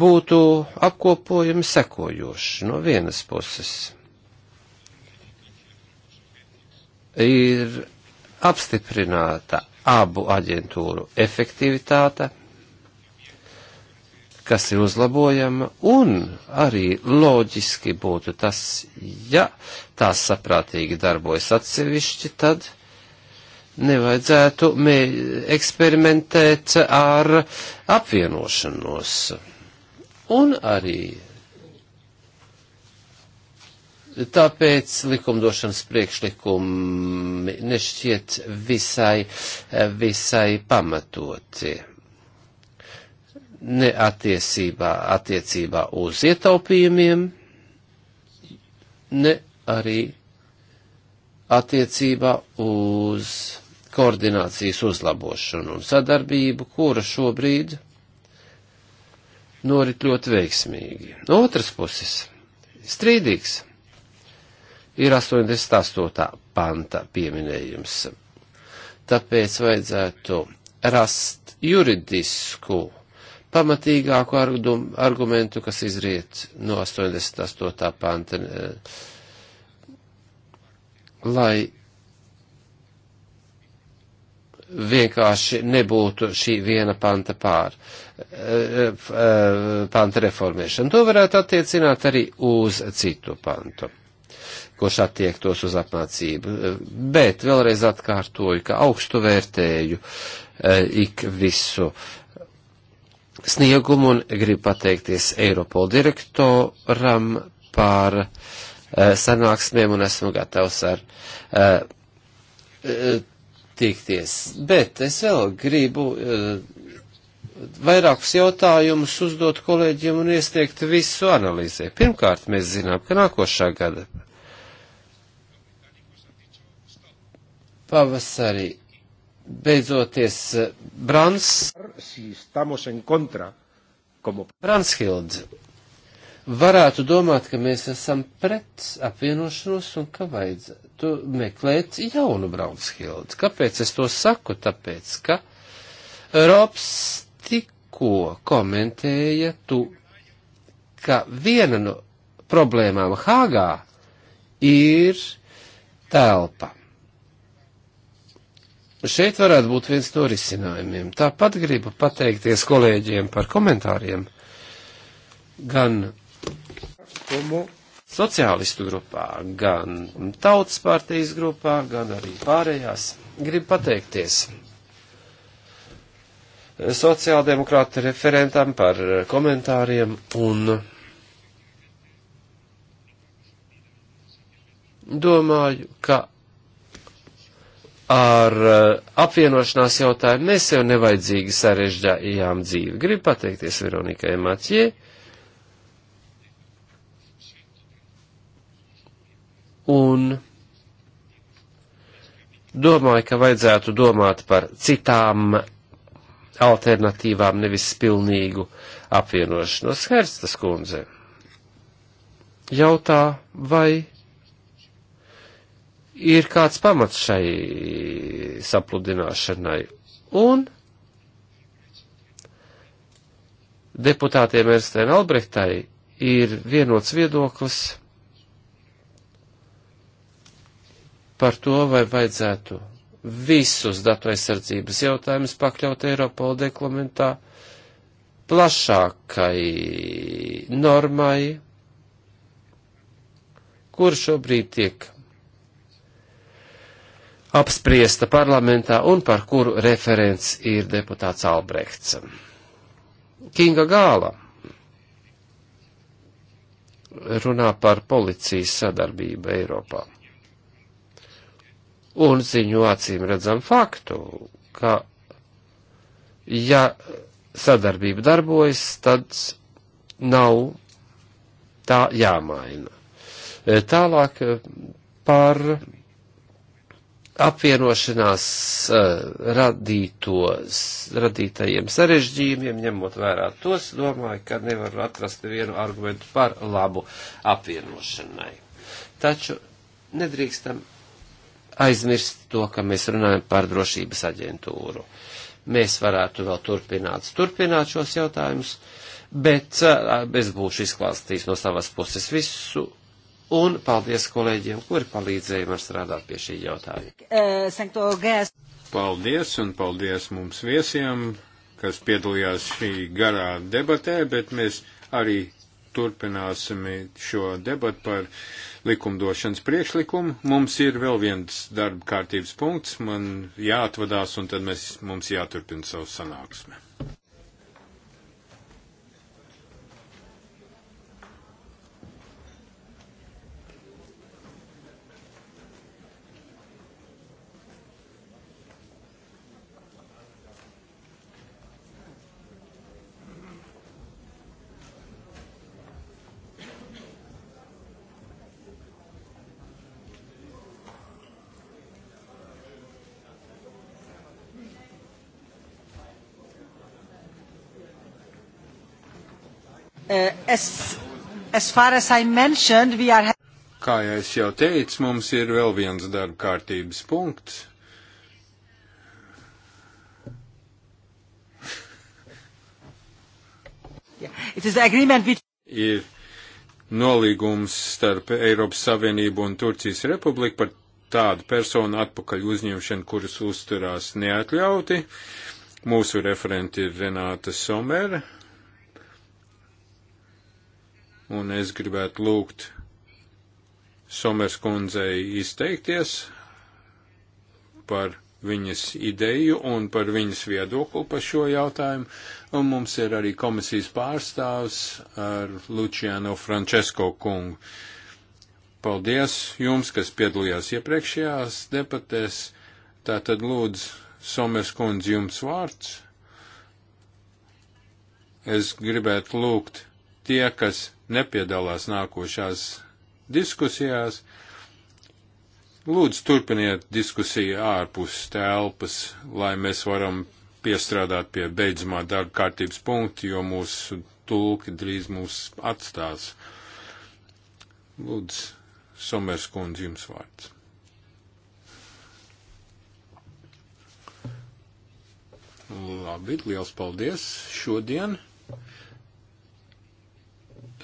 Būtu apkopojumi sekojoši no vienas puses. Ir apstiprināta abu aģentūru efektivitāte kas ir uzlabojama, un arī loģiski būtu tas, ja tās saprātīgi darbojas atsevišķi, tad nevajadzētu eksperimentēt ar apvienošanos. Un arī Tāpēc likumdošanas priekšlikumi nešķiet visai, visai pamatoti neatiesībā attiecībā uz ietaupījumiem, ne arī attiecībā uz koordinācijas uzlabošanu un sadarbību, kura šobrīd norit ļoti veiksmīgi. No otras puses, strīdīgs ir 88. panta pieminējums. Tāpēc vajadzētu rast juridisku pamatīgāku argumentu, kas izriet no 88. panta, eh, lai vienkārši nebūtu šī viena panta pār, eh, eh, panta reformēšana. To varētu attiecināt arī uz citu pantu, kurš attiektos uz apmācību. Bet vēlreiz atkārtoju, ka augstu vērtēju ik visu uh, sniegumu un gribu pateikties Eiropola direktoram par uh, sanāksmēm un esmu gatavs ar uh, uh, tikties. Bet es vēl gribu eh, vairākus jautājumus uzdot kolēģiem un iesniegt visu analīzē. Pirmkārt, mēs zinām, ka nākošā gada pavasarī beidzoties eh, Brans. Branshild varētu domāt, ka mēs esam pret apvienošanos un ka vajadzētu meklēt jaunu Braunshildu. Kāpēc es to saku? Tāpēc, ka Robs tikko komentēja tu, ka viena no problēmām Hāgā ir telpa. Šeit varētu būt viens no risinājumiem. Tāpat gribu pateikties kolēģiem par komentāriem, gan sociālistu grupā, gan tautas partijas grupā, gan arī pārējās. Gribu pateikties sociāldemokrāta referentam par komentāriem un domāju, ka ar eh, apvienošanās jautājumu mēs jau nevajadzīgi sarežģījām dzīvi. Gribu pateikties Veronikai Matjē. Un domāju, ka vajadzētu domāt par citām alternatīvām, nevis pilnīgu apvienošanos. Herstas kundze jautā, vai ir kāds pamats šai sapludināšanai. Un deputātiem Ernstēna Albrechtai ir vienots viedoklis par to, vai vajadzētu visus datu aizsardzības jautājumus pakļaut Eiropola deklamentā plašākai normai, kur šobrīd tiek apspriesta parlamentā un par kuru referents ir deputāts Albrechts. Kinga Gāla runā par policijas sadarbību Eiropā un ziņo acīm redzam faktu, ka ja sadarbība darbojas, tad nav tā jāmaina. Tālāk par apvienošanās eh, radīto, radītajiem sarežģījumiem, ņemot vērā tos, domāju, ka nevaru atrast nevienu argumentu par labu apvienošanai. Taču nedrīkstam aizmirst to, ka mēs runājam par drošības aģentūru. Mēs varētu vēl turpināt, turpināt šos jautājumus, bet eh, es būšu izklāstījis no savas puses visu un paldies kolēģiem, kuri palīdzēja man strādāt pie šī jautājuma. Eh, paldies un paldies mums viesiem, kas piedalījās šī garā debatē, bet mēs arī turpināsim šo debatu par likumdošanas priekšlikumu. Mums ir vēl viens darba kārtības punkts, man jāatvadās un tad mēs, mums jāturpina savu sanāksmi. Eh, as, as far as I mentioned, we are kā jau es jau teicu, mums ir vēl viens darba kārtības punkts. Yeah. With... Ir nolīgums starp Eiropas Savienību un Turcijas Republiku par tādu personu atpakaļ uzņemšanu, kuras uzturās neatļauti. Mūsu referenti ir Renāta Somera un es gribētu lūgt Somers kundzei izteikties par viņas ideju un par viņas viedokli par šo jautājumu, un mums ir arī komisijas pārstāvs ar Luciano Francesko kungu. Paldies jums, kas piedalījās iepriekšējās debatēs. Tātad lūdzu, Somers kundze, jums vārds. Es gribētu lūgt tie, kas nepiedalās nākošās diskusijās, lūdzu turpiniet diskusiju ārpus telpas, lai mēs varam piestrādāt pie beidzamā darba kārtības punkta, jo mūsu tulki drīz mūs atstās. Lūdzu, Somers kundze, jums vārds. Labi, liels paldies šodien.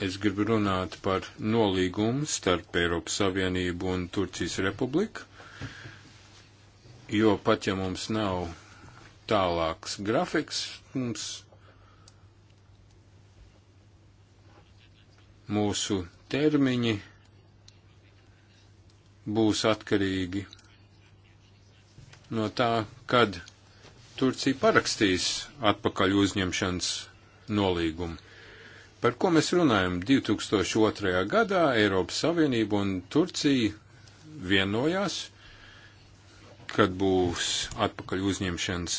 Es gribu runāt par nolīgumu starp Eiropas Savienību un Turcijas Republiku, jo pat ja mums nav tālāks grafiks, mums mūsu termiņi būs atkarīgi no tā, kad Turcija parakstīs atpakaļ uzņemšanas nolīgumu. Par ko mēs runājam? 2002. gadā Eiropas Savienība un Turcija vienojās, kad būs atpakaļ uzņemšanas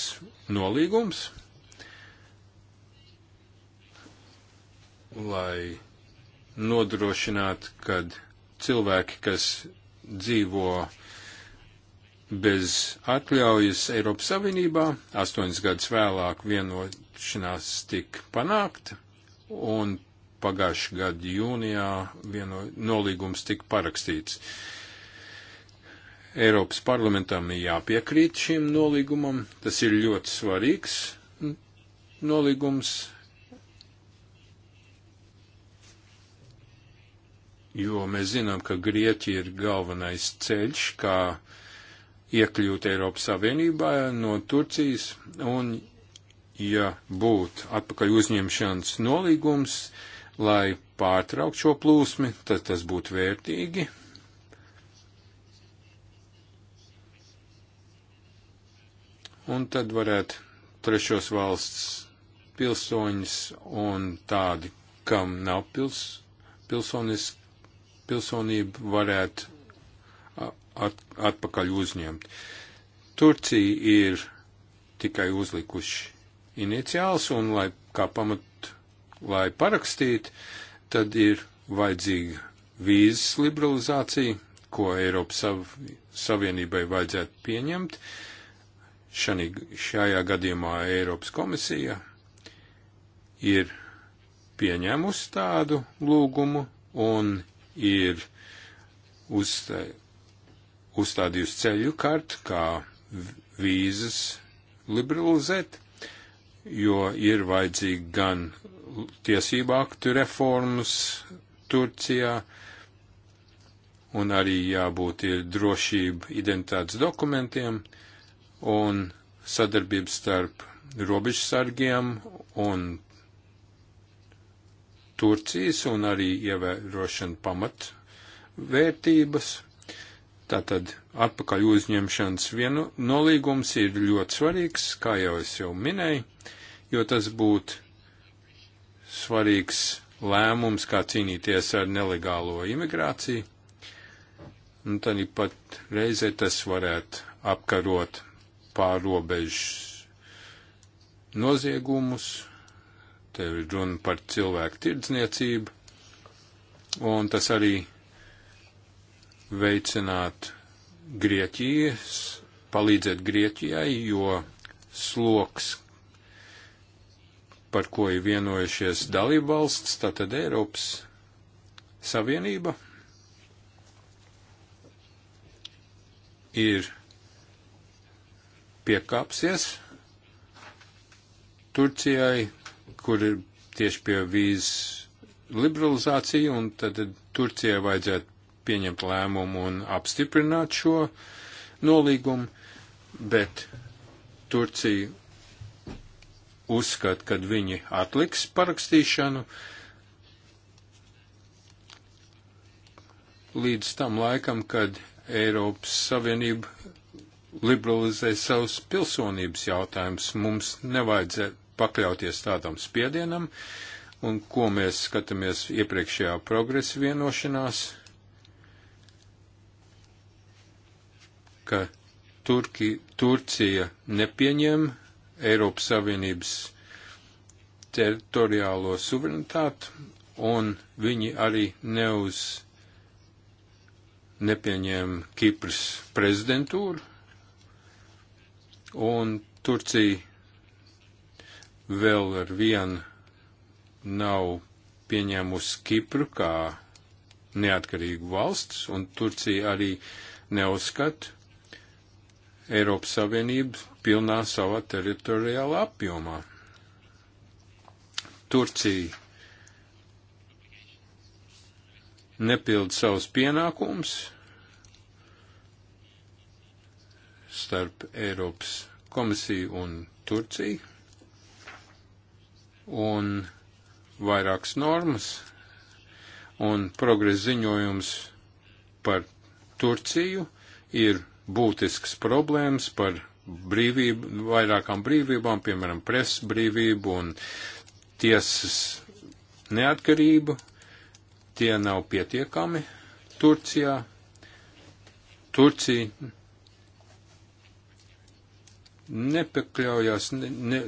nolīgums, lai nodrošinātu, kad cilvēki, kas dzīvo bez atļaujas Eiropas Savienībā, astoņas gadus vēlāk vienošanās tik panākta, un pagājušā gada jūnijā vieno nolīgums tika parakstīts. Eiropas parlamentam ir jāpiekrīt šim nolīgumam, tas ir ļoti svarīgs nolīgums, jo mēs zinām, ka Grieķija ir galvenais ceļš, kā iekļūt Eiropas Savienībā no Turcijas, un ja būtu atpakaļ uzņemšanas nolīgums, lai pārtraukt šo plūsmi, tad tas būtu vērtīgi. Un tad varētu trešos valsts pilsoņus un tādi, kam nav pils, pilsonis, pilsonība, varētu at, atpakaļ uzņemt. Turcija ir tikai uzlikuši iniciāls un, lai kā pamat, lai parakstītu, tad ir vajadzīga vīzas liberalizācija, ko Eiropas sav, Savienībai vajadzētu pieņemt. Šanī, šajā gadījumā Eiropas komisija ir pieņēmusi tādu lūgumu un ir uzstā, uzstādījusi ceļu kartu, kā vīzas liberalizēt, jo ir vajadzīgi gan tiesību aktu reformas Turcijā, un arī jābūt ir drošība identitātes dokumentiem un sadarbības starp robežsargiem un Turcijas un arī ievērošana pamatvērtības. Tātad atpakaļ uzņemšanas vienu nolīgums ir ļoti svarīgs, kā jau es jau minēju, jo tas būtu svarīgs lēmums, kā cīnīties ar nelegālo imigrāciju, un tad ir pat reizē tas varētu apkarot pārobežu noziegumus, te ir runa par cilvēku tirdzniecību, un tas arī veicinātu Grieķijas, palīdzēt Grieķijai, jo sloks, par ko ir vienojušies dalībvalsts, tātad Eiropas Savienība, ir piekāpsies Turcijai, kur ir tieši pie vīzes liberalizācija, un tad Turcijai vajadzētu pieņemt lēmumu un apstiprināt šo nolīgumu, bet Turcija uzskata, ka viņi atliks parakstīšanu līdz tam laikam, kad Eiropas Savienība liberalizē savus pilsonības jautājumus. Mums nevajadzētu pakļauties tādam spiedienam, un ko mēs skatāmies iepriekšējā progresa vienošanās, ka Turki, Turcija nepieņem Eiropas Savienības teritoriālo suverenitāti, un viņi arī neuz nepieņēma Kipras prezidentūru, un Turcija vēl ar vienu nav pieņēmusi Kipru kā neatkarīgu valsts, un Turcija arī neuzskata Eiropas Savienību pilnā savā teritoriālā apjomā. Turcija nepild savus pienākumus starp Eiropas komisiju un Turciju, un vairākas normas un progresa ziņojums par Turciju ir būtisks problēmas par brīvību, vairākām brīvībām, piemēram, presas brīvību un tiesas neatkarību. Tie nav pietiekami Turcijā. Turcija nepakļaujās, ne, ne,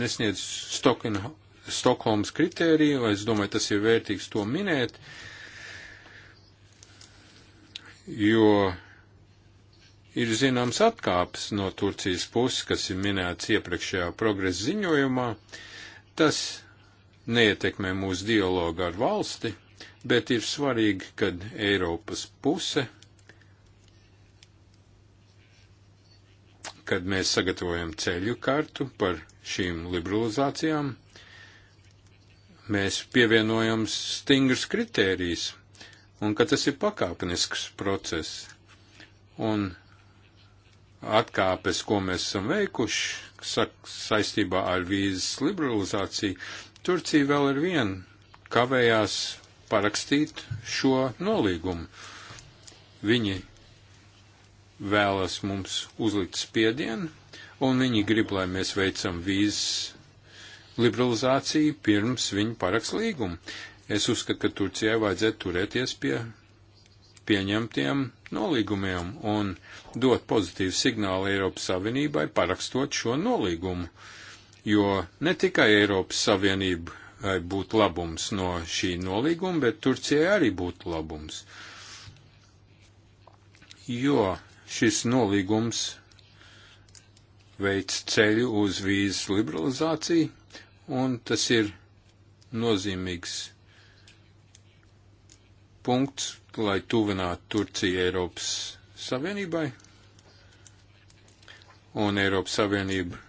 nesniedz Stokina, Stokholmas kritēriju, es domāju, tas ir vērtīgs to minēt, jo ir zināms atkāpes no Turcijas puses, kas ir minēts iepriekšējā progresa ziņojumā. Tas neietekmē mūsu dialogu ar valsti, bet ir svarīgi, kad Eiropas puse, kad mēs sagatavojam ceļu kartu par šīm liberalizācijām, mēs pievienojam stingrus kritērijus, un ka tas ir pakāpenisks process, un atkāpes, ko mēs esam veikuši sak, saistībā ar vīzas liberalizāciju, Turcija vēl ar vienu kavējās parakstīt šo nolīgumu. Viņi vēlas mums uzlikt spiedienu, un viņi grib, lai mēs veicam vīzas liberalizāciju pirms viņi paraks līgumu. Es uzskatu, ka Turcijai vajadzētu turēties pie pieņemtiem nolīgumiem un dot pozitīvu signālu Eiropas Savienībai parakstot šo nolīgumu, jo ne tikai Eiropas Savienībai būtu labums no šī nolīguma, bet Turcijai arī būtu labums. Jo šis nolīgums veids ceļu uz vīzas liberalizāciju, un tas ir nozīmīgs punkts lai tuvinātu Turciju Eiropas Savienībai, un Eiropas Savienība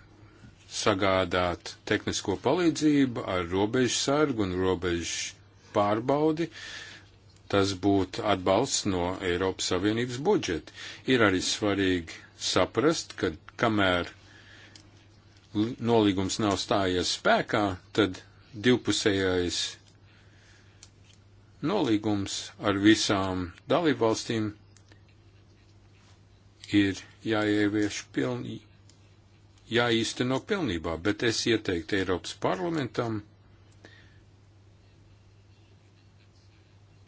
sagādāt tehnisko palīdzību ar robežu sargu un robežu pārbaudi, tas būtu atbalsts no Eiropas Savienības budžeta. Ir arī svarīgi saprast, ka kamēr nolīgums nav stājies spēkā, tad divpusējais nolīgums ar visām dalībvalstīm ir jāievieš pilnīgi jāīsteno pilnībā, bet es ieteiktu Eiropas parlamentam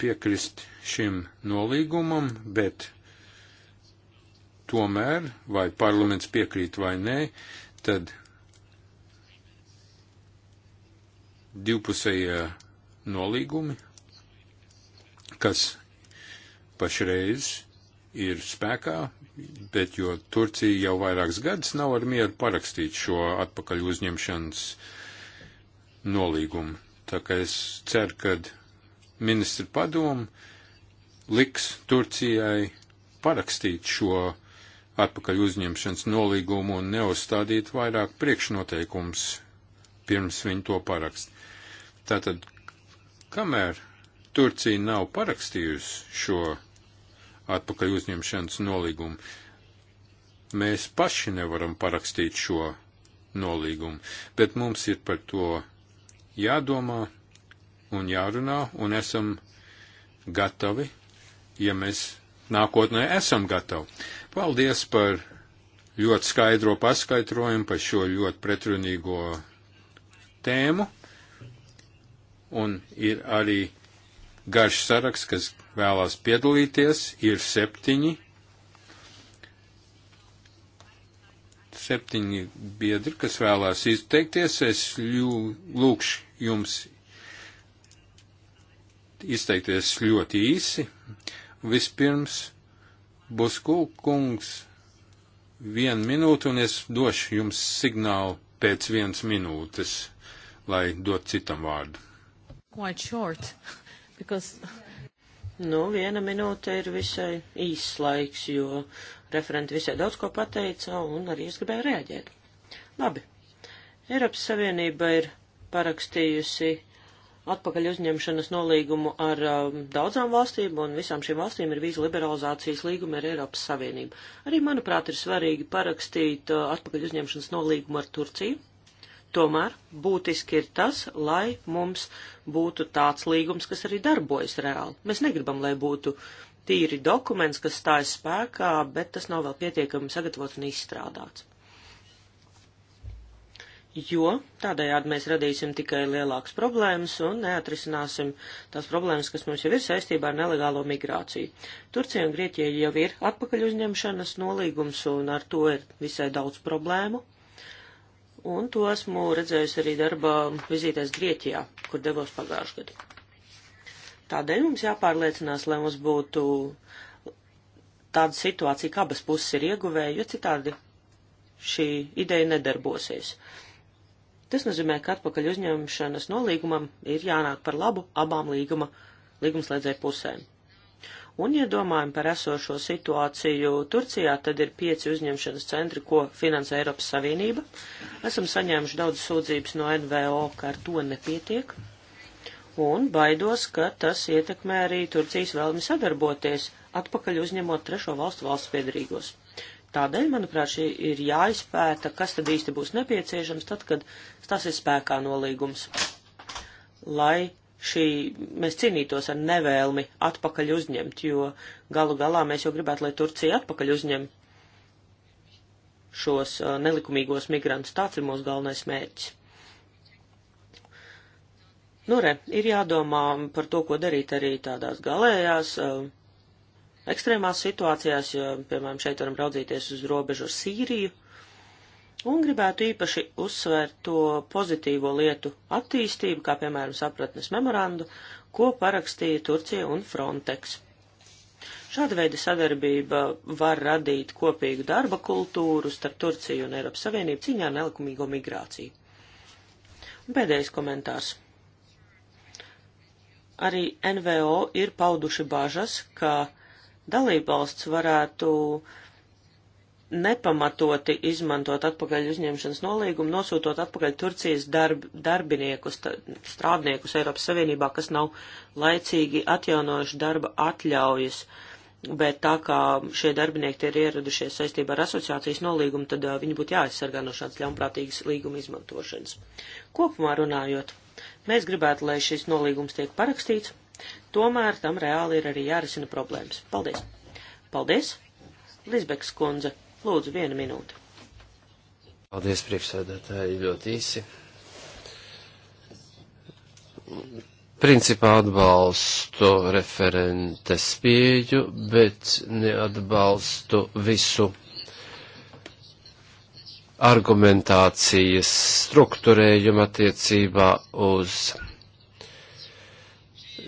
piekrist šim nolīgumam, bet tomēr, vai parlaments piekrīt vai nē, tad divpusējie nolīgumi kas pašreiz ir spēkā, bet jo Turcija jau vairākas gadus nav ar mieru parakstīt šo atpakaļ uzņemšanas nolīgumu. Tā kā es ceru, ka ministra padomu liks Turcijai parakstīt šo atpakaļ uzņemšanas nolīgumu un neuzstādīt vairāk priekšnoteikums, pirms viņi to parakst. Tātad, kamēr Turcija nav parakstījusi šo atpakaļ uzņemšanas nolīgumu. Mēs paši nevaram parakstīt šo nolīgumu, bet mums ir par to jādomā un jārunā, un esam gatavi, ja mēs nākotnē esam gatavi. Paldies par ļoti skaidro paskaidrojumu par šo ļoti pretrunīgo tēmu, un ir arī garš saraksts, kas vēlās piedalīties, ir septiņi. Septiņi biedri, kas vēlās izteikties, es lūkšu jums izteikties ļoti īsi. Vispirms būs kungs vienu minūtu, un es došu jums signālu pēc vienas minūtes, lai dot citam vārdu. Quite short. because... Nu, viena minūte ir visai īss laiks, jo referenti visai daudz ko pateica, un arī es gribēju rēģēt. Labi. Eiropas Savienība ir parakstījusi atpakaļ uzņemšanas nolīgumu ar um, daudzām valstīm, un visām šīm valstīm ir vīzu liberalizācijas līguma ar Eiropas Savienību. Arī, manuprāt, ir svarīgi parakstīt uh, atpakaļ uzņemšanas nolīgumu ar Turciju, Tomēr būtiski ir tas, lai mums būtu tāds līgums, kas arī darbojas reāli. Mēs negribam, lai būtu tīri dokuments, kas stājas spēkā, bet tas nav vēl pietiekami sagatavots un izstrādāts. Jo tādējādi mēs radīsim tikai lielākas problēmas un neatrisināsim tās problēmas, kas mums jau ir saistībā ar nelegālo migrāciju. Turcija un Grieķija jau ir atpakaļ uzņemšanas nolīgums un ar to ir visai daudz problēmu Un to esmu redzējusi arī darbā vizītēs Grieķijā, kur devos pagājušajā gadā. Tādēļ mums jāpārliecinās, lai mums būtu tāda situācija, ka abas puses ir ieguvēja, jo citādi šī ideja nedarbosies. Tas nozīmē, ka atpakaļ uzņemšanas nolīgumam ir jānāk par labu abām līguma, līgumslēdzēju pusēm. Un, ja domājam par esošo situāciju Turcijā, tad ir pieci uzņemšanas centri, ko finansē Eiropas Savienība. Esam saņēmuši daudz sūdzības no NVO, ka ar to nepietiek. Un baidos, ka tas ietekmē arī Turcijas vēlmi sadarboties, atpakaļ uzņemot trešo valstu valsts piedrīgos. Tādēļ, manuprāt, šī ir jāizpēta, kas tad īsti būs nepieciešams tad, kad stāsies spēkā nolīgums, lai šī, mēs cīnītos ar nevēlmi atpakaļ uzņemt, jo galu galā mēs jau gribētu, lai Turcija atpakaļ uzņem šos uh, nelikumīgos migrantus. Tāds ir mūsu galvenais mērķis. Nu, re, ir jādomā par to, ko darīt arī tādās galējās, uh, ekstrēmās situācijās, jo, piemēram, šeit varam raudzīties uz robežu ar Sīriju. Un gribētu īpaši uzsvērt to pozitīvo lietu attīstību, kā piemēram sapratnes memorandu, ko parakstīja Turcija un Frontex. Šāda veida sadarbība var radīt kopīgu darba kultūru starp Turciju un Eiropas Savienību ciņā nelikumīgo migrāciju. Un pēdējais komentārs. Arī NVO ir pauduši bažas, ka dalībvalsts varētu uh, nepamatoti izmantot atpakaļ uzņemšanas nolīgumu, nosūtot atpakaļ Turcijas darb, darbiniekus, strādniekus Eiropas Savienībā, kas nav laicīgi atjaunojuši darba atļaujas, bet tā kā šie darbinieki ir ieradušies saistībā ar asociācijas nolīgumu, tad uh, viņi būtu jāaizsargā no šādas ļaunprātīgas līguma izmantošanas. Kopumā runājot, mēs gribētu, lai šis nolīgums tiek parakstīts, tomēr tam reāli ir arī jārisina problēmas. Paldies! Paldies! Lisbeks kundze. Lūdzu, viena minūte. Paldies, priekšsēdētāji, ļoti īsi. Principā atbalstu referentes pieju, bet neatbalstu visu argumentācijas struktūrējumu attiecībā uz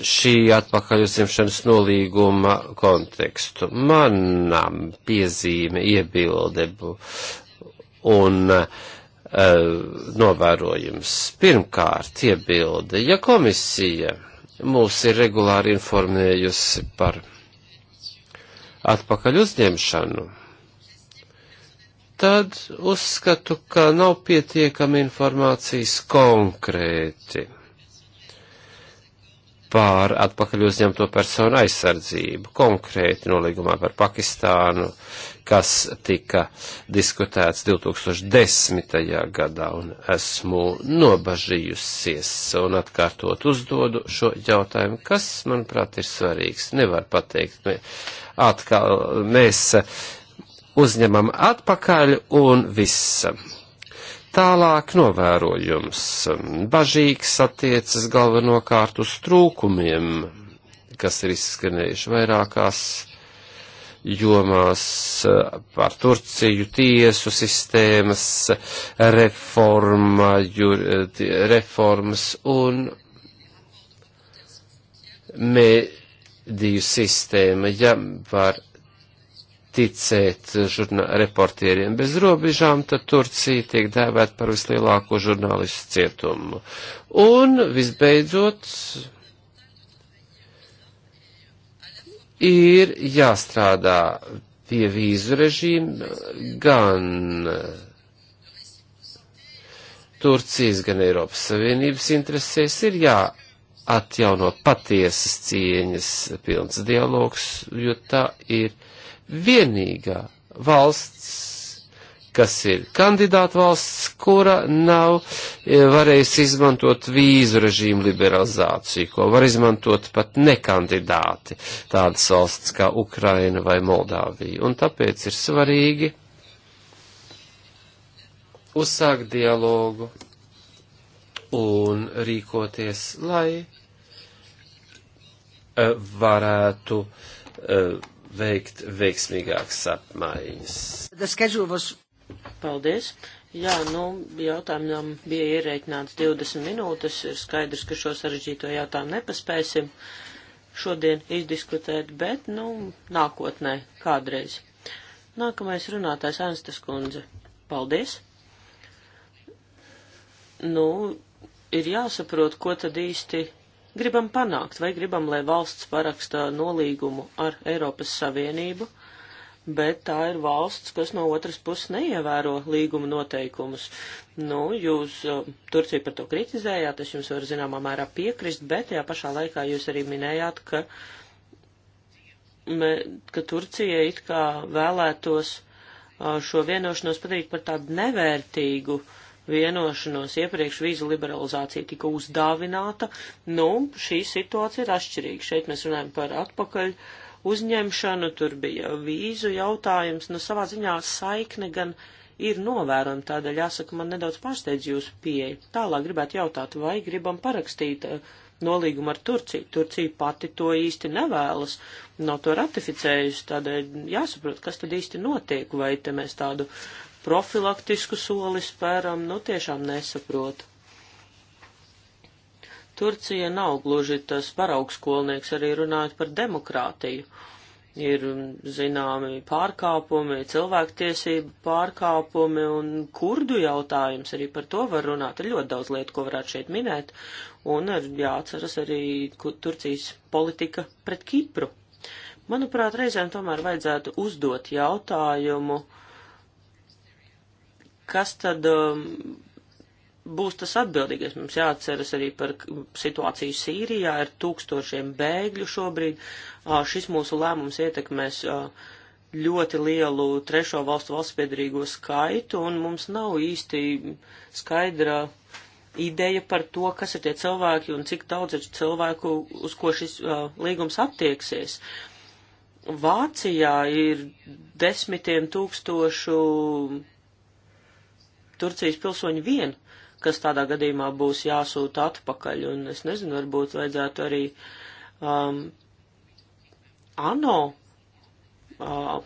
šī atpakaļ uzņemšanas nolīguma kontekstu. Manam piezīme, iebilde un uh, novērojums. Pirmkārt, iebilde, ja komisija mūs ir regulāri informējusi par atpakaļ uzņemšanu, tad uzskatu, ka nav pietiekama informācijas konkrēti pār atpakaļ uzņemto personu aizsardzību, konkrēti nolīgumā par Pakistānu, kas tika diskutēts 2010. gadā, un esmu nobažījusies un atkārtot uzdodu šo jautājumu, kas, manuprāt, ir svarīgs. Nevar pateikt, mē, atkal mēs uzņemam atpakaļ un viss Tālāk novērojums. Bažīgs attiecas galvenokārt uz trūkumiem, kas ir izskanējuši vairākās jomās par Turciju tiesu sistēmas reforma, jur, reformas un mediju sistēma, ja par ticēt žurnā, reportieriem bez robežām, tad Turcija tiek dēvēta par vislielāko žurnālistu cietumu. Un visbeidzot, ir jāstrādā pie vīzu režīma gan Turcijas, gan Eiropas Savienības interesēs, ir jāatjauno patiesas cieņas pilns dialogs, jo tā ir vienīgā valsts, kas ir kandidāta valsts, kura nav e, varējusi izmantot vīzu režīmu liberalizāciju, ko var izmantot pat nekandidāti tādas valsts kā Ukraina vai Moldāvija. Un tāpēc ir svarīgi uzsākt dialogu un rīkoties, lai e, varētu uh, veikt veiksmīgākas apmaiņas. Was... Paldies! Jā, nu, jautājumam bija ierēķināts 20 minūtes. Ir skaidrs, ka šo sarežģīto jautājumu nepaspēsim šodien izdiskutēt, bet, nu, nākotnē kādreiz. Nākamais runātājs Anstas kundze. Paldies! Nu, ir jāsaprot, ko tad īsti gribam panākt, vai gribam, lai valsts paraksta nolīgumu ar Eiropas Savienību, bet tā ir valsts, kas no otras puses neievēro līguma noteikumus. Nu, jūs uh, Turciju par to kritizējāt, es jums varu zināmā mērā piekrist, bet tajā pašā laikā jūs arī minējāt, ka, me, ka Turcija it kā vēlētos uh, šo vienošanos padarīt par tādu nevērtīgu uh, vienošanos iepriekš vīzu liberalizācija tika uzdāvināta, nu, šī situācija ir atšķirīga. Šeit mēs runājam par atpakaļ uzņemšanu, tur bija vīzu jautājums, nu, savā ziņā saikne gan ir novērojama, tādēļ jāsaka, man nedaudz pārsteidz jūsu pieeja. Tālāk gribētu jautāt, vai gribam parakstīt eh, nolīgumu ar Turciju. Turcija pati to īsti nevēlas, nav to ratificējusi, tādēļ jāsaprot, kas tad īsti notiek, vai te mēs tādu uh, profilaktisku soli spēram, nu tiešām nesaprotu. Turcija nav gluži tas paraugskolnieks arī runājot par demokrātiju. Ir mm, zināmi pārkāpumi, cilvēktiesību pārkāpumi un kurdu jautājums arī par to var runāt. Ir ļoti daudz lietu, ko varētu šeit minēt, un ir jāatceras arī Turcijas politika pret Kipru. Manuprāt, reizēm tomēr vajadzētu uzdot jautājumu uh, kas tad um, būs tas atbildīgais. Mums jāatceras arī par situāciju Sīrijā ar tūkstošiem bēgļu šobrīd. Uh, šis mūsu lēmums ietekmēs uh, ļoti lielu trešo valstu valstspiedrīgo skaitu, un mums nav īsti skaidra ideja par to, kas ir tie cilvēki un cik daudz ir cilvēku, uz ko šis uh, līgums attieksies. Vācijā ir desmitiem tūkstošu Turcijas pilsoņi vien, kas tādā gadījumā būs jāsūta atpakaļ. Un es nezinu, varbūt vajadzētu arī um, ANO uh,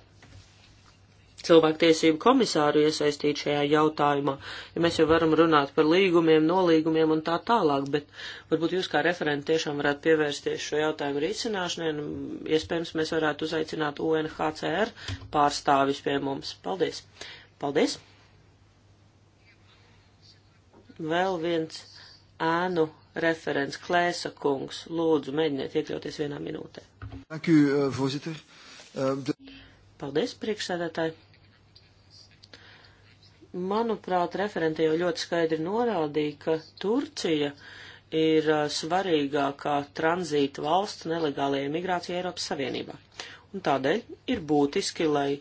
cilvēktiesību komisāru iesaistīt šajā jautājumā, ja mēs jau varam runāt par līgumiem, nolīgumiem un tā tālāk, bet varbūt jūs kā referenti tiešām varētu pievērsties šo jautājumu risināšanai, un iespējams mēs varētu uzaicināt UNHCR pārstāvis pie mums. Paldies! Paldies! vēl viens ēnu referents Klēsa kungs. Lūdzu, mēģiniet iekļauties vienā minūtē. Uh, um, Paldies, priekšsēdētāji. Manuprāt, referente jau ļoti skaidri norādīja, ka Turcija ir uh, svarīgākā tranzīta valsts nelegālajai migrācijai Eiropas Savienībā. Un tādēļ ir būtiski, lai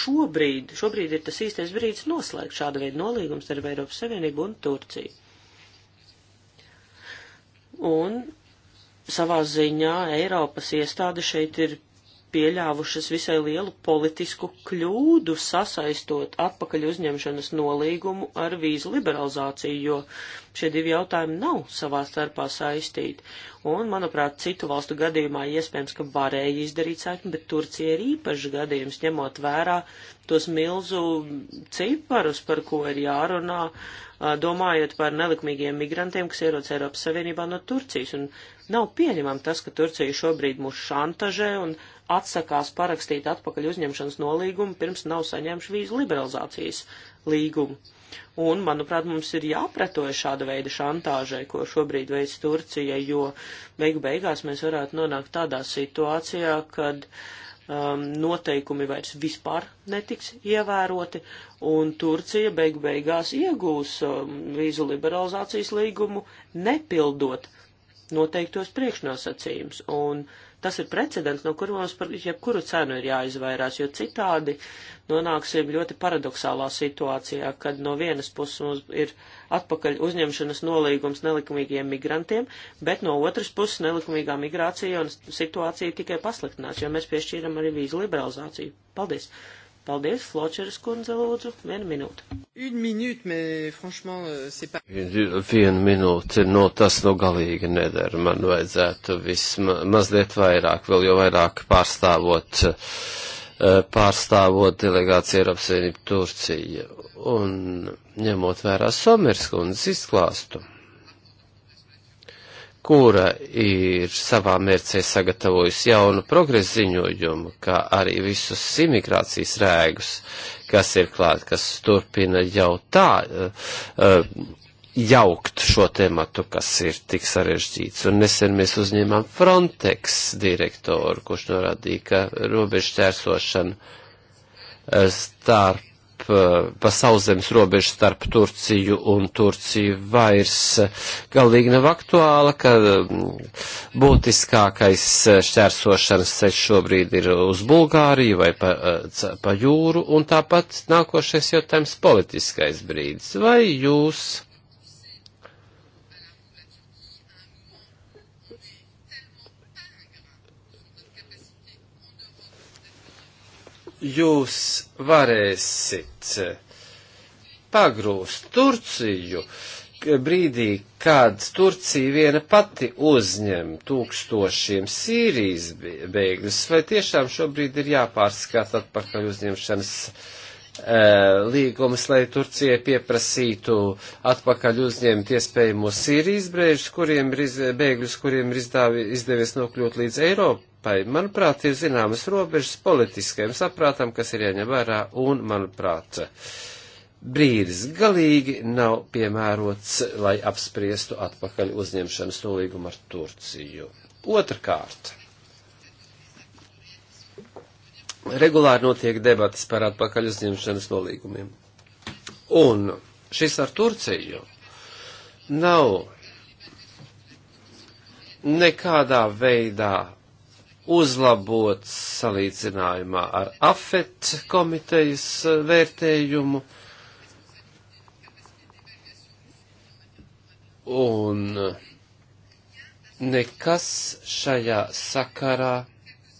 šobrīd, šobrīd ir tas īstais brīdis noslēgt šādu veidu nolīgums ar Eiropas Savienību un Turciju. Un savā ziņā Eiropas iestāde šeit ir pieļāvušas visai lielu politisku kļūdu sasaistot atpakaļ uzņemšanas nolīgumu ar vīzu liberalizāciju, jo šie divi jautājumi nav savā starpā saistīti. Un, manuprāt, citu valstu gadījumā iespējams, ka varēja izdarīt saikni, bet Turcija ir īpašs gadījums, ņemot vērā tos milzu ciparus, par ko ir jārunā, domājot par nelikumīgiem migrantiem, kas ierodas Eiropas Savienībā no Turcijas. Un Nav pieņemam tas, ka Turcija šobrīd mūs šantažē un atsakās parakstīt atpakaļ uzņemšanas nolīgumu, pirms nav saņēmuši vīzu liberalizācijas līgumu. Un, manuprāt, mums ir jāpretoja šāda veida šantāžai, ko šobrīd veic Turcija, jo beigu beigās mēs varētu nonākt tādā situācijā, kad um, noteikumi vairs vispār netiks ievēroti, un Turcija beigu beigās iegūs um, vīzu liberalizācijas līgumu nepildot noteiktos priekšnosacījumus. Un tas ir precedents, no kura mums par jebkuru cenu ir jāizvairās, jo citādi nonāksim ļoti paradoxālā situācijā, kad no vienas puses mums ir atpakaļ uzņemšanas nolīgums nelikumīgiem migrantiem, bet no otras puses nelikumīgā migrācija un situācija tikai pasliktinās, jo mēs piešķīram arī vīzu liberalizāciju. Paldies! Paldies, Fločeras kundze, lūdzu, vienu minūtu. Euh, vienu minūti, no nu, tas no nu galīgi nedara. Man vajadzētu vismaz mazliet vairāk, vēl jau vairāk pārstāvot, eh, pārstāvot delegāciju Eiropas Savienību Turcija. Un ņemot vērā Somers kundzes izklāstu kura ir savā mērcē sagatavojusi jaunu progresu ziņojumu, kā arī visus imigrācijas rēgus, kas ir klāt, kas turpina jau tā uh, jaukt šo tematu, kas ir tik sarežģīts. Un nesen mēs uzņēmām Frontex direktoru, kurš norādīja, ka robežu ķērsošana eh, starp Eh, pa sauszemes robežu starp Turciju un Turciju vairs galīgi nav aktuāla, ka mm, būtiskākais eh, šķērsošanas ceļš šobrīd ir uz Bulgāriju vai pa, eh, pa jūru, un tāpat nākošais jautājums politiskais brīdis. Vai jūs jūs varēsit pagrūst Turciju brīdī, kad Turcija viena pati uzņem tūkstošiem Sīrijas bēgļus, vai tiešām šobrīd ir jāpārskata atpakaļ uzņemšanas e, līgumus, lai Turcija pieprasītu atpakaļ uzņemt iespējamos Sīrijas brēžus, kuriem ir iz, bēgļus, kuriem ir izdevies nokļūt līdz Eiropai. Eiropai. Manuprāt, ir zināmas robežas politiskajam saprātam, kas ir jāņem vērā, un, manuprāt, brīdis galīgi nav piemērots, lai apspriestu atpakaļ uzņemšanas nolīgumu ar Turciju. Otrakārt. Regulāri notiek debatas par atpakaļ uzņemšanas nolīgumiem. Un šis ar Turciju nav nekādā veidā uzlabot salīdzinājumā ar AFET komitejas eh, vērtējumu. Un eh, nekas šajā sakarā,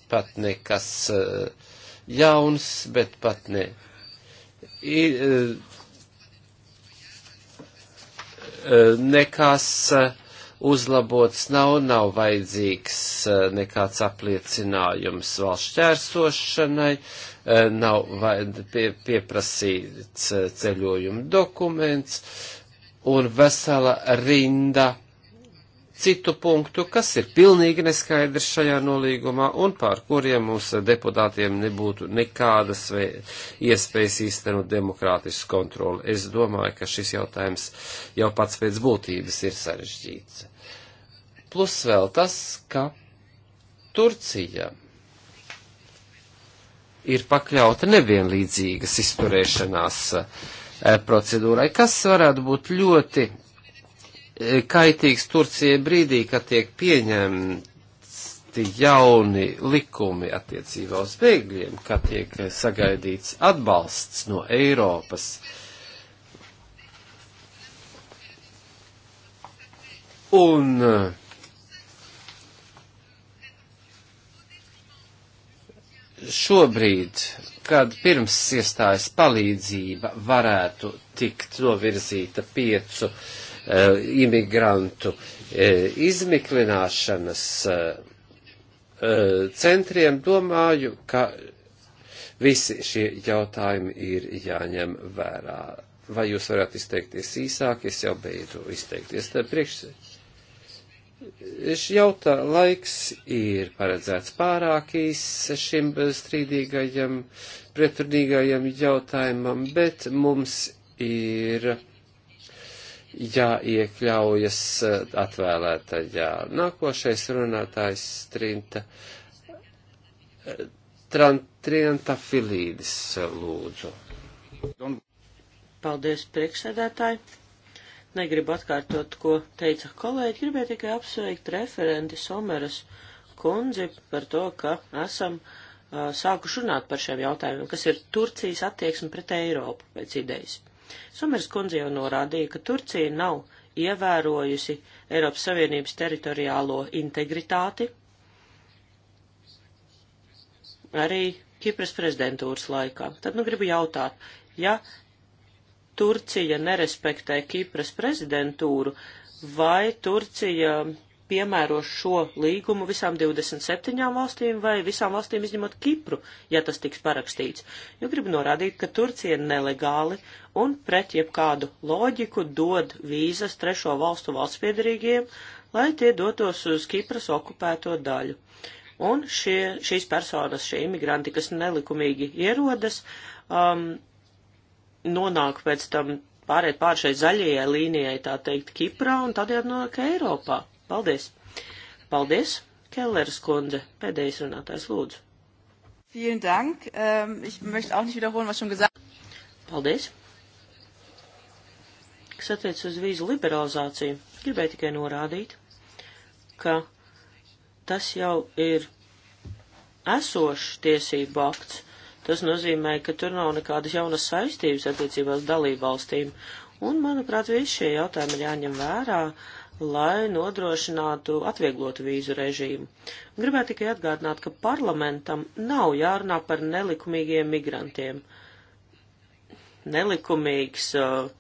pat nekas eh, jauns, bet pat ne. I, nekas uh, uzlabotas nav, nav vajadzīgs eh, nekāds apliecinājums valsts šķērsošanai, eh, nav pie, pieprasīts eh, ceļojuma dokuments un vesela rinda citu punktu, kas ir pilnīgi neskaidrs šajā nolīgumā un pār kuriem mums deputātiem nebūtu nekādas iespējas īstenot demokrātisku kontroli. Es domāju, ka šis jautājums jau pats pēc būtības ir sarežģīts. Plus vēl tas, ka Turcija ir pakļauta nevienlīdzīgas izturēšanās eh, procedūrai, kas varētu būt ļoti kaitīgs Turcijai brīdī, kad tiek pieņemti jauni likumi attiecībā uz bēgļiem, kad tiek sagaidīts atbalsts no Eiropas. Un eh, šobrīd, kad pirms iestājas palīdzība varētu tikt novirzīta piecu uh, Eh, imigrantu eh, izmiklināšanas eh, centriem, domāju, ka visi šie jautājumi ir jāņem vērā. Vai jūs varat izteikties īsāk? Es jau beidzu izteikties. Tad priekš. Jautā laiks ir paredzēts pārāk īs šim strīdīgajam, pretrunīgajam jautājumam, bet mums ir jāiekļaujas eh, atvēlētajā. Nākošais runātājs Trinta. Eh, Trienta Filīdis, eh, lūdzu. Paldies, priekšsēdētāji. Negribu atkārtot, ko teica kolēģi, gribēju tikai apsveikt referenti Someras kundzi par to, ka esam uh, sākuši runāt par šiem jautājumiem, kas ir Turcijas attieksme pret Eiropu pēc idejas. Sumeras kundze jau norādīja, ka Turcija nav ievērojusi Eiropas Savienības teritoriālo integritāti arī Kipras prezidentūras laikā. Tad nu gribu jautāt, ja Turcija nerespektē Kipras prezidentūru, vai Turcija piemēro šo līgumu visām 27 valstīm vai visām valstīm izņemot Kipru, ja tas tiks parakstīts, jo gribu norādīt, ka Turcija nelegāli un pret jebkādu loģiku dod vīzas trešo valstu valstspiedarīgiem, lai tie dotos uz Kipras okupēto daļu. Un šie, šīs personas, šie imigranti, kas nelikumīgi ierodas, um, nonāk pēc tam pāriet pār šai zaļajai līnijai, tā teikt, Kiprā un tādējādi nonāk Eiropā. Paldies! Paldies! Kelleres kundze, pēdējais runātājs lūdzu. Vielen Dank. Ähm, ich möchte auch nicht wiederholen, was schon gesagt Paldies. Kas attiec uz vīzu liberalizāciju, gribēju tikai norādīt, ka tas jau ir esošs tiesību akts. Tas nozīmē, ka tur nav nekādas jaunas saistības attiecībās dalībvalstīm. Un, manuprāt, visi šie jautājumi ir jāņem vērā, uh, lai nodrošinātu atvieglotu vīzu režīmu. Gribētu tikai atgādināt, ka parlamentam nav jārunā par nelikumīgiem migrantiem. Nelikumīgs, uh,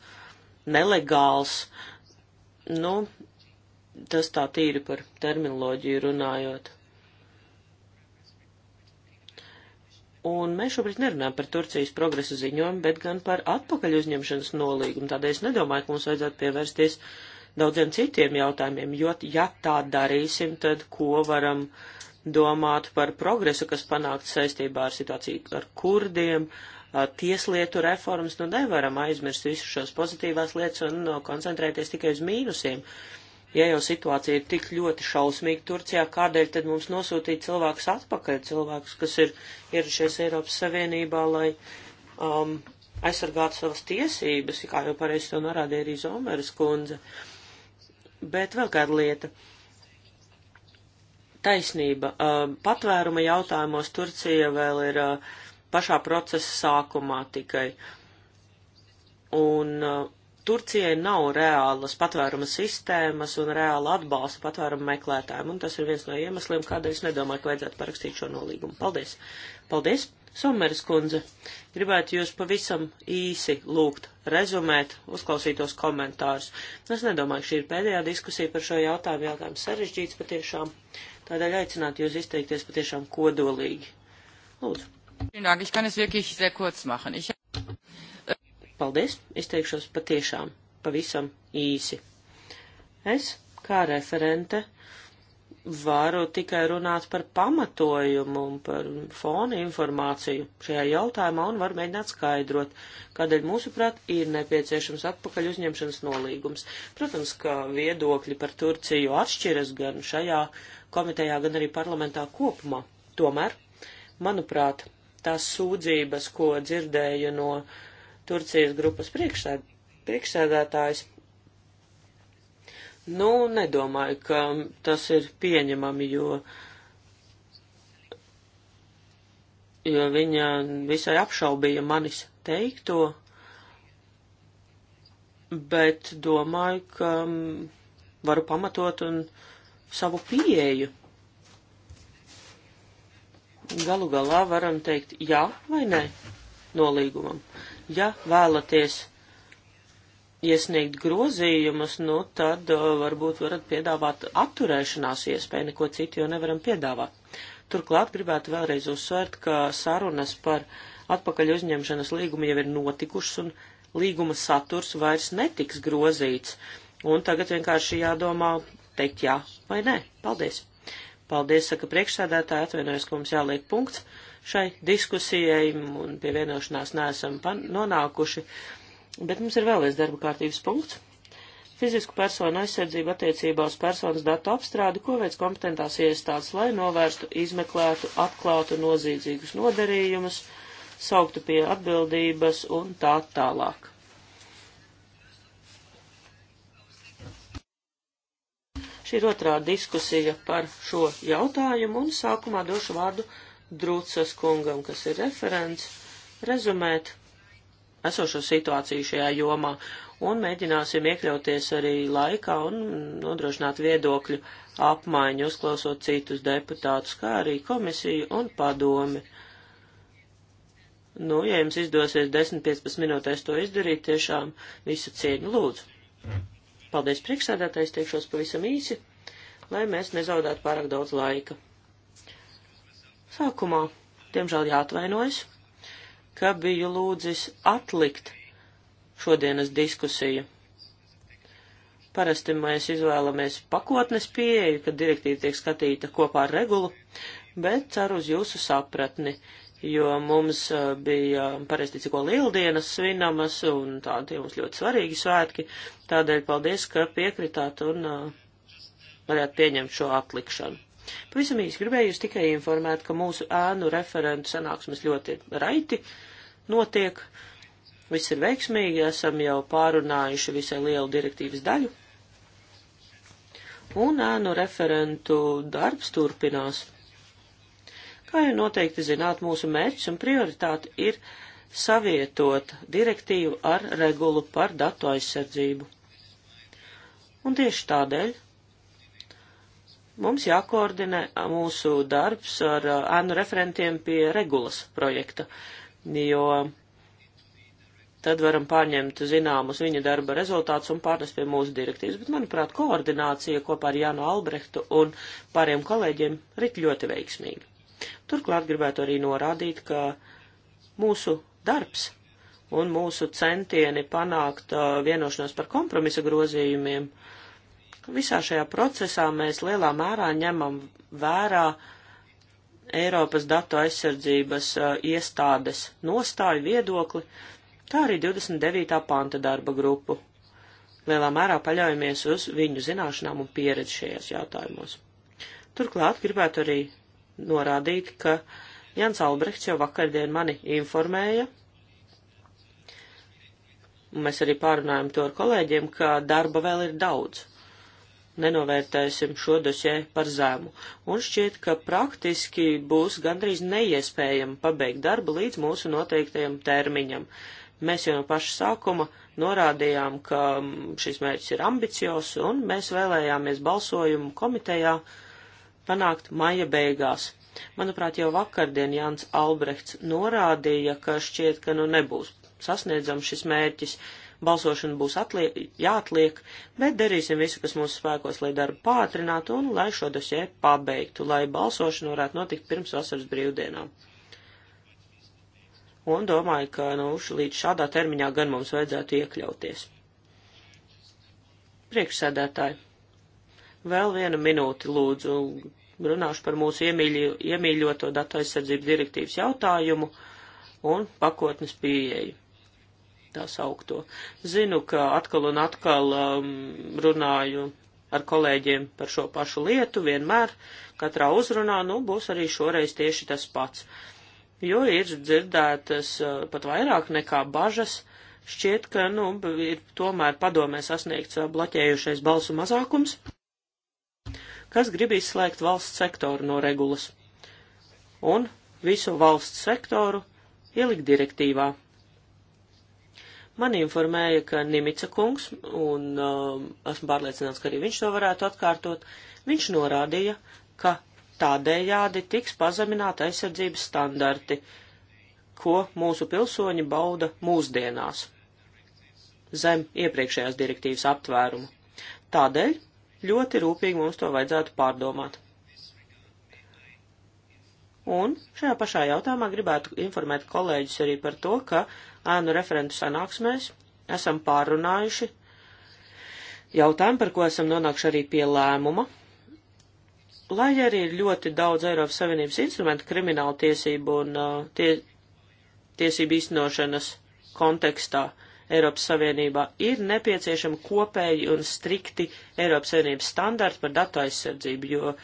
nelegāls, nu, tas tā tīri par terminoloģiju runājot. Un mēs šobrīd nerunājam par Turcijas progresa ziņojumu, bet gan par atpakaļ uzņemšanas nolīgumu. Tādēļ es nedomāju, ka mums vajadzētu pievērsties uh, daudziem citiem jautājumiem, jo, ja tā darīsim, tad ko varam domāt par progresu, kas panākts saistībā ar situāciju ar kurdiem, tieslietu reformas, nu nevaram aizmirst visus šos pozitīvās lietas un no, uh, koncentrēties tikai uz mīnusiem. Ja jau situācija ir tik ļoti šausmīga Turcijā, kādēļ tad mums nosūtīt cilvēkus atpakaļ, cilvēkus, kas ir ieradušies Eiropas Savienībā, lai um, aizsargātu savas tiesības, kā jau pareizi to norādīja arī Zomeras kundze. Uh, Bet vēl kāda lieta. Taisnība. Patvēruma jautājumos Turcija vēl ir pašā procesa sākumā tikai. Un Turcijai nav reālas patvēruma sistēmas un reāla atbalsta patvēruma meklētājiem, un tas ir viens no iemesliem, kādēļ es nedomāju, ka vajadzētu parakstīt šo nolīgumu. Paldies! Paldies! Someris kundze, gribētu jūs pavisam īsi lūgt rezumēt uzklausītos komentārus. Nu, es nedomāju, ka šī ir pēdējā diskusija par šo jautājumu. Jautājums sarežģīts patiešām. Tādēļ aicinātu jūs izteikties patiešām kodolīgi. Lūdzu. Paldies, izteikšos patiešām pavisam īsi. Es, kā referente, varu tikai runāt par pamatojumu un par fona informāciju šajā jautājumā un var mēģināt skaidrot, kādēļ mūsuprāt ir nepieciešams atpakaļ uzņemšanas nolīgums. Protams, ka viedokļi par Turciju atšķiras gan šajā komitejā, gan arī parlamentā kopumā. Tomēr, manuprāt, tās sūdzības, ko dzirdēju no Turcijas grupas priekšsēd priekšsēdētājas, Nu, nedomāju, ka tas ir pieņemami, jo, jo viņa visai apšaubīja manis teikto, bet domāju, ka varu pamatot un savu pieeju. Galu galā varam teikt jā vai nē nolīgumam. Ja vēlaties iesniegt grozījumus, nu tad uh, varbūt varat piedāvāt atturēšanās iespēju, neko citu jau nevaram piedāvāt. Turklāt gribētu vēlreiz uzsvērt, ka sarunas par atpakaļ uzņemšanas līgumu jau ir notikušas un līguma saturs vairs netiks grozīts. Un tagad vienkārši jādomā teikt jā vai nē. Paldies! Paldies, saka priekšsēdētāji, atvainojos, ka mums jāliek punkts šai diskusijai un pie vienošanās neesam nonākuši. Bet mums ir vēl viens darba kārtības punkts. Fizisku personu aizsardzību attiecībā uz personas datu apstrādi, ko veids kompetentās iestādes, lai novērstu, izmeklētu, atklātu noziedzīgus nodarījumus, sauktu pie atbildības un tā tālāk. Šī ir otrā diskusija par šo jautājumu, un sākumā došu vārdu Drūcas kungam, kas ir referents, rezumēt esošo situāciju šajā jomā un mēģināsim iekļauties arī laikā un nodrošināt viedokļu apmaiņu, uzklausot citus deputātus, kā arī komisiju un padomi. Nu, ja jums izdosies 10-15 minūtēs to izdarīt, tiešām visu cieņu lūdzu. Paldies priekšsēdētājs, tiekšos pavisam īsi, lai mēs nezaudētu pārāk daudz laika. Sākumā, diemžēl jāatvainojas, ka biju lūdzis atlikt šodienas diskusiju. Parasti mēs izvēlamies pakotnes pieeju, kad direktīva tiek skatīta kopā ar regulu, bet ceru uz jūsu sapratni, jo mums uh, bija parasti tikko lieldienas svinamas un tādi mums ļoti svarīgi svētki, tādēļ paldies, ka piekritāt un uh, varētu pieņemt šo atlikšanu. Pavisam īsi gribēju jūs tikai informēt, ka mūsu ēnu referentu sanāksmes ļoti raiti notiek. Viss ir veiksmīgi, esam jau pārunājuši visai lielu direktīvas daļu. Un ēnu referentu darbs turpinās. Kā jau noteikti zināt, mūsu mērķis un prioritāte ir savietot direktīvu ar regulu par datu aizsardzību. Un tieši tādēļ mums jākoordinē mūsu darbs ar ēnu referentiem pie regulas projekta, jo tad varam pārņemt zināmus viņa darba rezultātus un pārnest pie mūsu direktīvas. Bet, manuprāt, koordinācija kopā ar Jānu Albrehtu un pāriem kolēģiem rit ļoti veiksmīgi. Turklāt gribētu arī norādīt, ka mūsu darbs un mūsu centieni panākt uh, vienošanos par kompromisa grozījumiem, visā šajā procesā mēs lielā mērā ņemam vērā uh, Eiropas datu aizsardzības uh, iestādes nostāju viedokli, kā arī 29. panta darba grupu. Lielā mērā paļaujamies uz viņu zināšanām un pieredzi šajos jautājumos. Turklāt gribētu arī norādīt, ka Jans Albrechts jau vakardien mani informēja, un mēs arī pārunājam to ar kolēģiem, ka darba vēl ir daudz nenovērtēsim šo dosē par zēmu. Un šķiet, ka praktiski būs gandrīz neiespējami pabeigt darbu līdz mūsu noteiktajam termiņam. Mēs jau no paša sākuma norādījām, ka mm, šis mērķis ir ambicios, un mēs vēlējāmies balsojumu komitejā panākt maija beigās. Manuprāt, jau vakardien Jānis Albrechts norādīja, ka šķiet, ka nu nebūs sasniedzams šis mērķis. Uh, balsošana būs atliek, jāatliek, bet darīsim visu, kas mūsu spēkos, lai darbu pātrinātu un lai šo dosē pabeigtu, lai balsošana varētu notikt pirms vasaras brīvdienām. Un domāju, ka nu, līdz šādā termiņā gan mums vajadzētu iekļauties. Priekšsēdētāji, vēl viena minūte lūdzu, runāšu par mūsu iemīļo, iemīļoto datu aizsardzības direktīvas jautājumu un pakotnes pieeju tā saukto. Zinu, ka atkal un atkal um, runāju ar kolēģiem par šo pašu lietu, vienmēr katrā uzrunā, nu, būs arī šoreiz tieši tas pats. Jo ir dzirdētas uh, pat vairāk nekā bažas, šķiet, ka, nu, ir tomēr padomē sasniegts uh, bloķējušais balsu mazākums, kas grib izslēgt valsts sektoru no regulas. Un visu valsts sektoru ielikt direktīvā, Man informēja, ka Nimica kungs, un um, esmu pārliecināts, ka arī viņš to varētu atkārtot, viņš norādīja, ka tādējādi tiks pazemināti aizsardzības standarti, ko mūsu pilsoņi bauda mūsdienās zem iepriekšējās direktīvas aptvērumu. Tādēļ ļoti rūpīgi mums to vajadzētu pārdomāt. Un šajā pašā jautājumā gribētu informēt kolēģis arī par to, ka ēnu referentu sanāksmēs esam pārunājuši jautājumu, par ko esam nonākuši arī pie lēmuma. Lai arī ir ļoti daudz Eiropas Savienības instrumentu krimināla tiesību un uh, tie, tiesību īstenošanas kontekstā Eiropas Savienībā, ir nepieciešami kopēji un strikti Eiropas Savienības standarti par datu aizsardzību, jo uh,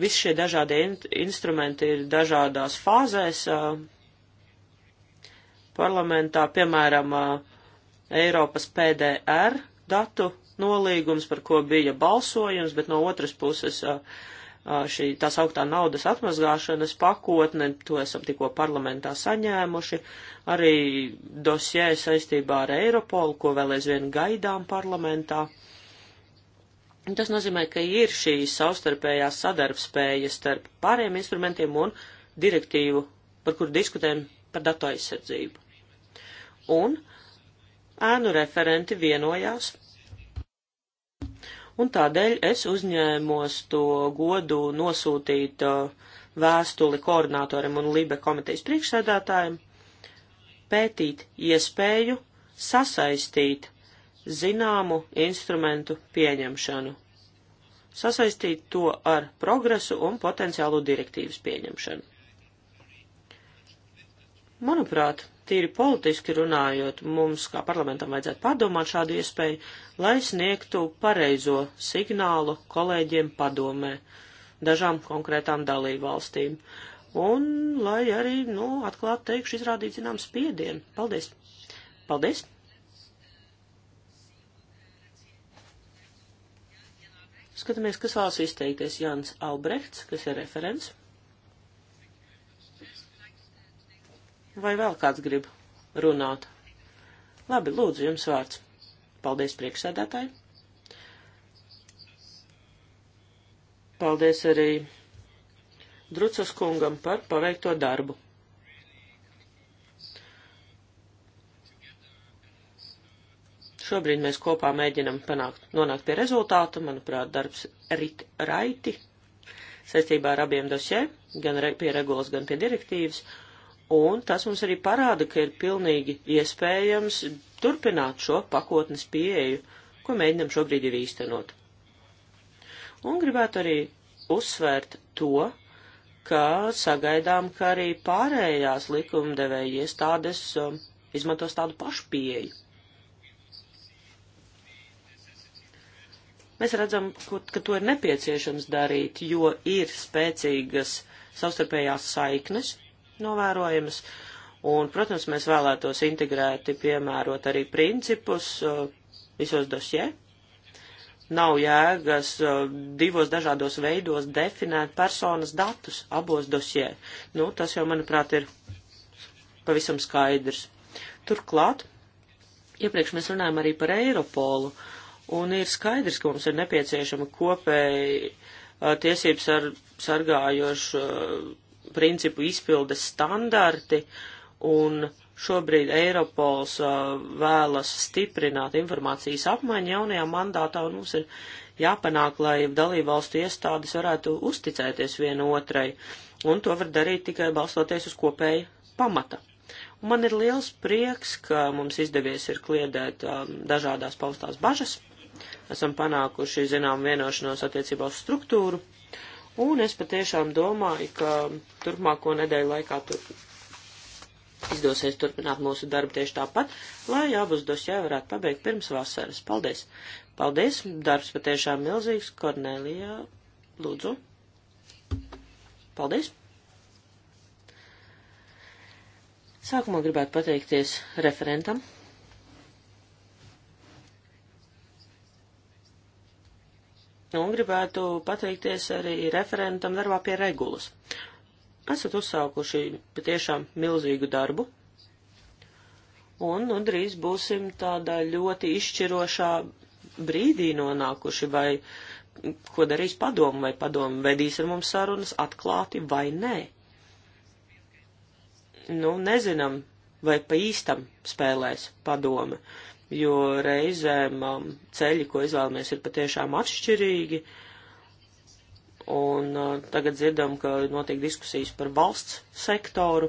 Visi šie dažādie in instrumenti ir dažādās fāzēs uh, parlamentā, piemēram, uh, Eiropas PDR datu nolīgums, par ko bija balsojums, bet no otras puses uh, šī tā sauktā naudas atmazgāšanas pakotne, to esam tikko parlamentā saņēmuši, arī dosjē saistībā ar Eiropolu, ko vēl aizvien gaidām parlamentā. Uh, Tas nozīmē, ka ir šī savstarpējā sadarbspēja starp pāriem instrumentiem un direktīvu, par kuru diskutējam par datu aizsardzību. Un ēnu referenti vienojās. Un tādēļ es uzņēmos to godu nosūtīt uh, vēstuli koordinātoram un Libe komitejas priekšsēdētājiem, pētīt iespēju sasaistīt zināmu instrumentu pieņemšanu, sasaistīt to ar progresu un potenciālu direktīvas pieņemšanu. Manuprāt, tīri politiski runājot, mums kā parlamentam vajadzētu pārdomāt šādu iespēju, lai sniegtu pareizo signālu kolēģiem padomē dažām konkrētām dalībvalstīm. Un lai arī, nu, atklāt teikšu, izrādīt zinām spiedienu. Paldies! Paldies! Skatāmies, kas vēlas izteikties Jans Albrechts, kas ir referents. Vai vēl kāds grib runāt? Labi, lūdzu, jums vārds. Paldies priekšsēdētāji. Paldies arī Drucas kungam par paveikto darbu. Šobrīd mēs kopā mēģinam panākt, nonākt pie rezultātu. Manuprāt, darbs rit raiti saistībā ar abiem dosē, gan re, pie regulas, gan pie direktīvas. Un tas mums arī parāda, ka ir pilnīgi iespējams turpināt šo pakotnes pieeju, ko mēģinam šobrīd ir īstenot. Un gribētu arī uzsvērt to, ka sagaidām, ka arī pārējās likumdevēja iestādes um, izmantos tādu pašu pieeju. Mēs redzam, ka to ir nepieciešams darīt, jo ir spēcīgas savstarpējās saiknes novērojamas. Un, protams, mēs vēlētos integrēti piemērot arī principus uh, visos dosjē. Nav jēgas uh, divos dažādos veidos definēt personas datus abos dosjē. Nu, tas jau, manuprāt, ir pavisam skaidrs. Turklāt, iepriekš mēs runājam arī par Eiropolu. Uh, Un ir skaidrs, ka mums ir nepieciešama kopēji tiesības ar sargājošu principu izpildes standarti, un šobrīd Eiropols vēlas stiprināt informācijas apmaiņu jaunajā mandātā, un mums ir jāpanāk, lai dalībvalstu iestādes varētu uzticēties vienotrai, un to var darīt tikai balstoties uz kopēju pamata. Un man ir liels prieks, ka mums izdevies ir kliedēt um, dažādās paustās bažas esam panākuši, zinām, vienošanos attiecībā uz struktūru, un es patiešām domāju, ka turpmāko nedēļu laikā tur izdosies turpināt mūsu darbu tieši tāpat, lai abus dosjē varētu pabeigt pirms vasaras. Paldies! Paldies! Darbs patiešām milzīgs. Kornelijā, lūdzu. Paldies! Sākumā gribētu pateikties referentam un gribētu pateikties arī referentam darbā pie regulas. Esat uzsākuši patiešām milzīgu darbu, un nu, drīz būsim tādā ļoti izšķirošā brīdī nonākuši, vai ko darīs padomu, vai padomu vedīs ar mums sarunas atklāti vai nē. Nu, nezinam, vai pa īstam spēlēs padome. Uh, jo reizēm um, ceļi, ko izvēlamies, ir patiešām atšķirīgi. Un uh, tagad dzirdam, ka notiek diskusijas par valsts sektoru,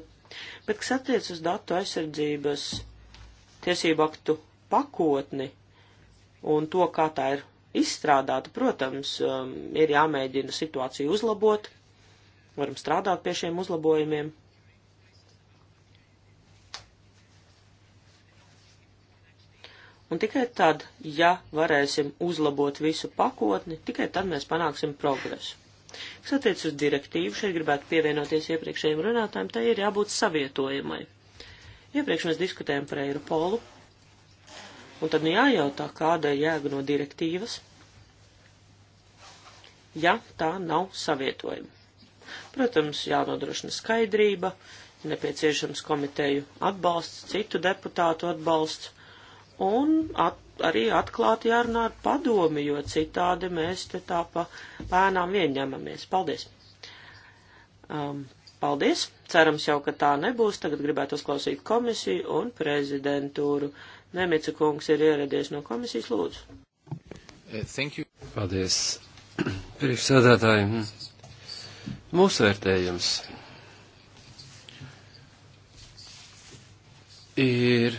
bet kas attiec uz datu aizsardzības tiesību aktu pakotni un to, kā tā ir izstrādāta, protams, um, ir jāmēģina situāciju uzlabot, varam strādāt pie šiem uzlabojumiem. Un tikai tad, ja varēsim uzlabot visu pakotni, tikai tad mēs panāksim progresu. Kas attiec uz direktīvu, šeit gribētu pievienoties iepriekšējiem runātājiem, tai ir jābūt savietojumai. Iepriekš mēs diskutējam par Eiropolu, un tad nu jājautā, kāda ir jēga no direktīvas, ja tā nav savietojuma. Protams, jānodrošina skaidrība, nepieciešams komiteju atbalsts, citu deputātu atbalsts un at, arī atklāti jārunā ar padomi, jo citādi mēs te tā pa pēnām vienņemamies. Paldies! Um, paldies! Cerams jau, ka tā nebūs. Tagad gribētu uzklausīt komisiju un prezidentūru. Nemica kungs ir ieradies no komisijas lūdzu. Uh, thank you. Paldies. Priekšsēdētāji, mūsu vērtējums ir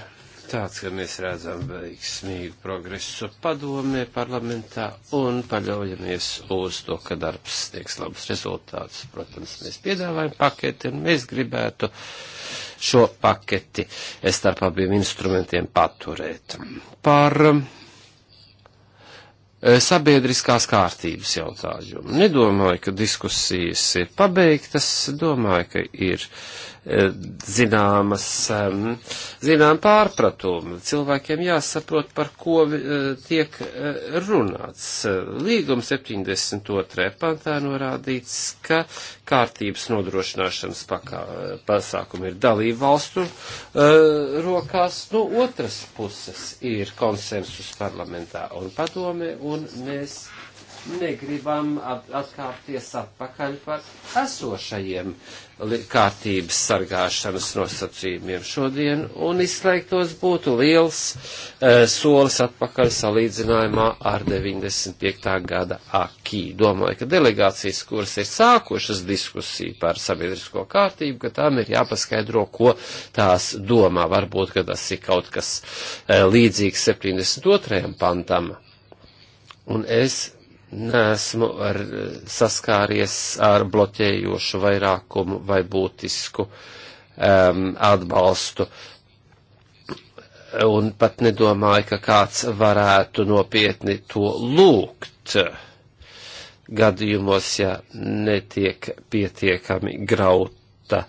tāds, ka mēs redzam veiksmīgu progresu padomē, parlamentā un paļaujamies uz to, ka darbs sniegs labus rezultātus. Protams, mēs piedāvājam paketi un mēs gribētu šo paketi starp abiem instrumentiem paturēt. Par um, eh, sabiedriskās kārtības jautājumu. Nedomāju, ka diskusijas ir pabeigtas, domāju, ka ir Eh, zināmas, zinām pārpratumi. Cilvēkiem jāsaprot, par ko eh, tiek eh, runāts. Līguma 72. pantā norādīts, ka kārtības nodrošināšanas pakā, pasākumi ir dalība valstu rokās. No otras puses ir konsensus parlamentā un padomē, un mēs negribam atkārties atpakaļ par esošajiem uh, kārtības sargāšanas nosacījumiem šodien, un izslēgtos būtu liels e, solis atpakaļ salīdzinājumā ar 95. gada akī. Domāju, ka delegācijas, kuras ir sākušas diskusiju par sabiedrisko kārtību, ka tām ir jāpaskaidro, ko tās domā. Varbūt, ka tas ir kaut kas e, līdzīgs 72. pantam. Un es nesmu ar, saskāries ar bloķējošu vairākumu vai būtisku um, atbalstu. Un pat nedomāju, ka kāds varētu nopietni to lūgt gadījumos, ja netiek pietiekami grauta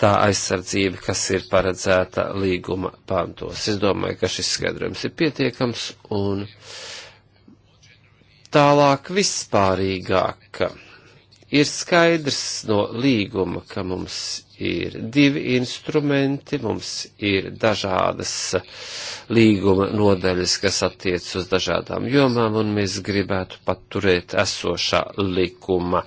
tā aizsardzība, kas ir paredzēta līguma pantos. Es domāju, ka šis skaidrojums ir pietiekams un. Uh, Tālāk vispārīgāk. Ir skaidrs no līguma, ka mums ir divi instrumenti, mums ir dažādas līguma nodaļas, kas attiec uz dažādām jomām, un mēs gribētu paturēt esošā likuma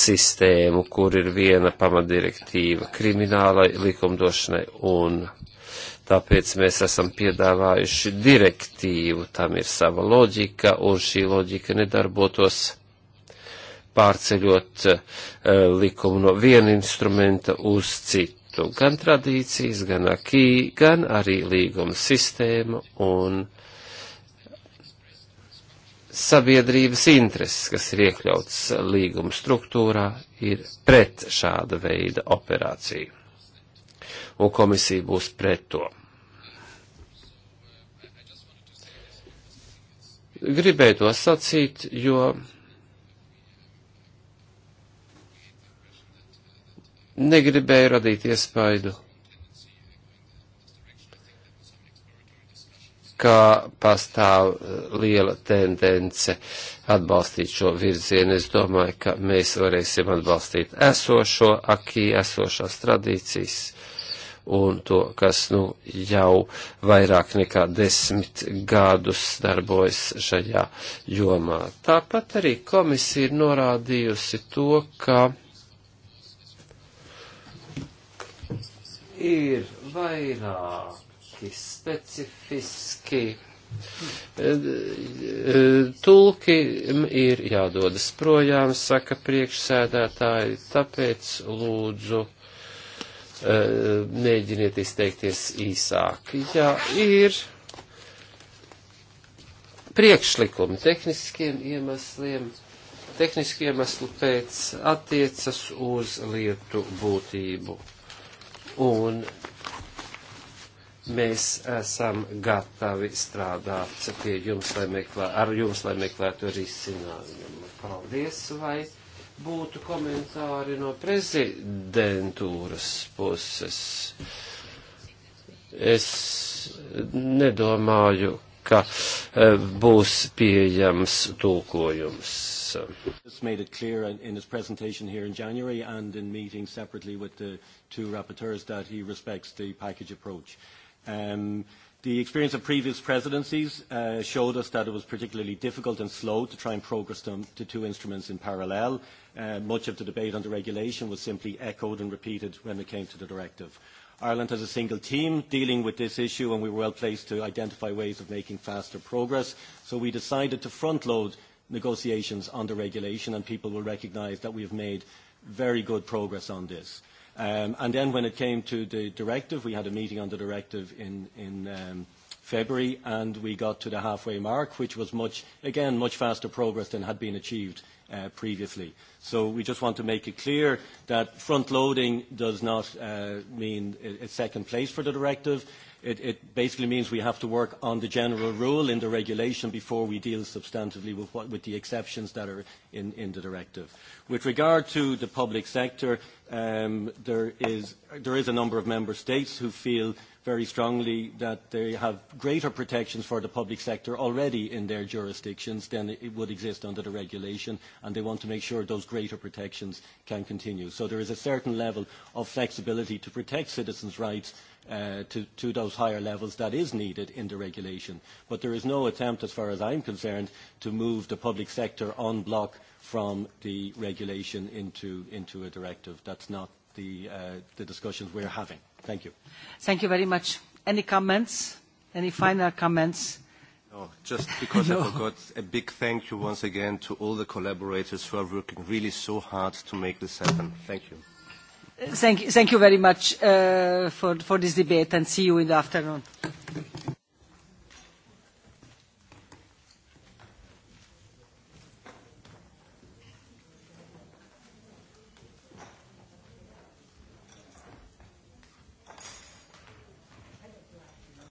sistēmu, kur ir viena pamadirektīva kriminālai likumdošanai un Tāpēc mēs esam piedāvājuši direktīvu, tam ir sava loģika, un šī loģika nedarbotos pārceļot uh, likumu no viena instrumenta uz citu. Gan tradīcijas, gan akī, gan arī līguma sistēma un sabiedrības intereses, kas ir iekļauts līguma struktūrā, ir pret šāda veida operāciju. Un komisija būs pret to. Gribēju to sacīt, jo negribēju radīt iespaidu, ka pastāv eh, liela tendence atbalstīt šo virzienu. Es domāju, ka mēs varēsim atbalstīt esošo akī, esošās tradīcijas un to, kas nu, jau vairāk nekā desmit gadus darbojas šajā jomā. Tāpat arī komisija ir norādījusi to, ka ir vairāki specifiski e, e, Tulki ir jādodas projām, saka priekšsēdētāji, tāpēc lūdzu Eh, mēģiniet izteikties īsāk. Jā, ir priekšlikumi tehniskiem iemesliem. Tehniski iemeslu pēc attiecas uz lietu būtību. Un mēs esam gatavi strādāt pie jums, lai meklētu, ar jums, lai meklētu risinājumu. Paldies, vai būtu komentāri no prezidentūras puses. Es nedomāju, ka e, būs pieejams tulkojums. made it clear in his presentation here in January and in meetings separately with the two rapporteurs that he respects the package approach. Um, The experience of previous presidencies uh, showed us that it was particularly difficult and slow to try and progress them, the two instruments in parallel. Uh, much of the debate on the regulation was simply echoed and repeated when it came to the directive. Ireland has a single team dealing with this issue and we were well placed to identify ways of making faster progress. So we decided to front load negotiations on the regulation and people will recognise that we have made very good progress on this. Um, and then when it came to the directive, we had a meeting on the directive in, in um, February, and we got to the halfway mark, which was much, again, much faster progress than had been achieved uh, previously. So we just want to make it clear that front loading does not uh, mean a, a second place for the directive it, it basically means we have to work on the general rule in the regulation before we deal substantively with, what, with the exceptions that are in, in the directive. With regard to the public sector, um, there, is, there is a number of member states who feel very strongly that they have greater protections for the public sector already in their jurisdictions than it would exist under the regulation, and they want to make sure those greater protections can continue. So there is a certain level of flexibility to protect citizens' rights uh, to, to those higher levels that is needed in the regulation. But there is no attempt, as far as I'm concerned, to move the public sector en bloc from the regulation into, into a directive. That's not the, uh, the discussions we're having. Thank you. Thank you very much. Any comments? Any final comments? No, oh, just because no. I forgot, a big thank you once again to all the collaborators who are working really so hard to make this happen. Thank you. Thank you, thank you very much uh, for, for this debate and see you in the afternoon.